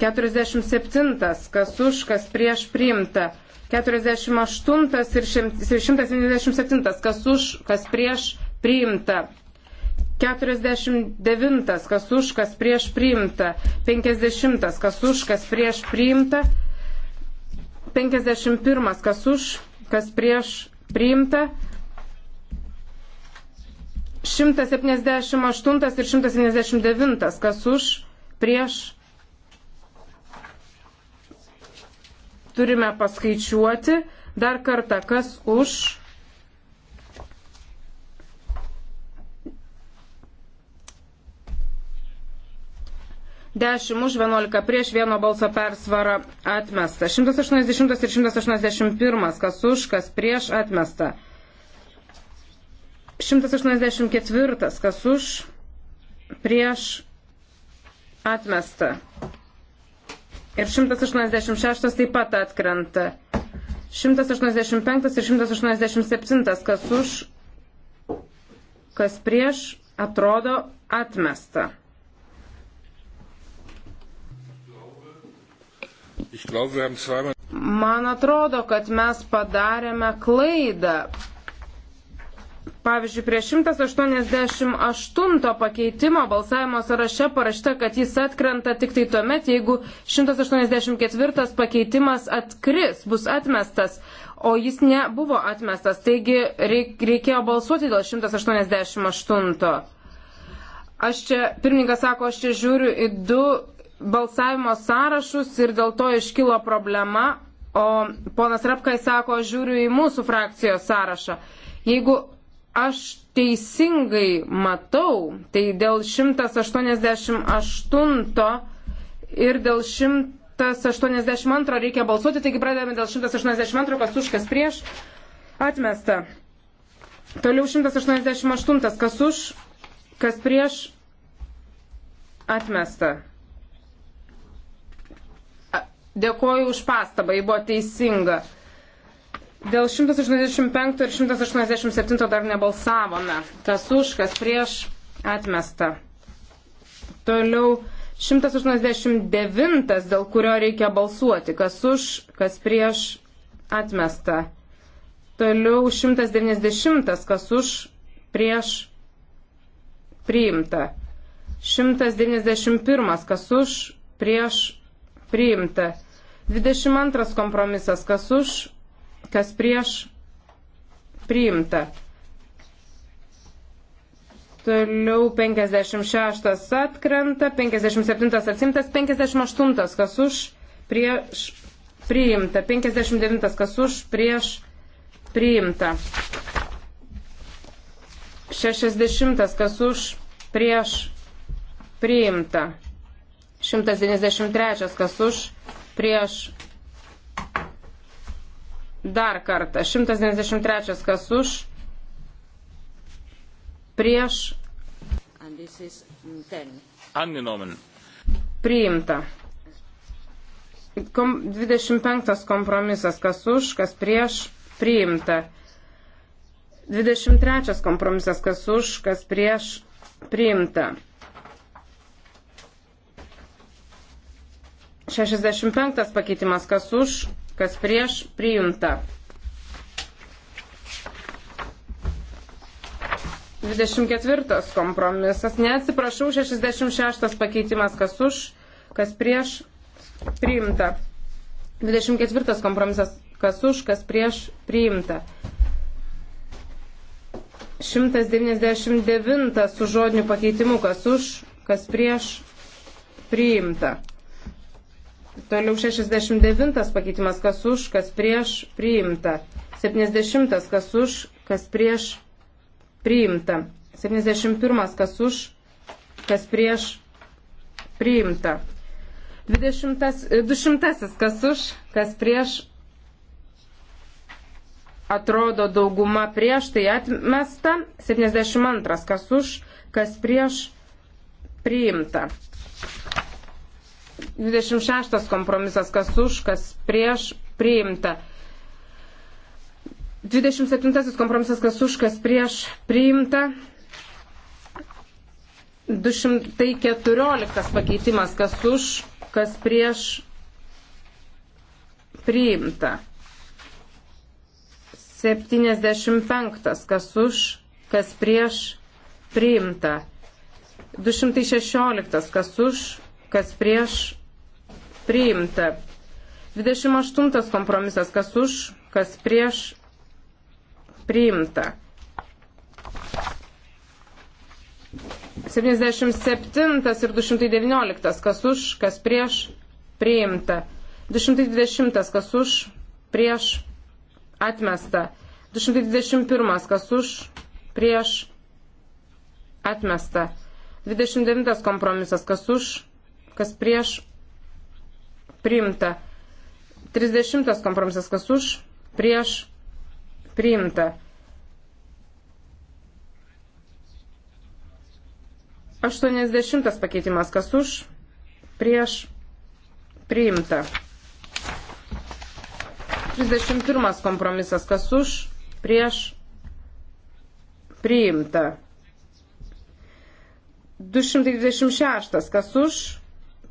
47, kas už, kas prieš priimta. 48 ir 177, kas už, kas prieš priimta. 49, kas už, kas prieš priimta. 50, kas už, kas prieš priimta. 51, kas už, kas prieš priimta. 178 ir 179, kas už, prieš. Turime paskaičiuoti. Dar kartą, kas už. Dešimt už, vienuolika prieš, vieno balso persvara atmesta. 180 ir 181, kas už, kas prieš atmesta. 184. Kas už, prieš, atmesta. Ir 186 taip pat atkrenta. 185 ir 187. Kas už, kas prieš, atrodo atmesta. Man atrodo, kad mes padarėme klaidą Pavyzdžiui, prie 188 pakeitimo balsavimo sąraše parašta, kad jis atkrenta tik tai tuomet, jeigu 184 pakeitimas atkris, bus atmestas, o jis nebuvo atmestas, taigi reikėjo balsuoti dėl 188. Aš čia, pirmininkas sako, aš čia žiūriu į du balsavimo sąrašus ir dėl to iškilo problema, o ponas Rapkai sako, aš žiūriu į mūsų frakcijos sąrašą. Jeigu aš teisingai matau, tai dėl 188 ir dėl 182 reikia balsuoti, taigi pradedame dėl 182, kas už, kas prieš, atmesta. Toliau 188, kas už, kas prieš, atmesta. Dėkoju už pastabą, ji buvo teisinga. Dėl 185 ir 187 dar nebalsavome. Tas už, kas prieš atmesta. Toliau 189, dėl kurio reikia balsuoti. Kas už, kas prieš atmesta. Toliau 190, kas už, prieš priimta. 191, kas už, prieš priimta. 22 kompromisas, kas už, kas prieš priimta. Toliau 56 atkrenta, 57 atsimtas, 58 kas už prieš priimta, 59 kas už prieš priimta, 60 kas už prieš priimta, 193 kas už prieš Dar kartą. 193 kas už. Prieš. Anninomen. Priimta. Kom, 25 kompromisas kas už, kas prieš. Priimta. 23 kompromisas kas už, kas prieš. Priimta. 65 pakeitimas kas už, kas prieš priimta. 24 kompromisas, neatsiprašau, 66 pakeitimas, kas už, kas prieš priimta. 24 kompromisas, kas už, kas prieš priimta. 199 su žodiniu pakeitimu, kas už, kas prieš priimta. Toliau 69 pakeitimas, kas už, kas prieš, priimta. 70 kas už, kas prieš, priimta. 71 kas už, kas prieš, priimta. 20, 200 e, kas už, kas prieš, atrodo dauguma prieš, tai atmesta. 72 kas už, kas prieš, priimta. 26 kompromisas, kas už, kas prieš, priimta. 27 kompromisas, kas už, kas prieš, priimta. 214 pakeitimas, kas už, kas prieš, priimta. 75, kas už, kas prieš, priimta. 216, kas už, kas prieš, priimta. 28 kompromisas, kas už, kas prieš, priimta. 77 ir 219, kas už, kas prieš, priimta. 220, kas už, prieš, atmesta. 221, kas už, prieš, atmesta. 29 kompromisas, kas už, kas prieš, priimta. 30 kompromisas, kas už, prieš, priimta. 80 pakeitimas, kas už, prieš, priimta. 31 kompromisas, kas už, prieš, priimta. 226, kas už,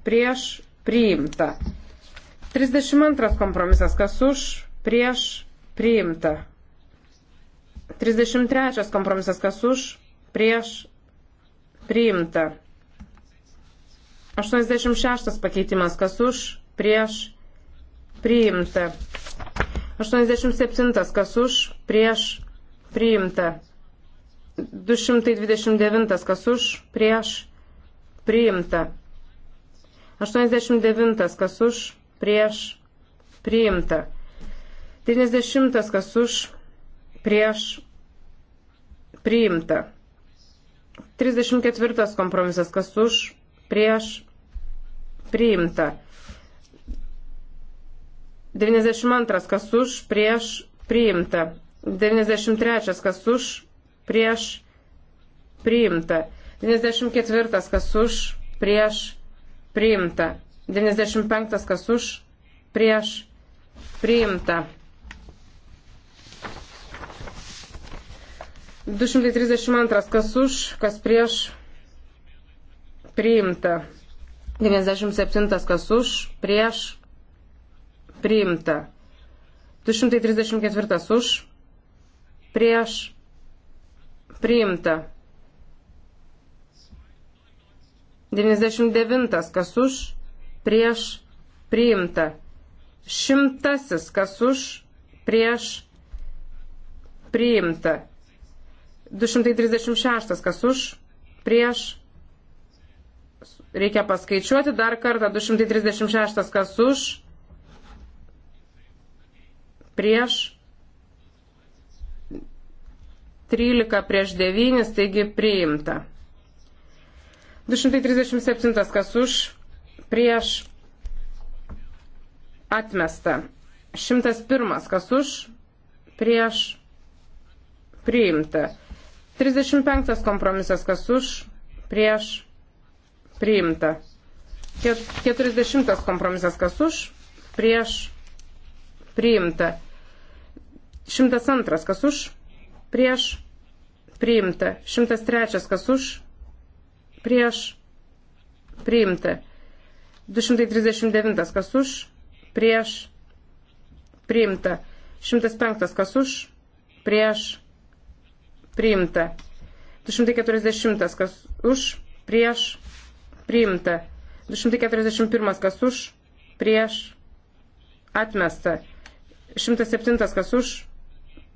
prieš priimta. 32 kompromisas, kas už prieš priimta. 33 kompromisas, kas už prieš priimta. 86 pakeitimas, kas už prieš priimta. 87 kas už prieš priimta. 229 kas už prieš priimta. 89 kas už, prieš, priimta. 90 kas už, prieš, priimta. 34 kompromisas kas už, prieš, priimta. 92 kas už, prieš, priimta. 93 kas už, prieš, priimta. 94 kas už, prieš, priimta priimta. 95 kas už, prieš, priimta. 232 kas už, kas prieš, priimta. 97 kas už, prieš, priimta. 234 už, prieš, priimta. 99 kas už, prieš priimta. Šimtasis kas už, prieš priimta. 236 kas už, prieš. Reikia paskaičiuoti dar kartą. 236 kas už, prieš. 13 prieš 9, taigi priimta. 237 kas už, prieš atmesta. 101 kas už, prieš priimta. 35 kompromisas kas už, prieš priimta. 40 kompromisas kas už, prieš priimta. 102 kas už, prieš priimta. 103 kas už, prieš priimti. 239 kas už, prieš priimta. 105 kas už, prieš priimta. 240 kas už, prieš priimta. 241 kas už, prieš atmesta. 107 kas už,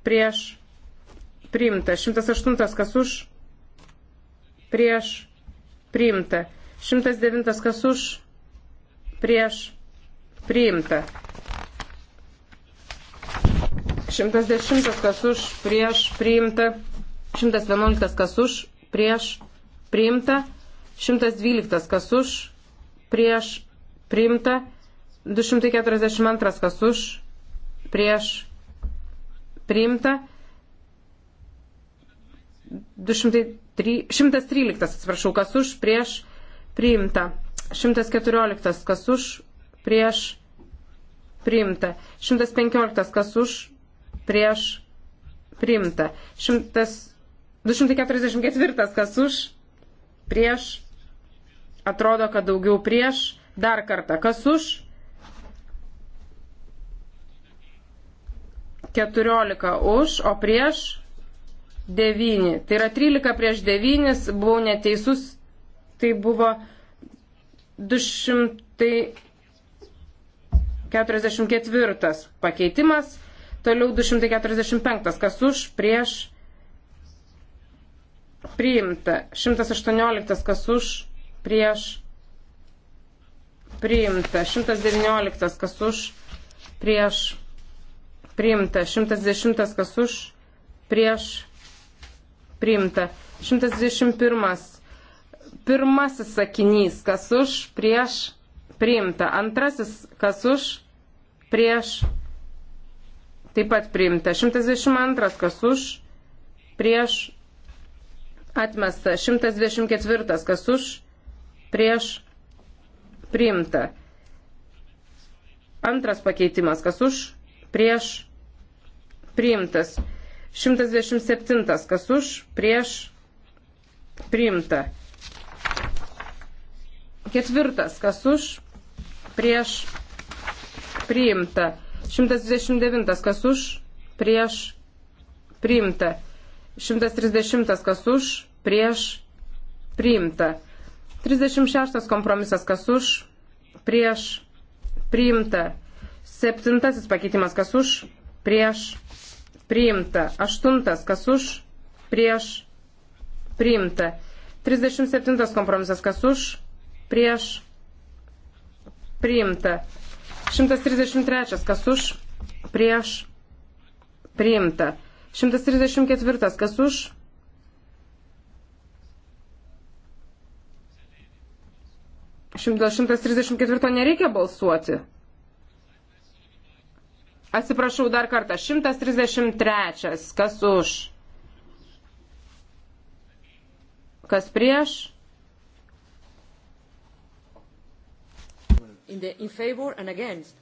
prieš priimta. 108 kas už, prieš priimta. 109 kas už, prieš, priimta. 110 kas už, prieš, priimta. 111 kas už, prieš, priimta. 112 kas už, prieš, priimta. 242 kas už, prieš, priimta. 200 3, 113, atsiprašau, kas už prieš priimta. 114, kas už prieš priimta. 115, kas už prieš priimta. 100, 244, kas už prieš. Atrodo, kad daugiau prieš. Dar kartą, kas už 14 už, o prieš 9. Tai yra 13 prieš 9, buvau neteisus, tai buvo 244 pakeitimas, toliau 245, kas už, prieš, priimta, 118, kas už, prieš, priimta, 119, kas už, prieš, priimta, 110, kas už, prieš, priimta priimta. 121. Pirmasis sakinys, kas už, prieš, priimta. Antrasis, kas už, prieš, taip pat priimta. 122, kas už, prieš, atmesta. 124, kas už, prieš, priimta. Antras pakeitimas, kas už, prieš, priimtas. 127. Kas už, prieš, priimta. Ketvirtas. Kas už, prieš, priimta. 129. Kas už, prieš, priimta. 130. Kas už, prieš, priimta. 36. Kompromisas. Kas už, prieš, priimta. Septintasis pakeitimas. Kas už, prieš, priimta priimta. Aštuntas, kas už, prieš, priimta. 37 kompromisas, kas už, prieš, priimta. 133, kas už, prieš, priimta. 134, kas už, Dėl 134 nereikia balsuoti. Atsiprašau dar kartą. 133. Kas už? Kas prieš? In, the, in favor and against.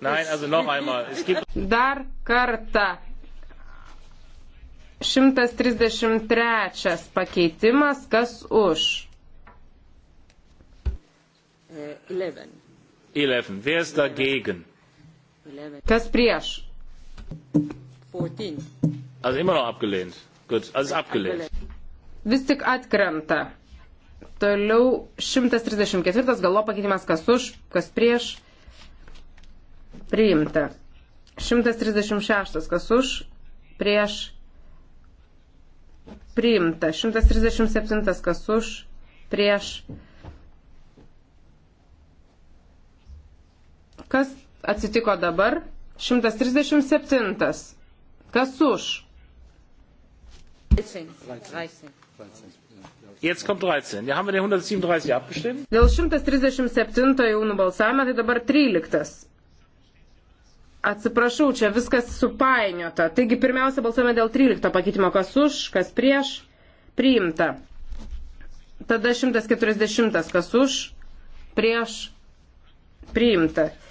Nein, also noch einmal. Es gibt Dar kartą. 133 pakeitimas, kas už? 11. Uh, 11. Wer ist dagegen? Kas prieš? 14. Also immer noch abgelehnt. Gut, also abgelehnt. Vis tik atkrenta. Toliau 134 galo pakeitimas, kas už, kas prieš. Priimta. 136 kas už, prieš. Priimta. 137 kas už, prieš. Kas atsitiko dabar. 137. Kas už? Jetzt kommt 13. Ja, haben wir den 137 abgestimmt? Dėl 137 jau nubalsavome, tai dabar 13. Atsiprašau, čia viskas supainiota. Taigi pirmiausia balsuojame dėl 13 pakeitimo, kas už, kas prieš, priimta. Tada 140, kas už, prieš, priimta.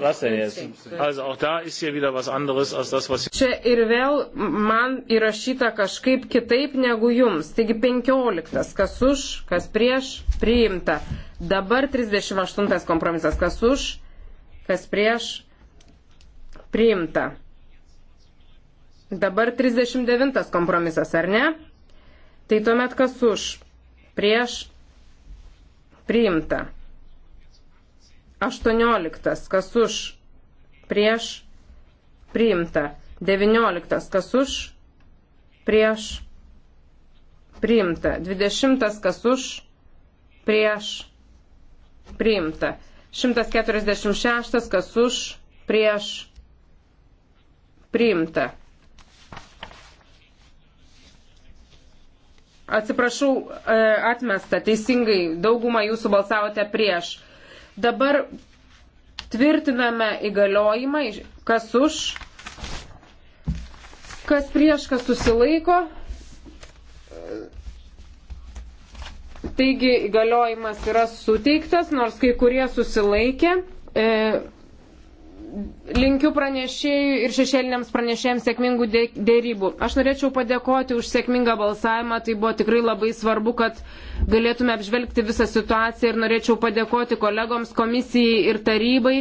Was denn jetzt? Also auch da ist hier wieder was anderes als das, was. Čia ir vėl man įrašyta kažkaip kitaip negu jums. Taigi 15. Kas už, kas prieš, priimta. Dabar 38. kompromisas. Kas už, kas prieš, priimta. Dabar 39 kompromisas, ar ne? Tai tuomet kas už? Prieš priimta. 18. Kas už? Prieš? Priimta. 19. Kas už? Prieš? Priimta. 20. Kas už? Prieš? Priimta. 146. Kas už? Prieš? Priimta. Atsiprašau, e, atmesta, teisingai, daugumą jūsų balsavote prieš. Dabar tvirtiname įgaliojimą, kas už, kas prieš, kas susilaiko. Taigi įgaliojimas yra suteiktas, nors kai kurie susilaikė. E, linkiu pranešėjų ir šešėliniams pranešėjams sėkmingų dėrybų. Aš norėčiau padėkoti už sėkmingą balsavimą, tai buvo tikrai labai svarbu, kad galėtume apžvelgti visą situaciją ir norėčiau padėkoti kolegoms, komisijai ir tarybai.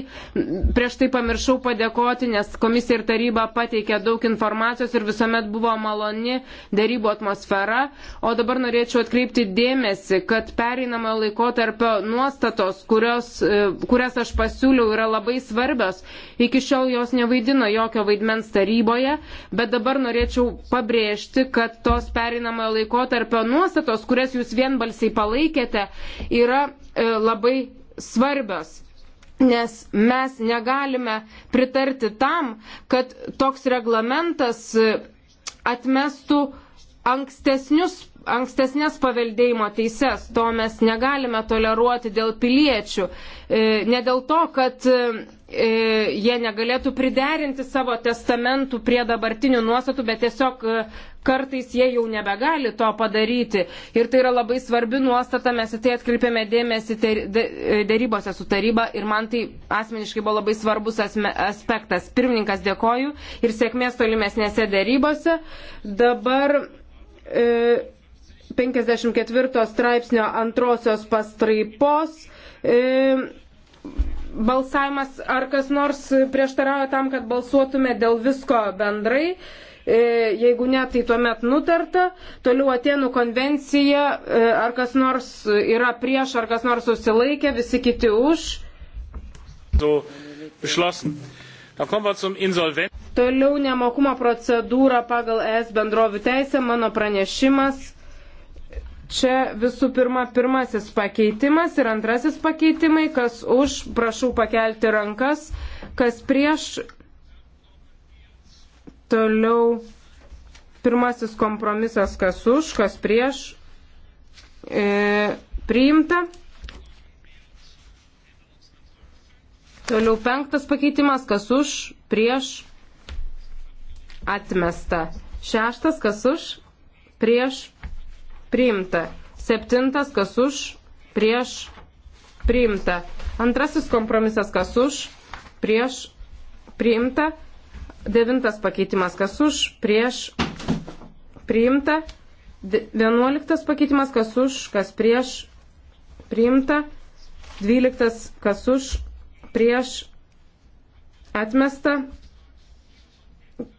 Prieš tai pamiršau padėkoti, nes komisija ir taryba pateikė daug informacijos ir visuomet buvo maloni dėrybų atmosfera. O dabar norėčiau atkreipti dėmesį, kad pereinamojo laikotarpio nuostatos, kurios, e, kurias aš pasiūliau, yra labai svarbios Iki šiol jos nevaidino jokio vaidmens taryboje, bet dabar norėčiau pabrėžti, kad tos pereinamojo laikotarpio nuostatos, kurias jūs vienbalsiai palaikėte, yra e, labai svarbios nes mes negalime pritarti tam, kad toks reglamentas e, atmestų ankstesnius ankstesnės paveldėjimo teises, to mes negalime toleruoti dėl piliečių. E, ne dėl to, kad e, E, jie negalėtų priderinti savo testamentų prie dabartinių nuostatų, bet tiesiog e, kartais jie jau nebegali to padaryti. Ir tai yra labai svarbi nuostata, mes į tai atkreipėme dėmesį dėrybose e, su taryba ir man tai asmeniškai buvo labai svarbus asme, aspektas. Pirmininkas dėkoju ir sėkmės tolimesnėse dėrybose. Dabar. E, 54 straipsnio antrosios pastraipos e, balsavimas, ar kas nors prieštarauja tam, kad balsuotume dėl visko bendrai. E, jeigu ne, tai tuomet nutarta. Toliau Atenų konvencija, e, ar kas nors yra prieš, ar kas nors susilaikė, visi kiti už. Toliau nemokumo procedūra pagal ES bendrovių teisę, mano pranešimas. Čia visų pirma pirmasis pakeitimas ir antrasis pakeitimai, kas už, prašau pakelti rankas, kas prieš, toliau pirmasis kompromisas, kas už, kas prieš, e, priimta. Toliau penktas pakeitimas, kas už, prieš, atmesta. Šeštas, kas už, prieš, priimta. Septintas, kas už, prieš, priimta. Antrasis kompromisas, kas už, prieš, priimta. Devintas pakeitimas, kas už, prieš, priimta. Vienuoliktas pakeitimas, kas už, kas prieš, priimta. Dvyliktas, kas už, prieš, atmesta.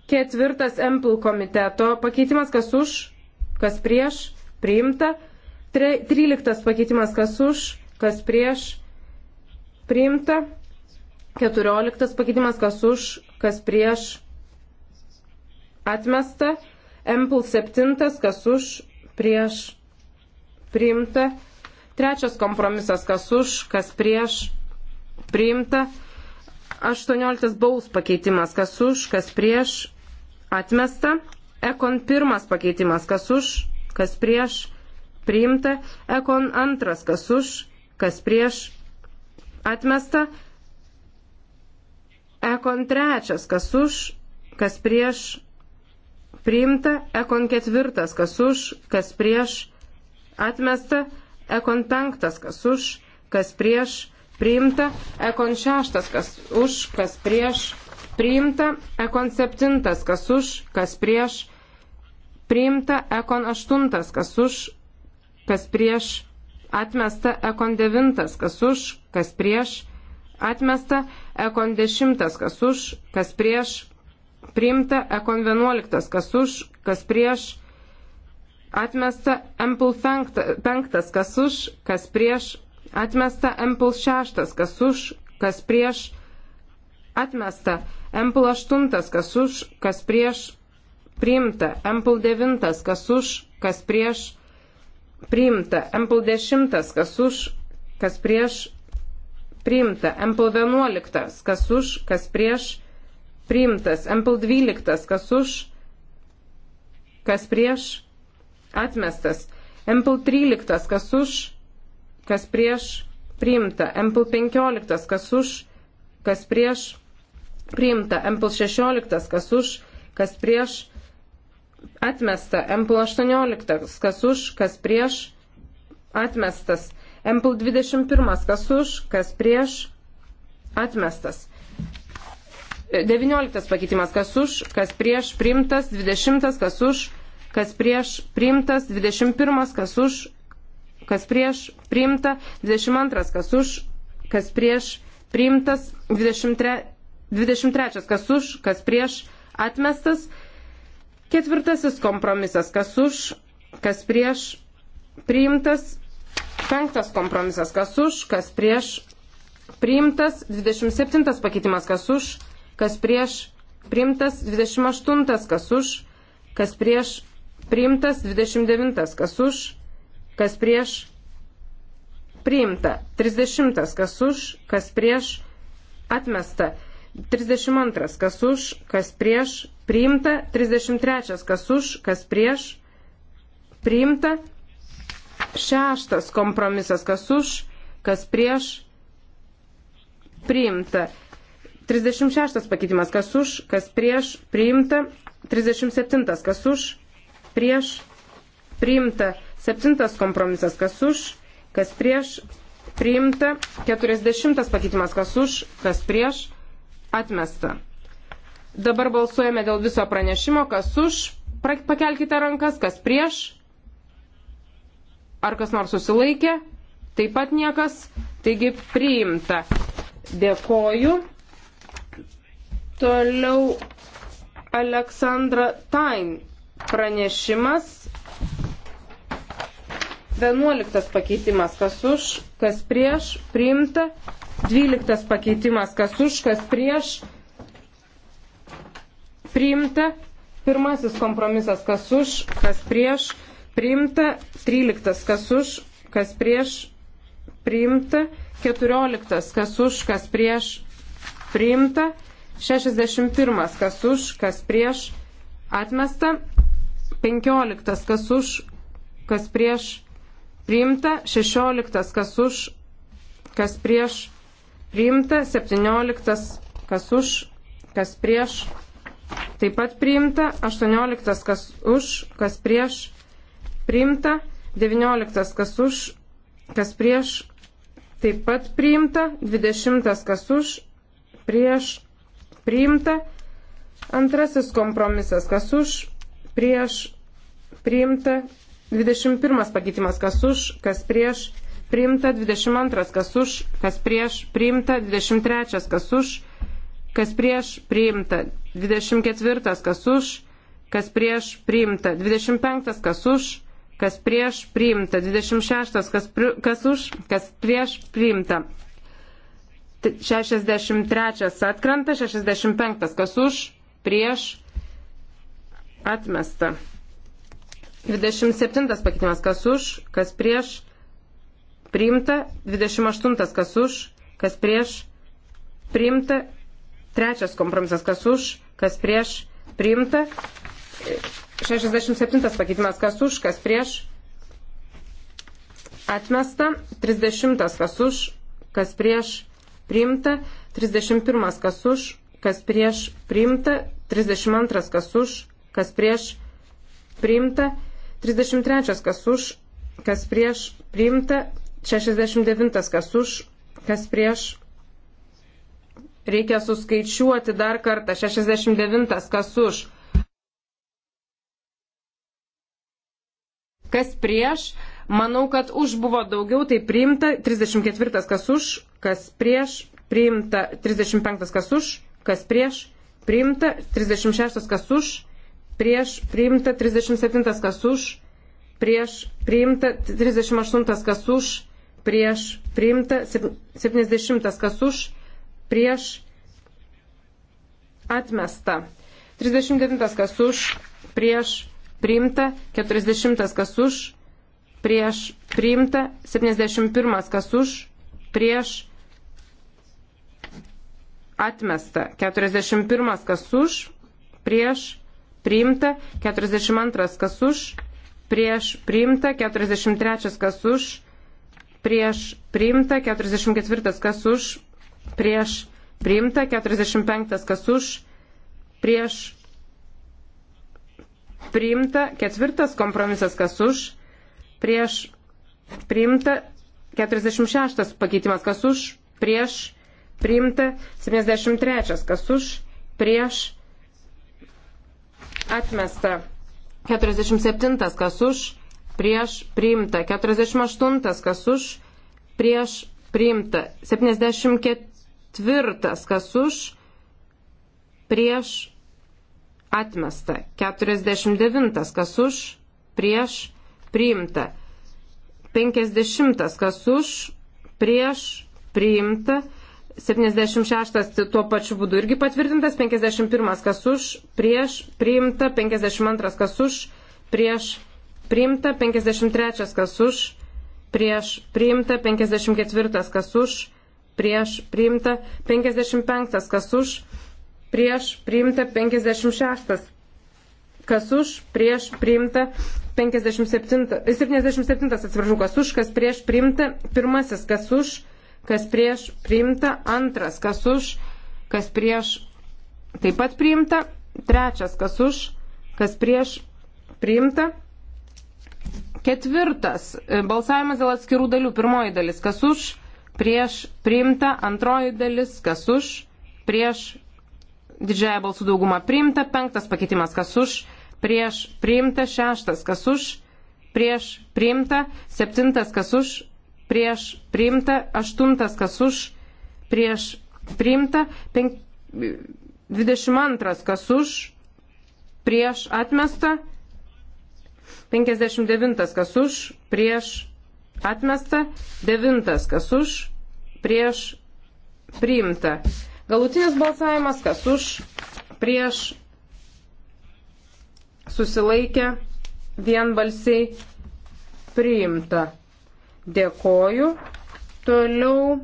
Ketvirtas MPL komiteto pakeitimas, kas už, kas prieš, priimta. 13 pakeitimas kas už, kas prieš, priimta. 14 pakeitimas kas už, kas prieš, atmesta. Empul 7 kas už, prieš, priimta. Trečias kompromisas kas už, kas prieš, priimta. 18 baus pakeitimas, kas už, kas prieš, atmesta. Ekon pirmas pakeitimas, kas už, kas prieš, priimta, ekon antras, kas už, kas prieš, atmesta, ekon trečias, kas už, kas prieš, priimta, ekon ketvirtas, kas už, kas prieš, atmesta, ekon penktas, kas už, kas prieš, priimta, ekon šeštas, kas už, kas prieš, priimta, ekon septintas, kas už, kas prieš, Priimta Ekon 8, kas už, kas prieš, atmesta Ekon 9, kas už, kas prieš, atmesta Ekon 10, kas už, kas prieš, priimta Ekon 11, kas už, kas prieš, atmesta Empul 5, kas už, kas prieš, atmesta Empul 6, kas už, kas prieš, atmesta Empul 8, kas už, kas prieš, priimta, Ample 9, kas už, kas prieš, priimta, Ample 10, kas už, kas prieš, priimta, Ample 11, kas už, kas prieš, priimtas, Ample 12, kas už, kas prieš, atmestas, Ample 13, kas už, kas prieš, priimta, Ample 15, kas už, kas prieš, priimta, Ample 16, kas už, kas prieš, atmesta, MPL 18, kas už, kas prieš, atmestas, MPL 21, kas už, kas prieš, atmestas. 19 e, pakeitimas, kas už, kas prieš, primtas, 20, kas už, kas prieš, primtas, 21, kas už, kas prieš, primta, 22, kas už, kas prieš, primtas, 23, 23 kas už, kas prieš, atmestas, Ketvirtasis kompromisas, kas už, kas prieš, priimtas. Penktas kompromisas, kas už, kas prieš, priimtas. 27 pakeitimas, kas už, kas prieš, priimtas. 28 kas už, kas prieš, priimtas. 29 kas už, kas prieš, priimta. 30 kas už, kas prieš, atmesta. 32 kas už, kas prieš, priimta, 33 kas už, kas prieš, priimta, 6 kompromisas kas už, kas prieš, priimta. 36 pakeitimas kas už, kas prieš, priimta, 37 kas už, prieš, priimta, 7 kompromisas kas už, kas prieš, priimta, 40 pakeitimas kas už, kas prieš, atmesta. Dabar balsuojame dėl viso pranešimo, kas už, pakelkite rankas, kas prieš, ar kas nors susilaikė, taip pat niekas, taigi priimta. Dėkoju. Toliau Aleksandra Tain pranešimas. 11 pakeitimas, kas už, kas prieš, priimta. 12 pakeitimas, kas už, kas prieš, priimta priimta. Pirmasis kompromisas, kas už, kas prieš, priimta. Tryliktas, kas už, kas prieš, priimta. Keturioliktas, kas už, kas prieš, priimta. Šešiasdešimt pirmas, kas už, kas prieš, atmesta. Penkioliktas, kas už, kas prieš, priimta. Šešioliktas, kas už, kas prieš, priimta. Septynioliktas, kas už, kas prieš, priimta Taip pat priimta. 18 kas už, kas prieš. Priimta. 19 kas už, kas prieš. Taip pat priimta. 20 kas už, prieš. Priimta. Antrasis kompromisas kas už, prieš. Priimta. 21 pakeitimas kas už, kas prieš. Priimta. 22 kas už, kas prieš. Priimta. 23 kas už kas prieš priimta, 24 kas už, kas prieš priimta, 25 kas už, kas prieš priimta, 26 kas, pri, kas už, kas prieš priimta. 63 atkrenta, 65 kas už, prieš atmesta. 27 pakeitimas kas už, kas prieš priimta, 28 kas už, kas prieš priimta, Trečias kompromisas, kas už, kas prieš, priimta. 67 pakeitimas, kas už, kas prieš, atmesta. 30 kas už, kas prieš, priimta. 31 kas už, kas prieš, priimta. 32 kas už, kas prieš, priimta. 33 kas už, kas prieš, priimta. 69 kas už, kas prieš, Reikia suskaičiuoti dar kartą 69, kas už. Kas prieš? Manau, kad už buvo daugiau, tai priimta 34, kas už, kas prieš, priimta 35, kas už, kas prieš, priimta 36, kas už, prieš, priimta 37, kas už, prieš, priimta 38, kas už, prieš, priimta 70, kas už, prieš atmesta. 39 kas už, prieš priimta, 40 kas už, prieš priimta, 71 kas už, prieš atmesta, 41 kas už, prieš priimta, 42 kas už, prieš priimta, 43 kas už, prieš priimta, 44 kas už, prieš priimta, 45 kas už, prieš priimta, ketvirtas kompromisas kas už, prieš priimta, 46 pakeitimas kas už, prieš priimta, 73 kas už, prieš atmesta, 47 kas už, prieš priimta, 48 kas už, prieš priimta, 74 tvirtas, kas už, prieš, atmesta. 49, kas už, prieš, priimta. 50, kas už, prieš, priimta. 76 tai tuo pačiu būdu irgi patvirtintas, 51 kas už, prieš, priimta, 52 kas už, prieš, priimta, 53 kas už, prieš, priimta, 54 kas už, prieš priimta 55, kas už prieš priimta 56, kas už prieš priimta 57, 77, atsiprašau, kas už, kas prieš priimta pirmasis, kas už, kas prieš priimta antras, kas už, kas prieš taip pat priimta trečias, kas už, kas prieš priimta Ketvirtas. E, balsavimas dėl atskirų dalių. Pirmoji dalis. Kas už, prieš priimta, antroji dalis kas už, prieš didžiąją balsų daugumą priimta, penktas pakeitimas kas už, prieš priimta, šeštas kas už, prieš priimta, septintas kas už, prieš priimta, aštuntas kas už, prieš priimta, penk... 22 kas už, prieš atmesta, 59 kas už, prieš Atmesta. Devintas, kas už, prieš, priimta. Galutinis balsavimas, kas už, prieš, susilaikė, vienbalsiai, priimta. Dėkoju. Toliau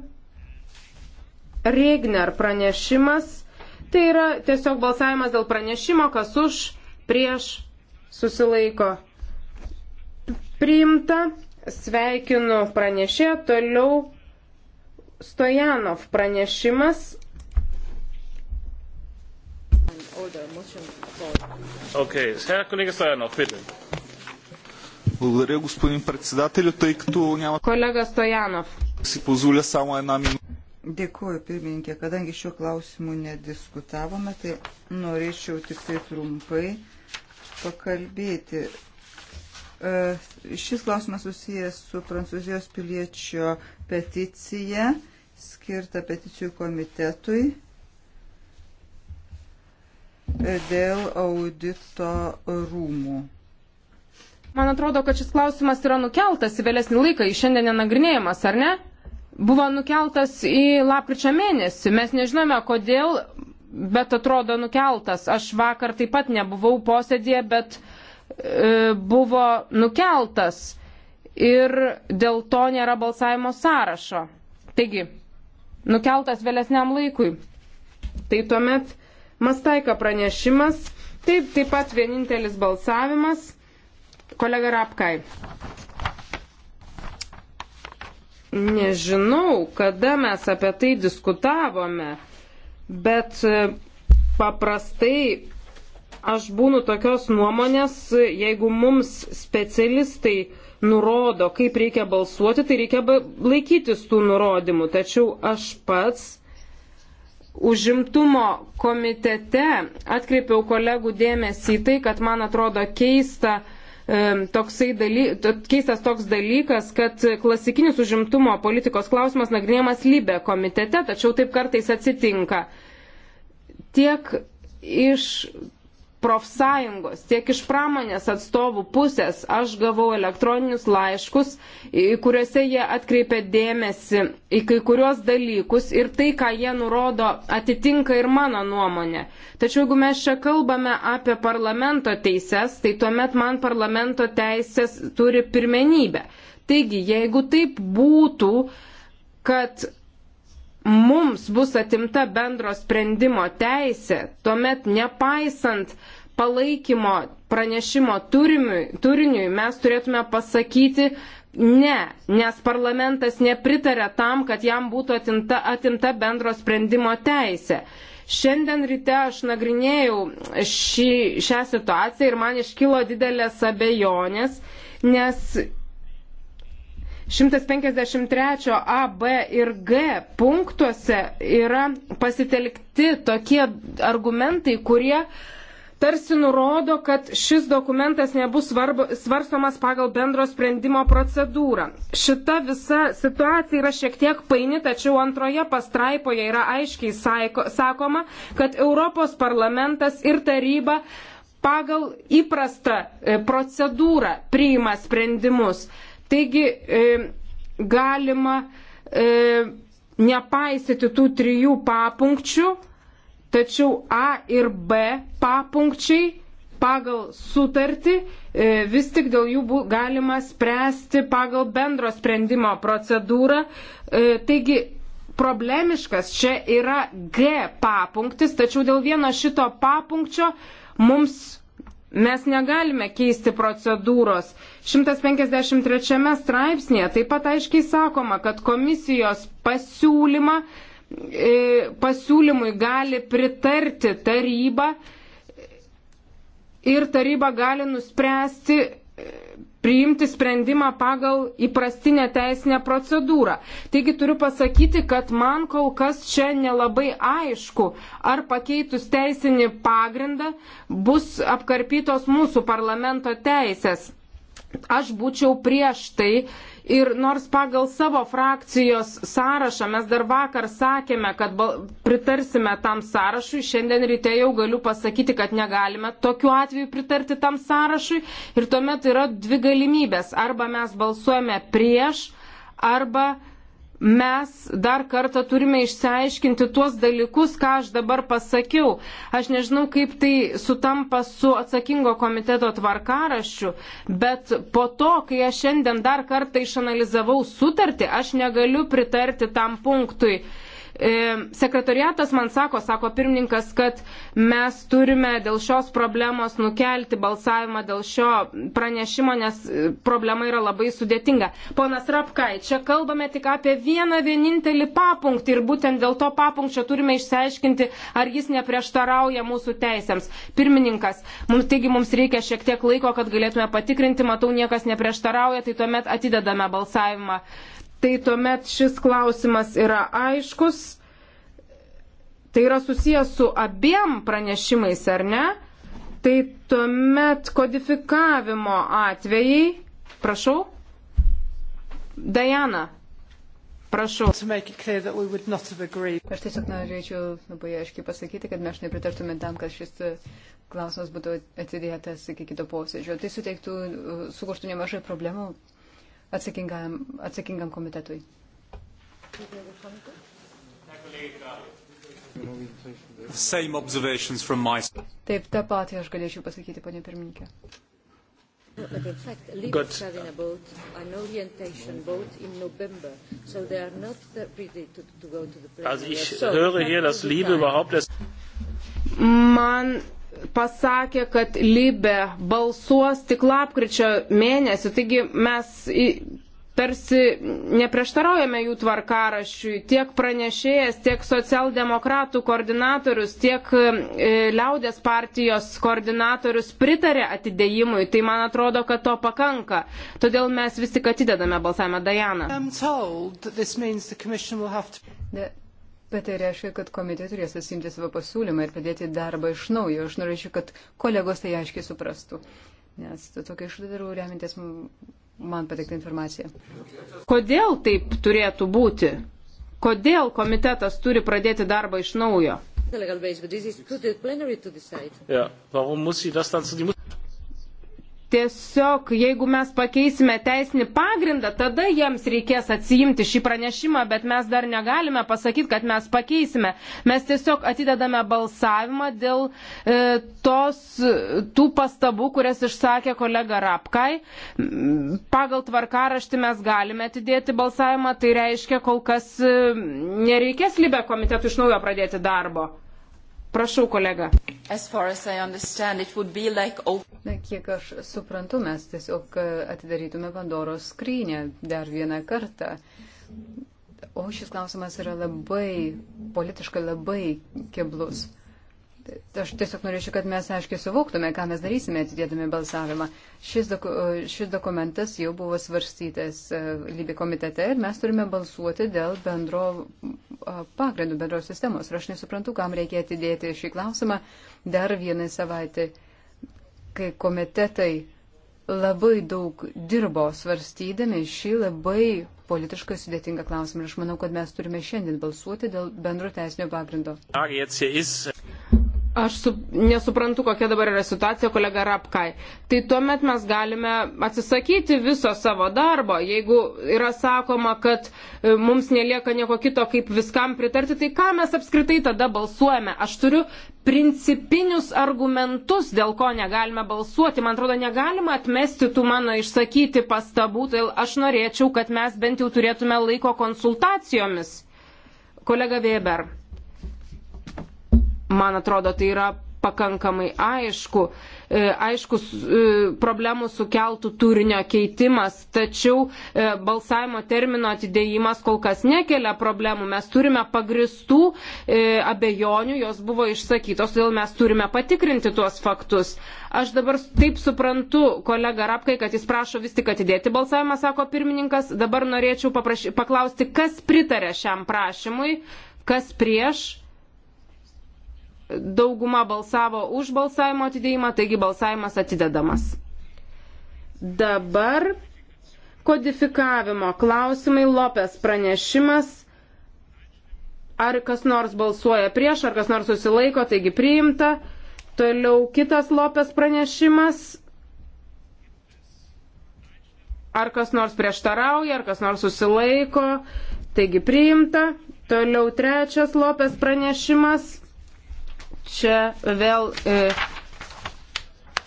Regner pranešimas. Tai yra tiesiog balsavimas dėl pranešimo, kas už, prieš, susilaiko, priimta. Sveikinu pranešėją. Toliau Stojanov pranešimas. Okay. Stojanov, Благодаря, господин председателю, тъй като няма... Колега Стоянов. Си позволя само една минута. Dėkuoju, pirmininkė, kadangi šiuo klausimu nediskutavome, tai norėčiau tik tai trumpai pakalbėti. E, šis klausimas susijęs su prancūzijos piliečio peticija skirta peticijų komitetui e, dėl audito rūmų. Man atrodo, kad šis klausimas yra nukeltas į vėlesnį laiką, į šiandien nenagrinėjimas, ar ne? Buvo nukeltas į lapkričio mėnesį. Mes nežinome, kodėl, bet atrodo nukeltas. Aš vakar taip pat nebuvau posėdėje, bet uh, E, buvo nukeltas ir dėl to nėra balsavimo sąrašo. Taigi, nukeltas vėlesniam laikui. Tai tuomet Mastaika pranešimas, taip, taip pat vienintelis balsavimas, kolega Rapkai. Nežinau, kada mes apie tai diskutavome, bet paprastai Aš būnu tokios nuomonės, jeigu mums specialistai nurodo, kaip reikia balsuoti, tai reikia laikytis tų nurodymų. Tačiau aš pats užimtumo komitete atkreipiau kolegų dėmesį į tai, kad man atrodo keista, toksai daly, keistas toks dalykas, kad klasikinis užimtumo politikos klausimas nagrinėjamas lybė komitete, tačiau taip kartais atsitinka. Tiek iš profsąjungos, tiek iš pramonės atstovų pusės aš gavau elektroninius laiškus, kuriuose jie atkreipia dėmesį į kai kuriuos dalykus ir tai, ką jie nurodo, atitinka ir mano nuomonė. Tačiau jeigu mes čia kalbame apie parlamento teises, tai tuomet man parlamento teisės turi pirmenybę. Taigi, jeigu taip būtų, kad mums bus atimta bendro sprendimo teisė, tuomet nepaisant palaikymo pranešimo turimiui, turiniui mes turėtume pasakyti ne, nes parlamentas nepritarė tam, kad jam būtų atimta, atimta bendro sprendimo teisė. Šiandien ryte aš nagrinėjau šį, šią situaciją ir man iškilo didelės abejonės, nes 153 A, B ir G punktuose yra pasitelkti tokie argumentai, kurie tarsi nurodo, kad šis dokumentas nebus svarbu, svarstomas pagal bendro sprendimo procedūrą. Šita visa situacija yra šiek tiek paini, tačiau antroje pastraipoje yra aiškiai saiko, sakoma, kad Europos parlamentas ir taryba pagal įprastą e, procedūrą priima sprendimus. Taigi e, galima e, nepaisyti tų trijų papunkčių, tačiau A ir B papunkčiai pagal sutartį e, vis tik dėl jų galima spręsti pagal bendro sprendimo procedūrą. E, taigi problemiškas čia yra G papunktis, tačiau dėl vieno šito papunkčio mums Mes negalime keisti procedūros. 153 straipsnėje taip pat aiškiai sakoma, kad komisijos pasiūlymą, e, pasiūlymui gali pritarti taryba ir taryba gali nuspręsti priimti sprendimą pagal įprastinę teisinę procedūrą. Taigi turiu pasakyti, kad man kol kas čia nelabai aišku, ar pakeitus teisinį pagrindą bus apkarpytos mūsų parlamento teisės. Aš būčiau prieš tai, Ir nors pagal savo frakcijos sąrašą mes dar vakar sakėme, kad pritarsime tam sąrašui, šiandien ryte jau galiu pasakyti, kad negalime tokiu atveju pritarti tam sąrašui. Ir tuomet yra dvi galimybės. Arba mes balsuojame prieš, arba mes dar kartą turime išsiaiškinti tuos dalykus, ką aš dabar pasakiau. Aš nežinau, kaip tai sutampa su atsakingo komiteto tvarkarašiu, bet po to, kai aš šiandien dar kartą išanalizavau sutartį, aš negaliu pritarti tam punktui. E, Sekretariatas man sako, sako pirmininkas, kad mes turime dėl šios problemos nukelti balsavimą dėl šio pranešimo, nes e, problema yra labai sudėtinga. Ponas Rapkai, čia kalbame tik apie vieną vienintelį papunktį ir būtent dėl to papunkčio turime išsiaiškinti, ar jis neprieštarauja mūsų teisėms. Pirmininkas, mums, taigi mums reikia šiek tiek laiko, kad galėtume patikrinti, matau, niekas neprieštarauja, tai tuomet atidedame balsavimą tai tuomet šis klausimas yra aiškus. Tai yra susijęs su abiem pranešimais, ar ne? Tai tuomet kodifikavimo atvejai. Prašau. Dajana. Prašau. Aš tiesiog norėčiau labai aiškiai pasakyti, kad mes nepritartume tam, kad šis klausimas būtų atidėtas iki kito posėdžio. Tai suteiktų, sukurtų nemažai problemų atsakingam, atsakingam komitetui. Taip, tą patį aš galėčiau pasakyti, ponė pirmininkė. The fact, leaders God. having a vote, an orientation vote in November, so they are not ready to, to go to the plenary. Also ich so, höre hier, dass Liebe überhaupt das... Man pasakė, kad Libė balsuos tik lapkričio mėnesį, taigi mes tarsi neprieštaraujame jų tvarkarašiui. Tiek pranešėjas, tiek socialdemokratų koordinatorius, tiek e, liaudės partijos koordinatorius pritarė atidėjimui. Tai man atrodo, kad to pakanka. Todėl mes vis tik atidedame balsavimą Dajaną. Bet tai reiškia, kad komitė turės atsimti savo pasiūlymą ir pradėti darbą iš naujo. Aš norėčiau, kad kolegos tai aiškiai suprastų. Nes tokia išvada darau remintis man patikta informacija. Kodėl taip turėtų būti? Kodėl komitetas turi pradėti darbą iš naujo? Ja, Tiesiog, jeigu mes pakeisime teisinį pagrindą, tada jiems reikės atsijimti šį pranešimą, bet mes dar negalime pasakyti, kad mes pakeisime. Mes tiesiog atidedame balsavimą dėl e, tos, tų pastabų, kurias išsakė kolega Rapkai. Pagal tvarkaraštį mes galime atidėti balsavimą, tai reiškia, kol kas e, nereikės Libė komitetų iš naujo pradėti darbo. Prašau, kolega. As as like... Na, kiek aš suprantu, mes tiesiog e, atidarytume Pandoros skrynę dar vieną kartą. O šis klausimas yra labai politiškai labai keblus. Mm. Aš tiesiog norėčiau, kad mes aiškiai suvoktume, ką mes darysime atidėdami balsavimą. Šis, doku, šis dokumentas jau buvo svarstytas e, Lybė komitete ir mes turime balsuoti dėl bendro pagrindų, bendros sistemos. Ir aš nesuprantu, kam reikia atidėti šį klausimą dar vienai savaitį, kai komitetai labai daug dirbo svarstydami šį labai politiškai sudėtingą klausimą. Ir aš manau, kad mes turime šiandien balsuoti dėl bendro teisinio pagrindo. Ar, Aš su, nesuprantu, kokia dabar yra situacija, kolega Rapkai. Tai tuomet mes galime atsisakyti viso savo darbo. Jeigu yra sakoma, kad e, mums nelieka nieko kito, kaip viskam pritarti, tai ką mes apskritai tada balsuojame? Aš turiu principinius argumentus, dėl ko negalime balsuoti. Man atrodo, negalima atmesti tų mano išsakyti pastabų, tai aš norėčiau, kad mes bent jau turėtume laiko konsultacijomis. Kolega Weber. Man atrodo, tai yra pakankamai aišku. E, Aiškus e, problemų sukeltų turinio keitimas, tačiau e, balsavimo termino atidėjimas kol kas nekelia problemų. Mes turime pagristų abejonių, jos buvo išsakytos, todėl mes turime patikrinti tuos faktus. Aš dabar taip suprantu, kolega Rapkai, kad jis prašo vis tik atidėti balsavimą, sako pirmininkas. Dabar norėčiau paprašy, paklausti, kas pritarė šiam prašymui, kas prieš dauguma balsavo už balsavimo atidėjimą, taigi balsavimas atidedamas. Dabar kodifikavimo klausimai Lopės pranešimas. Ar kas nors balsuoja prieš, ar kas nors susilaiko, taigi priimta. Toliau kitas Lopės pranešimas. Ar kas nors prieštarauja, ar kas nors susilaiko, taigi priimta. Toliau trečias Lopės pranešimas Čia vėl e,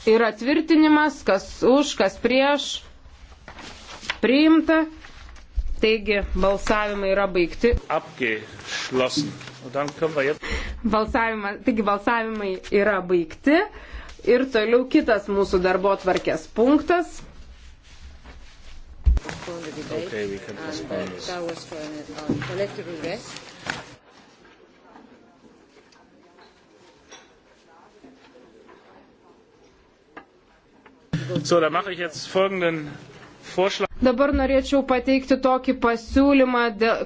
yra tvirtinimas, kas už, kas prieš. Priimta. Taigi balsavimai yra baigti. Apgešlossen. Balsavimą, taigi balsavimai yra baigti. Ir toliau kitas mūsų darbo tvarkės punktas. Okay, So, da mache ich jetzt folgenden Vorschlag. Dabar norėčiau pateikti tokį pasiūlymą,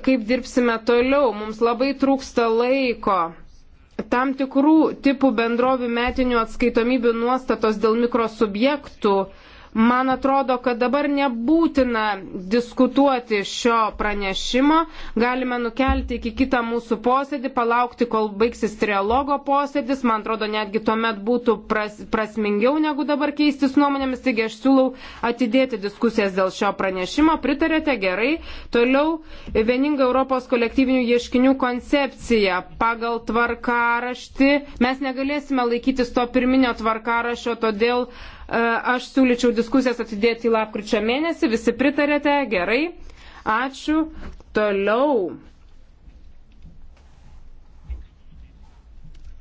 kaip dirbsime toliau. Mums labai trūksta laiko tam tikrų tipų bendrovių metinių atskaitomybių nuostatos dėl mikrosubjektų Man atrodo, kad dabar nebūtina diskutuoti šio pranešimo. Galime nukelti iki kitą mūsų posėdį, palaukti, kol baigsis trialogo posėdis. Man atrodo, netgi tuomet būtų pras, prasmingiau negu dabar keistis nuomonėmis. Taigi aš siūlau atidėti diskusijas dėl šio pranešimo. Pritarėte gerai. Toliau vieninga Europos kolektyvinių ieškinių koncepcija pagal tvarkaraštį. Mes negalėsime laikytis to pirminio tvarkarašio, todėl E, aš siūlyčiau diskusijas atidėti į lapkričio mėnesį. Visi pritarėte? Gerai. Ačiū. Toliau.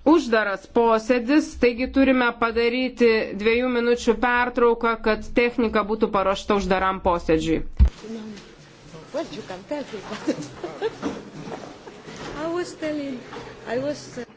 uždaras posėdis, taigi turime padaryti dviejų minučių pertrauką, kad technika būtų paruošta uždaram posėdžiui. Well, you can tell people. I was telling, I was. Uh...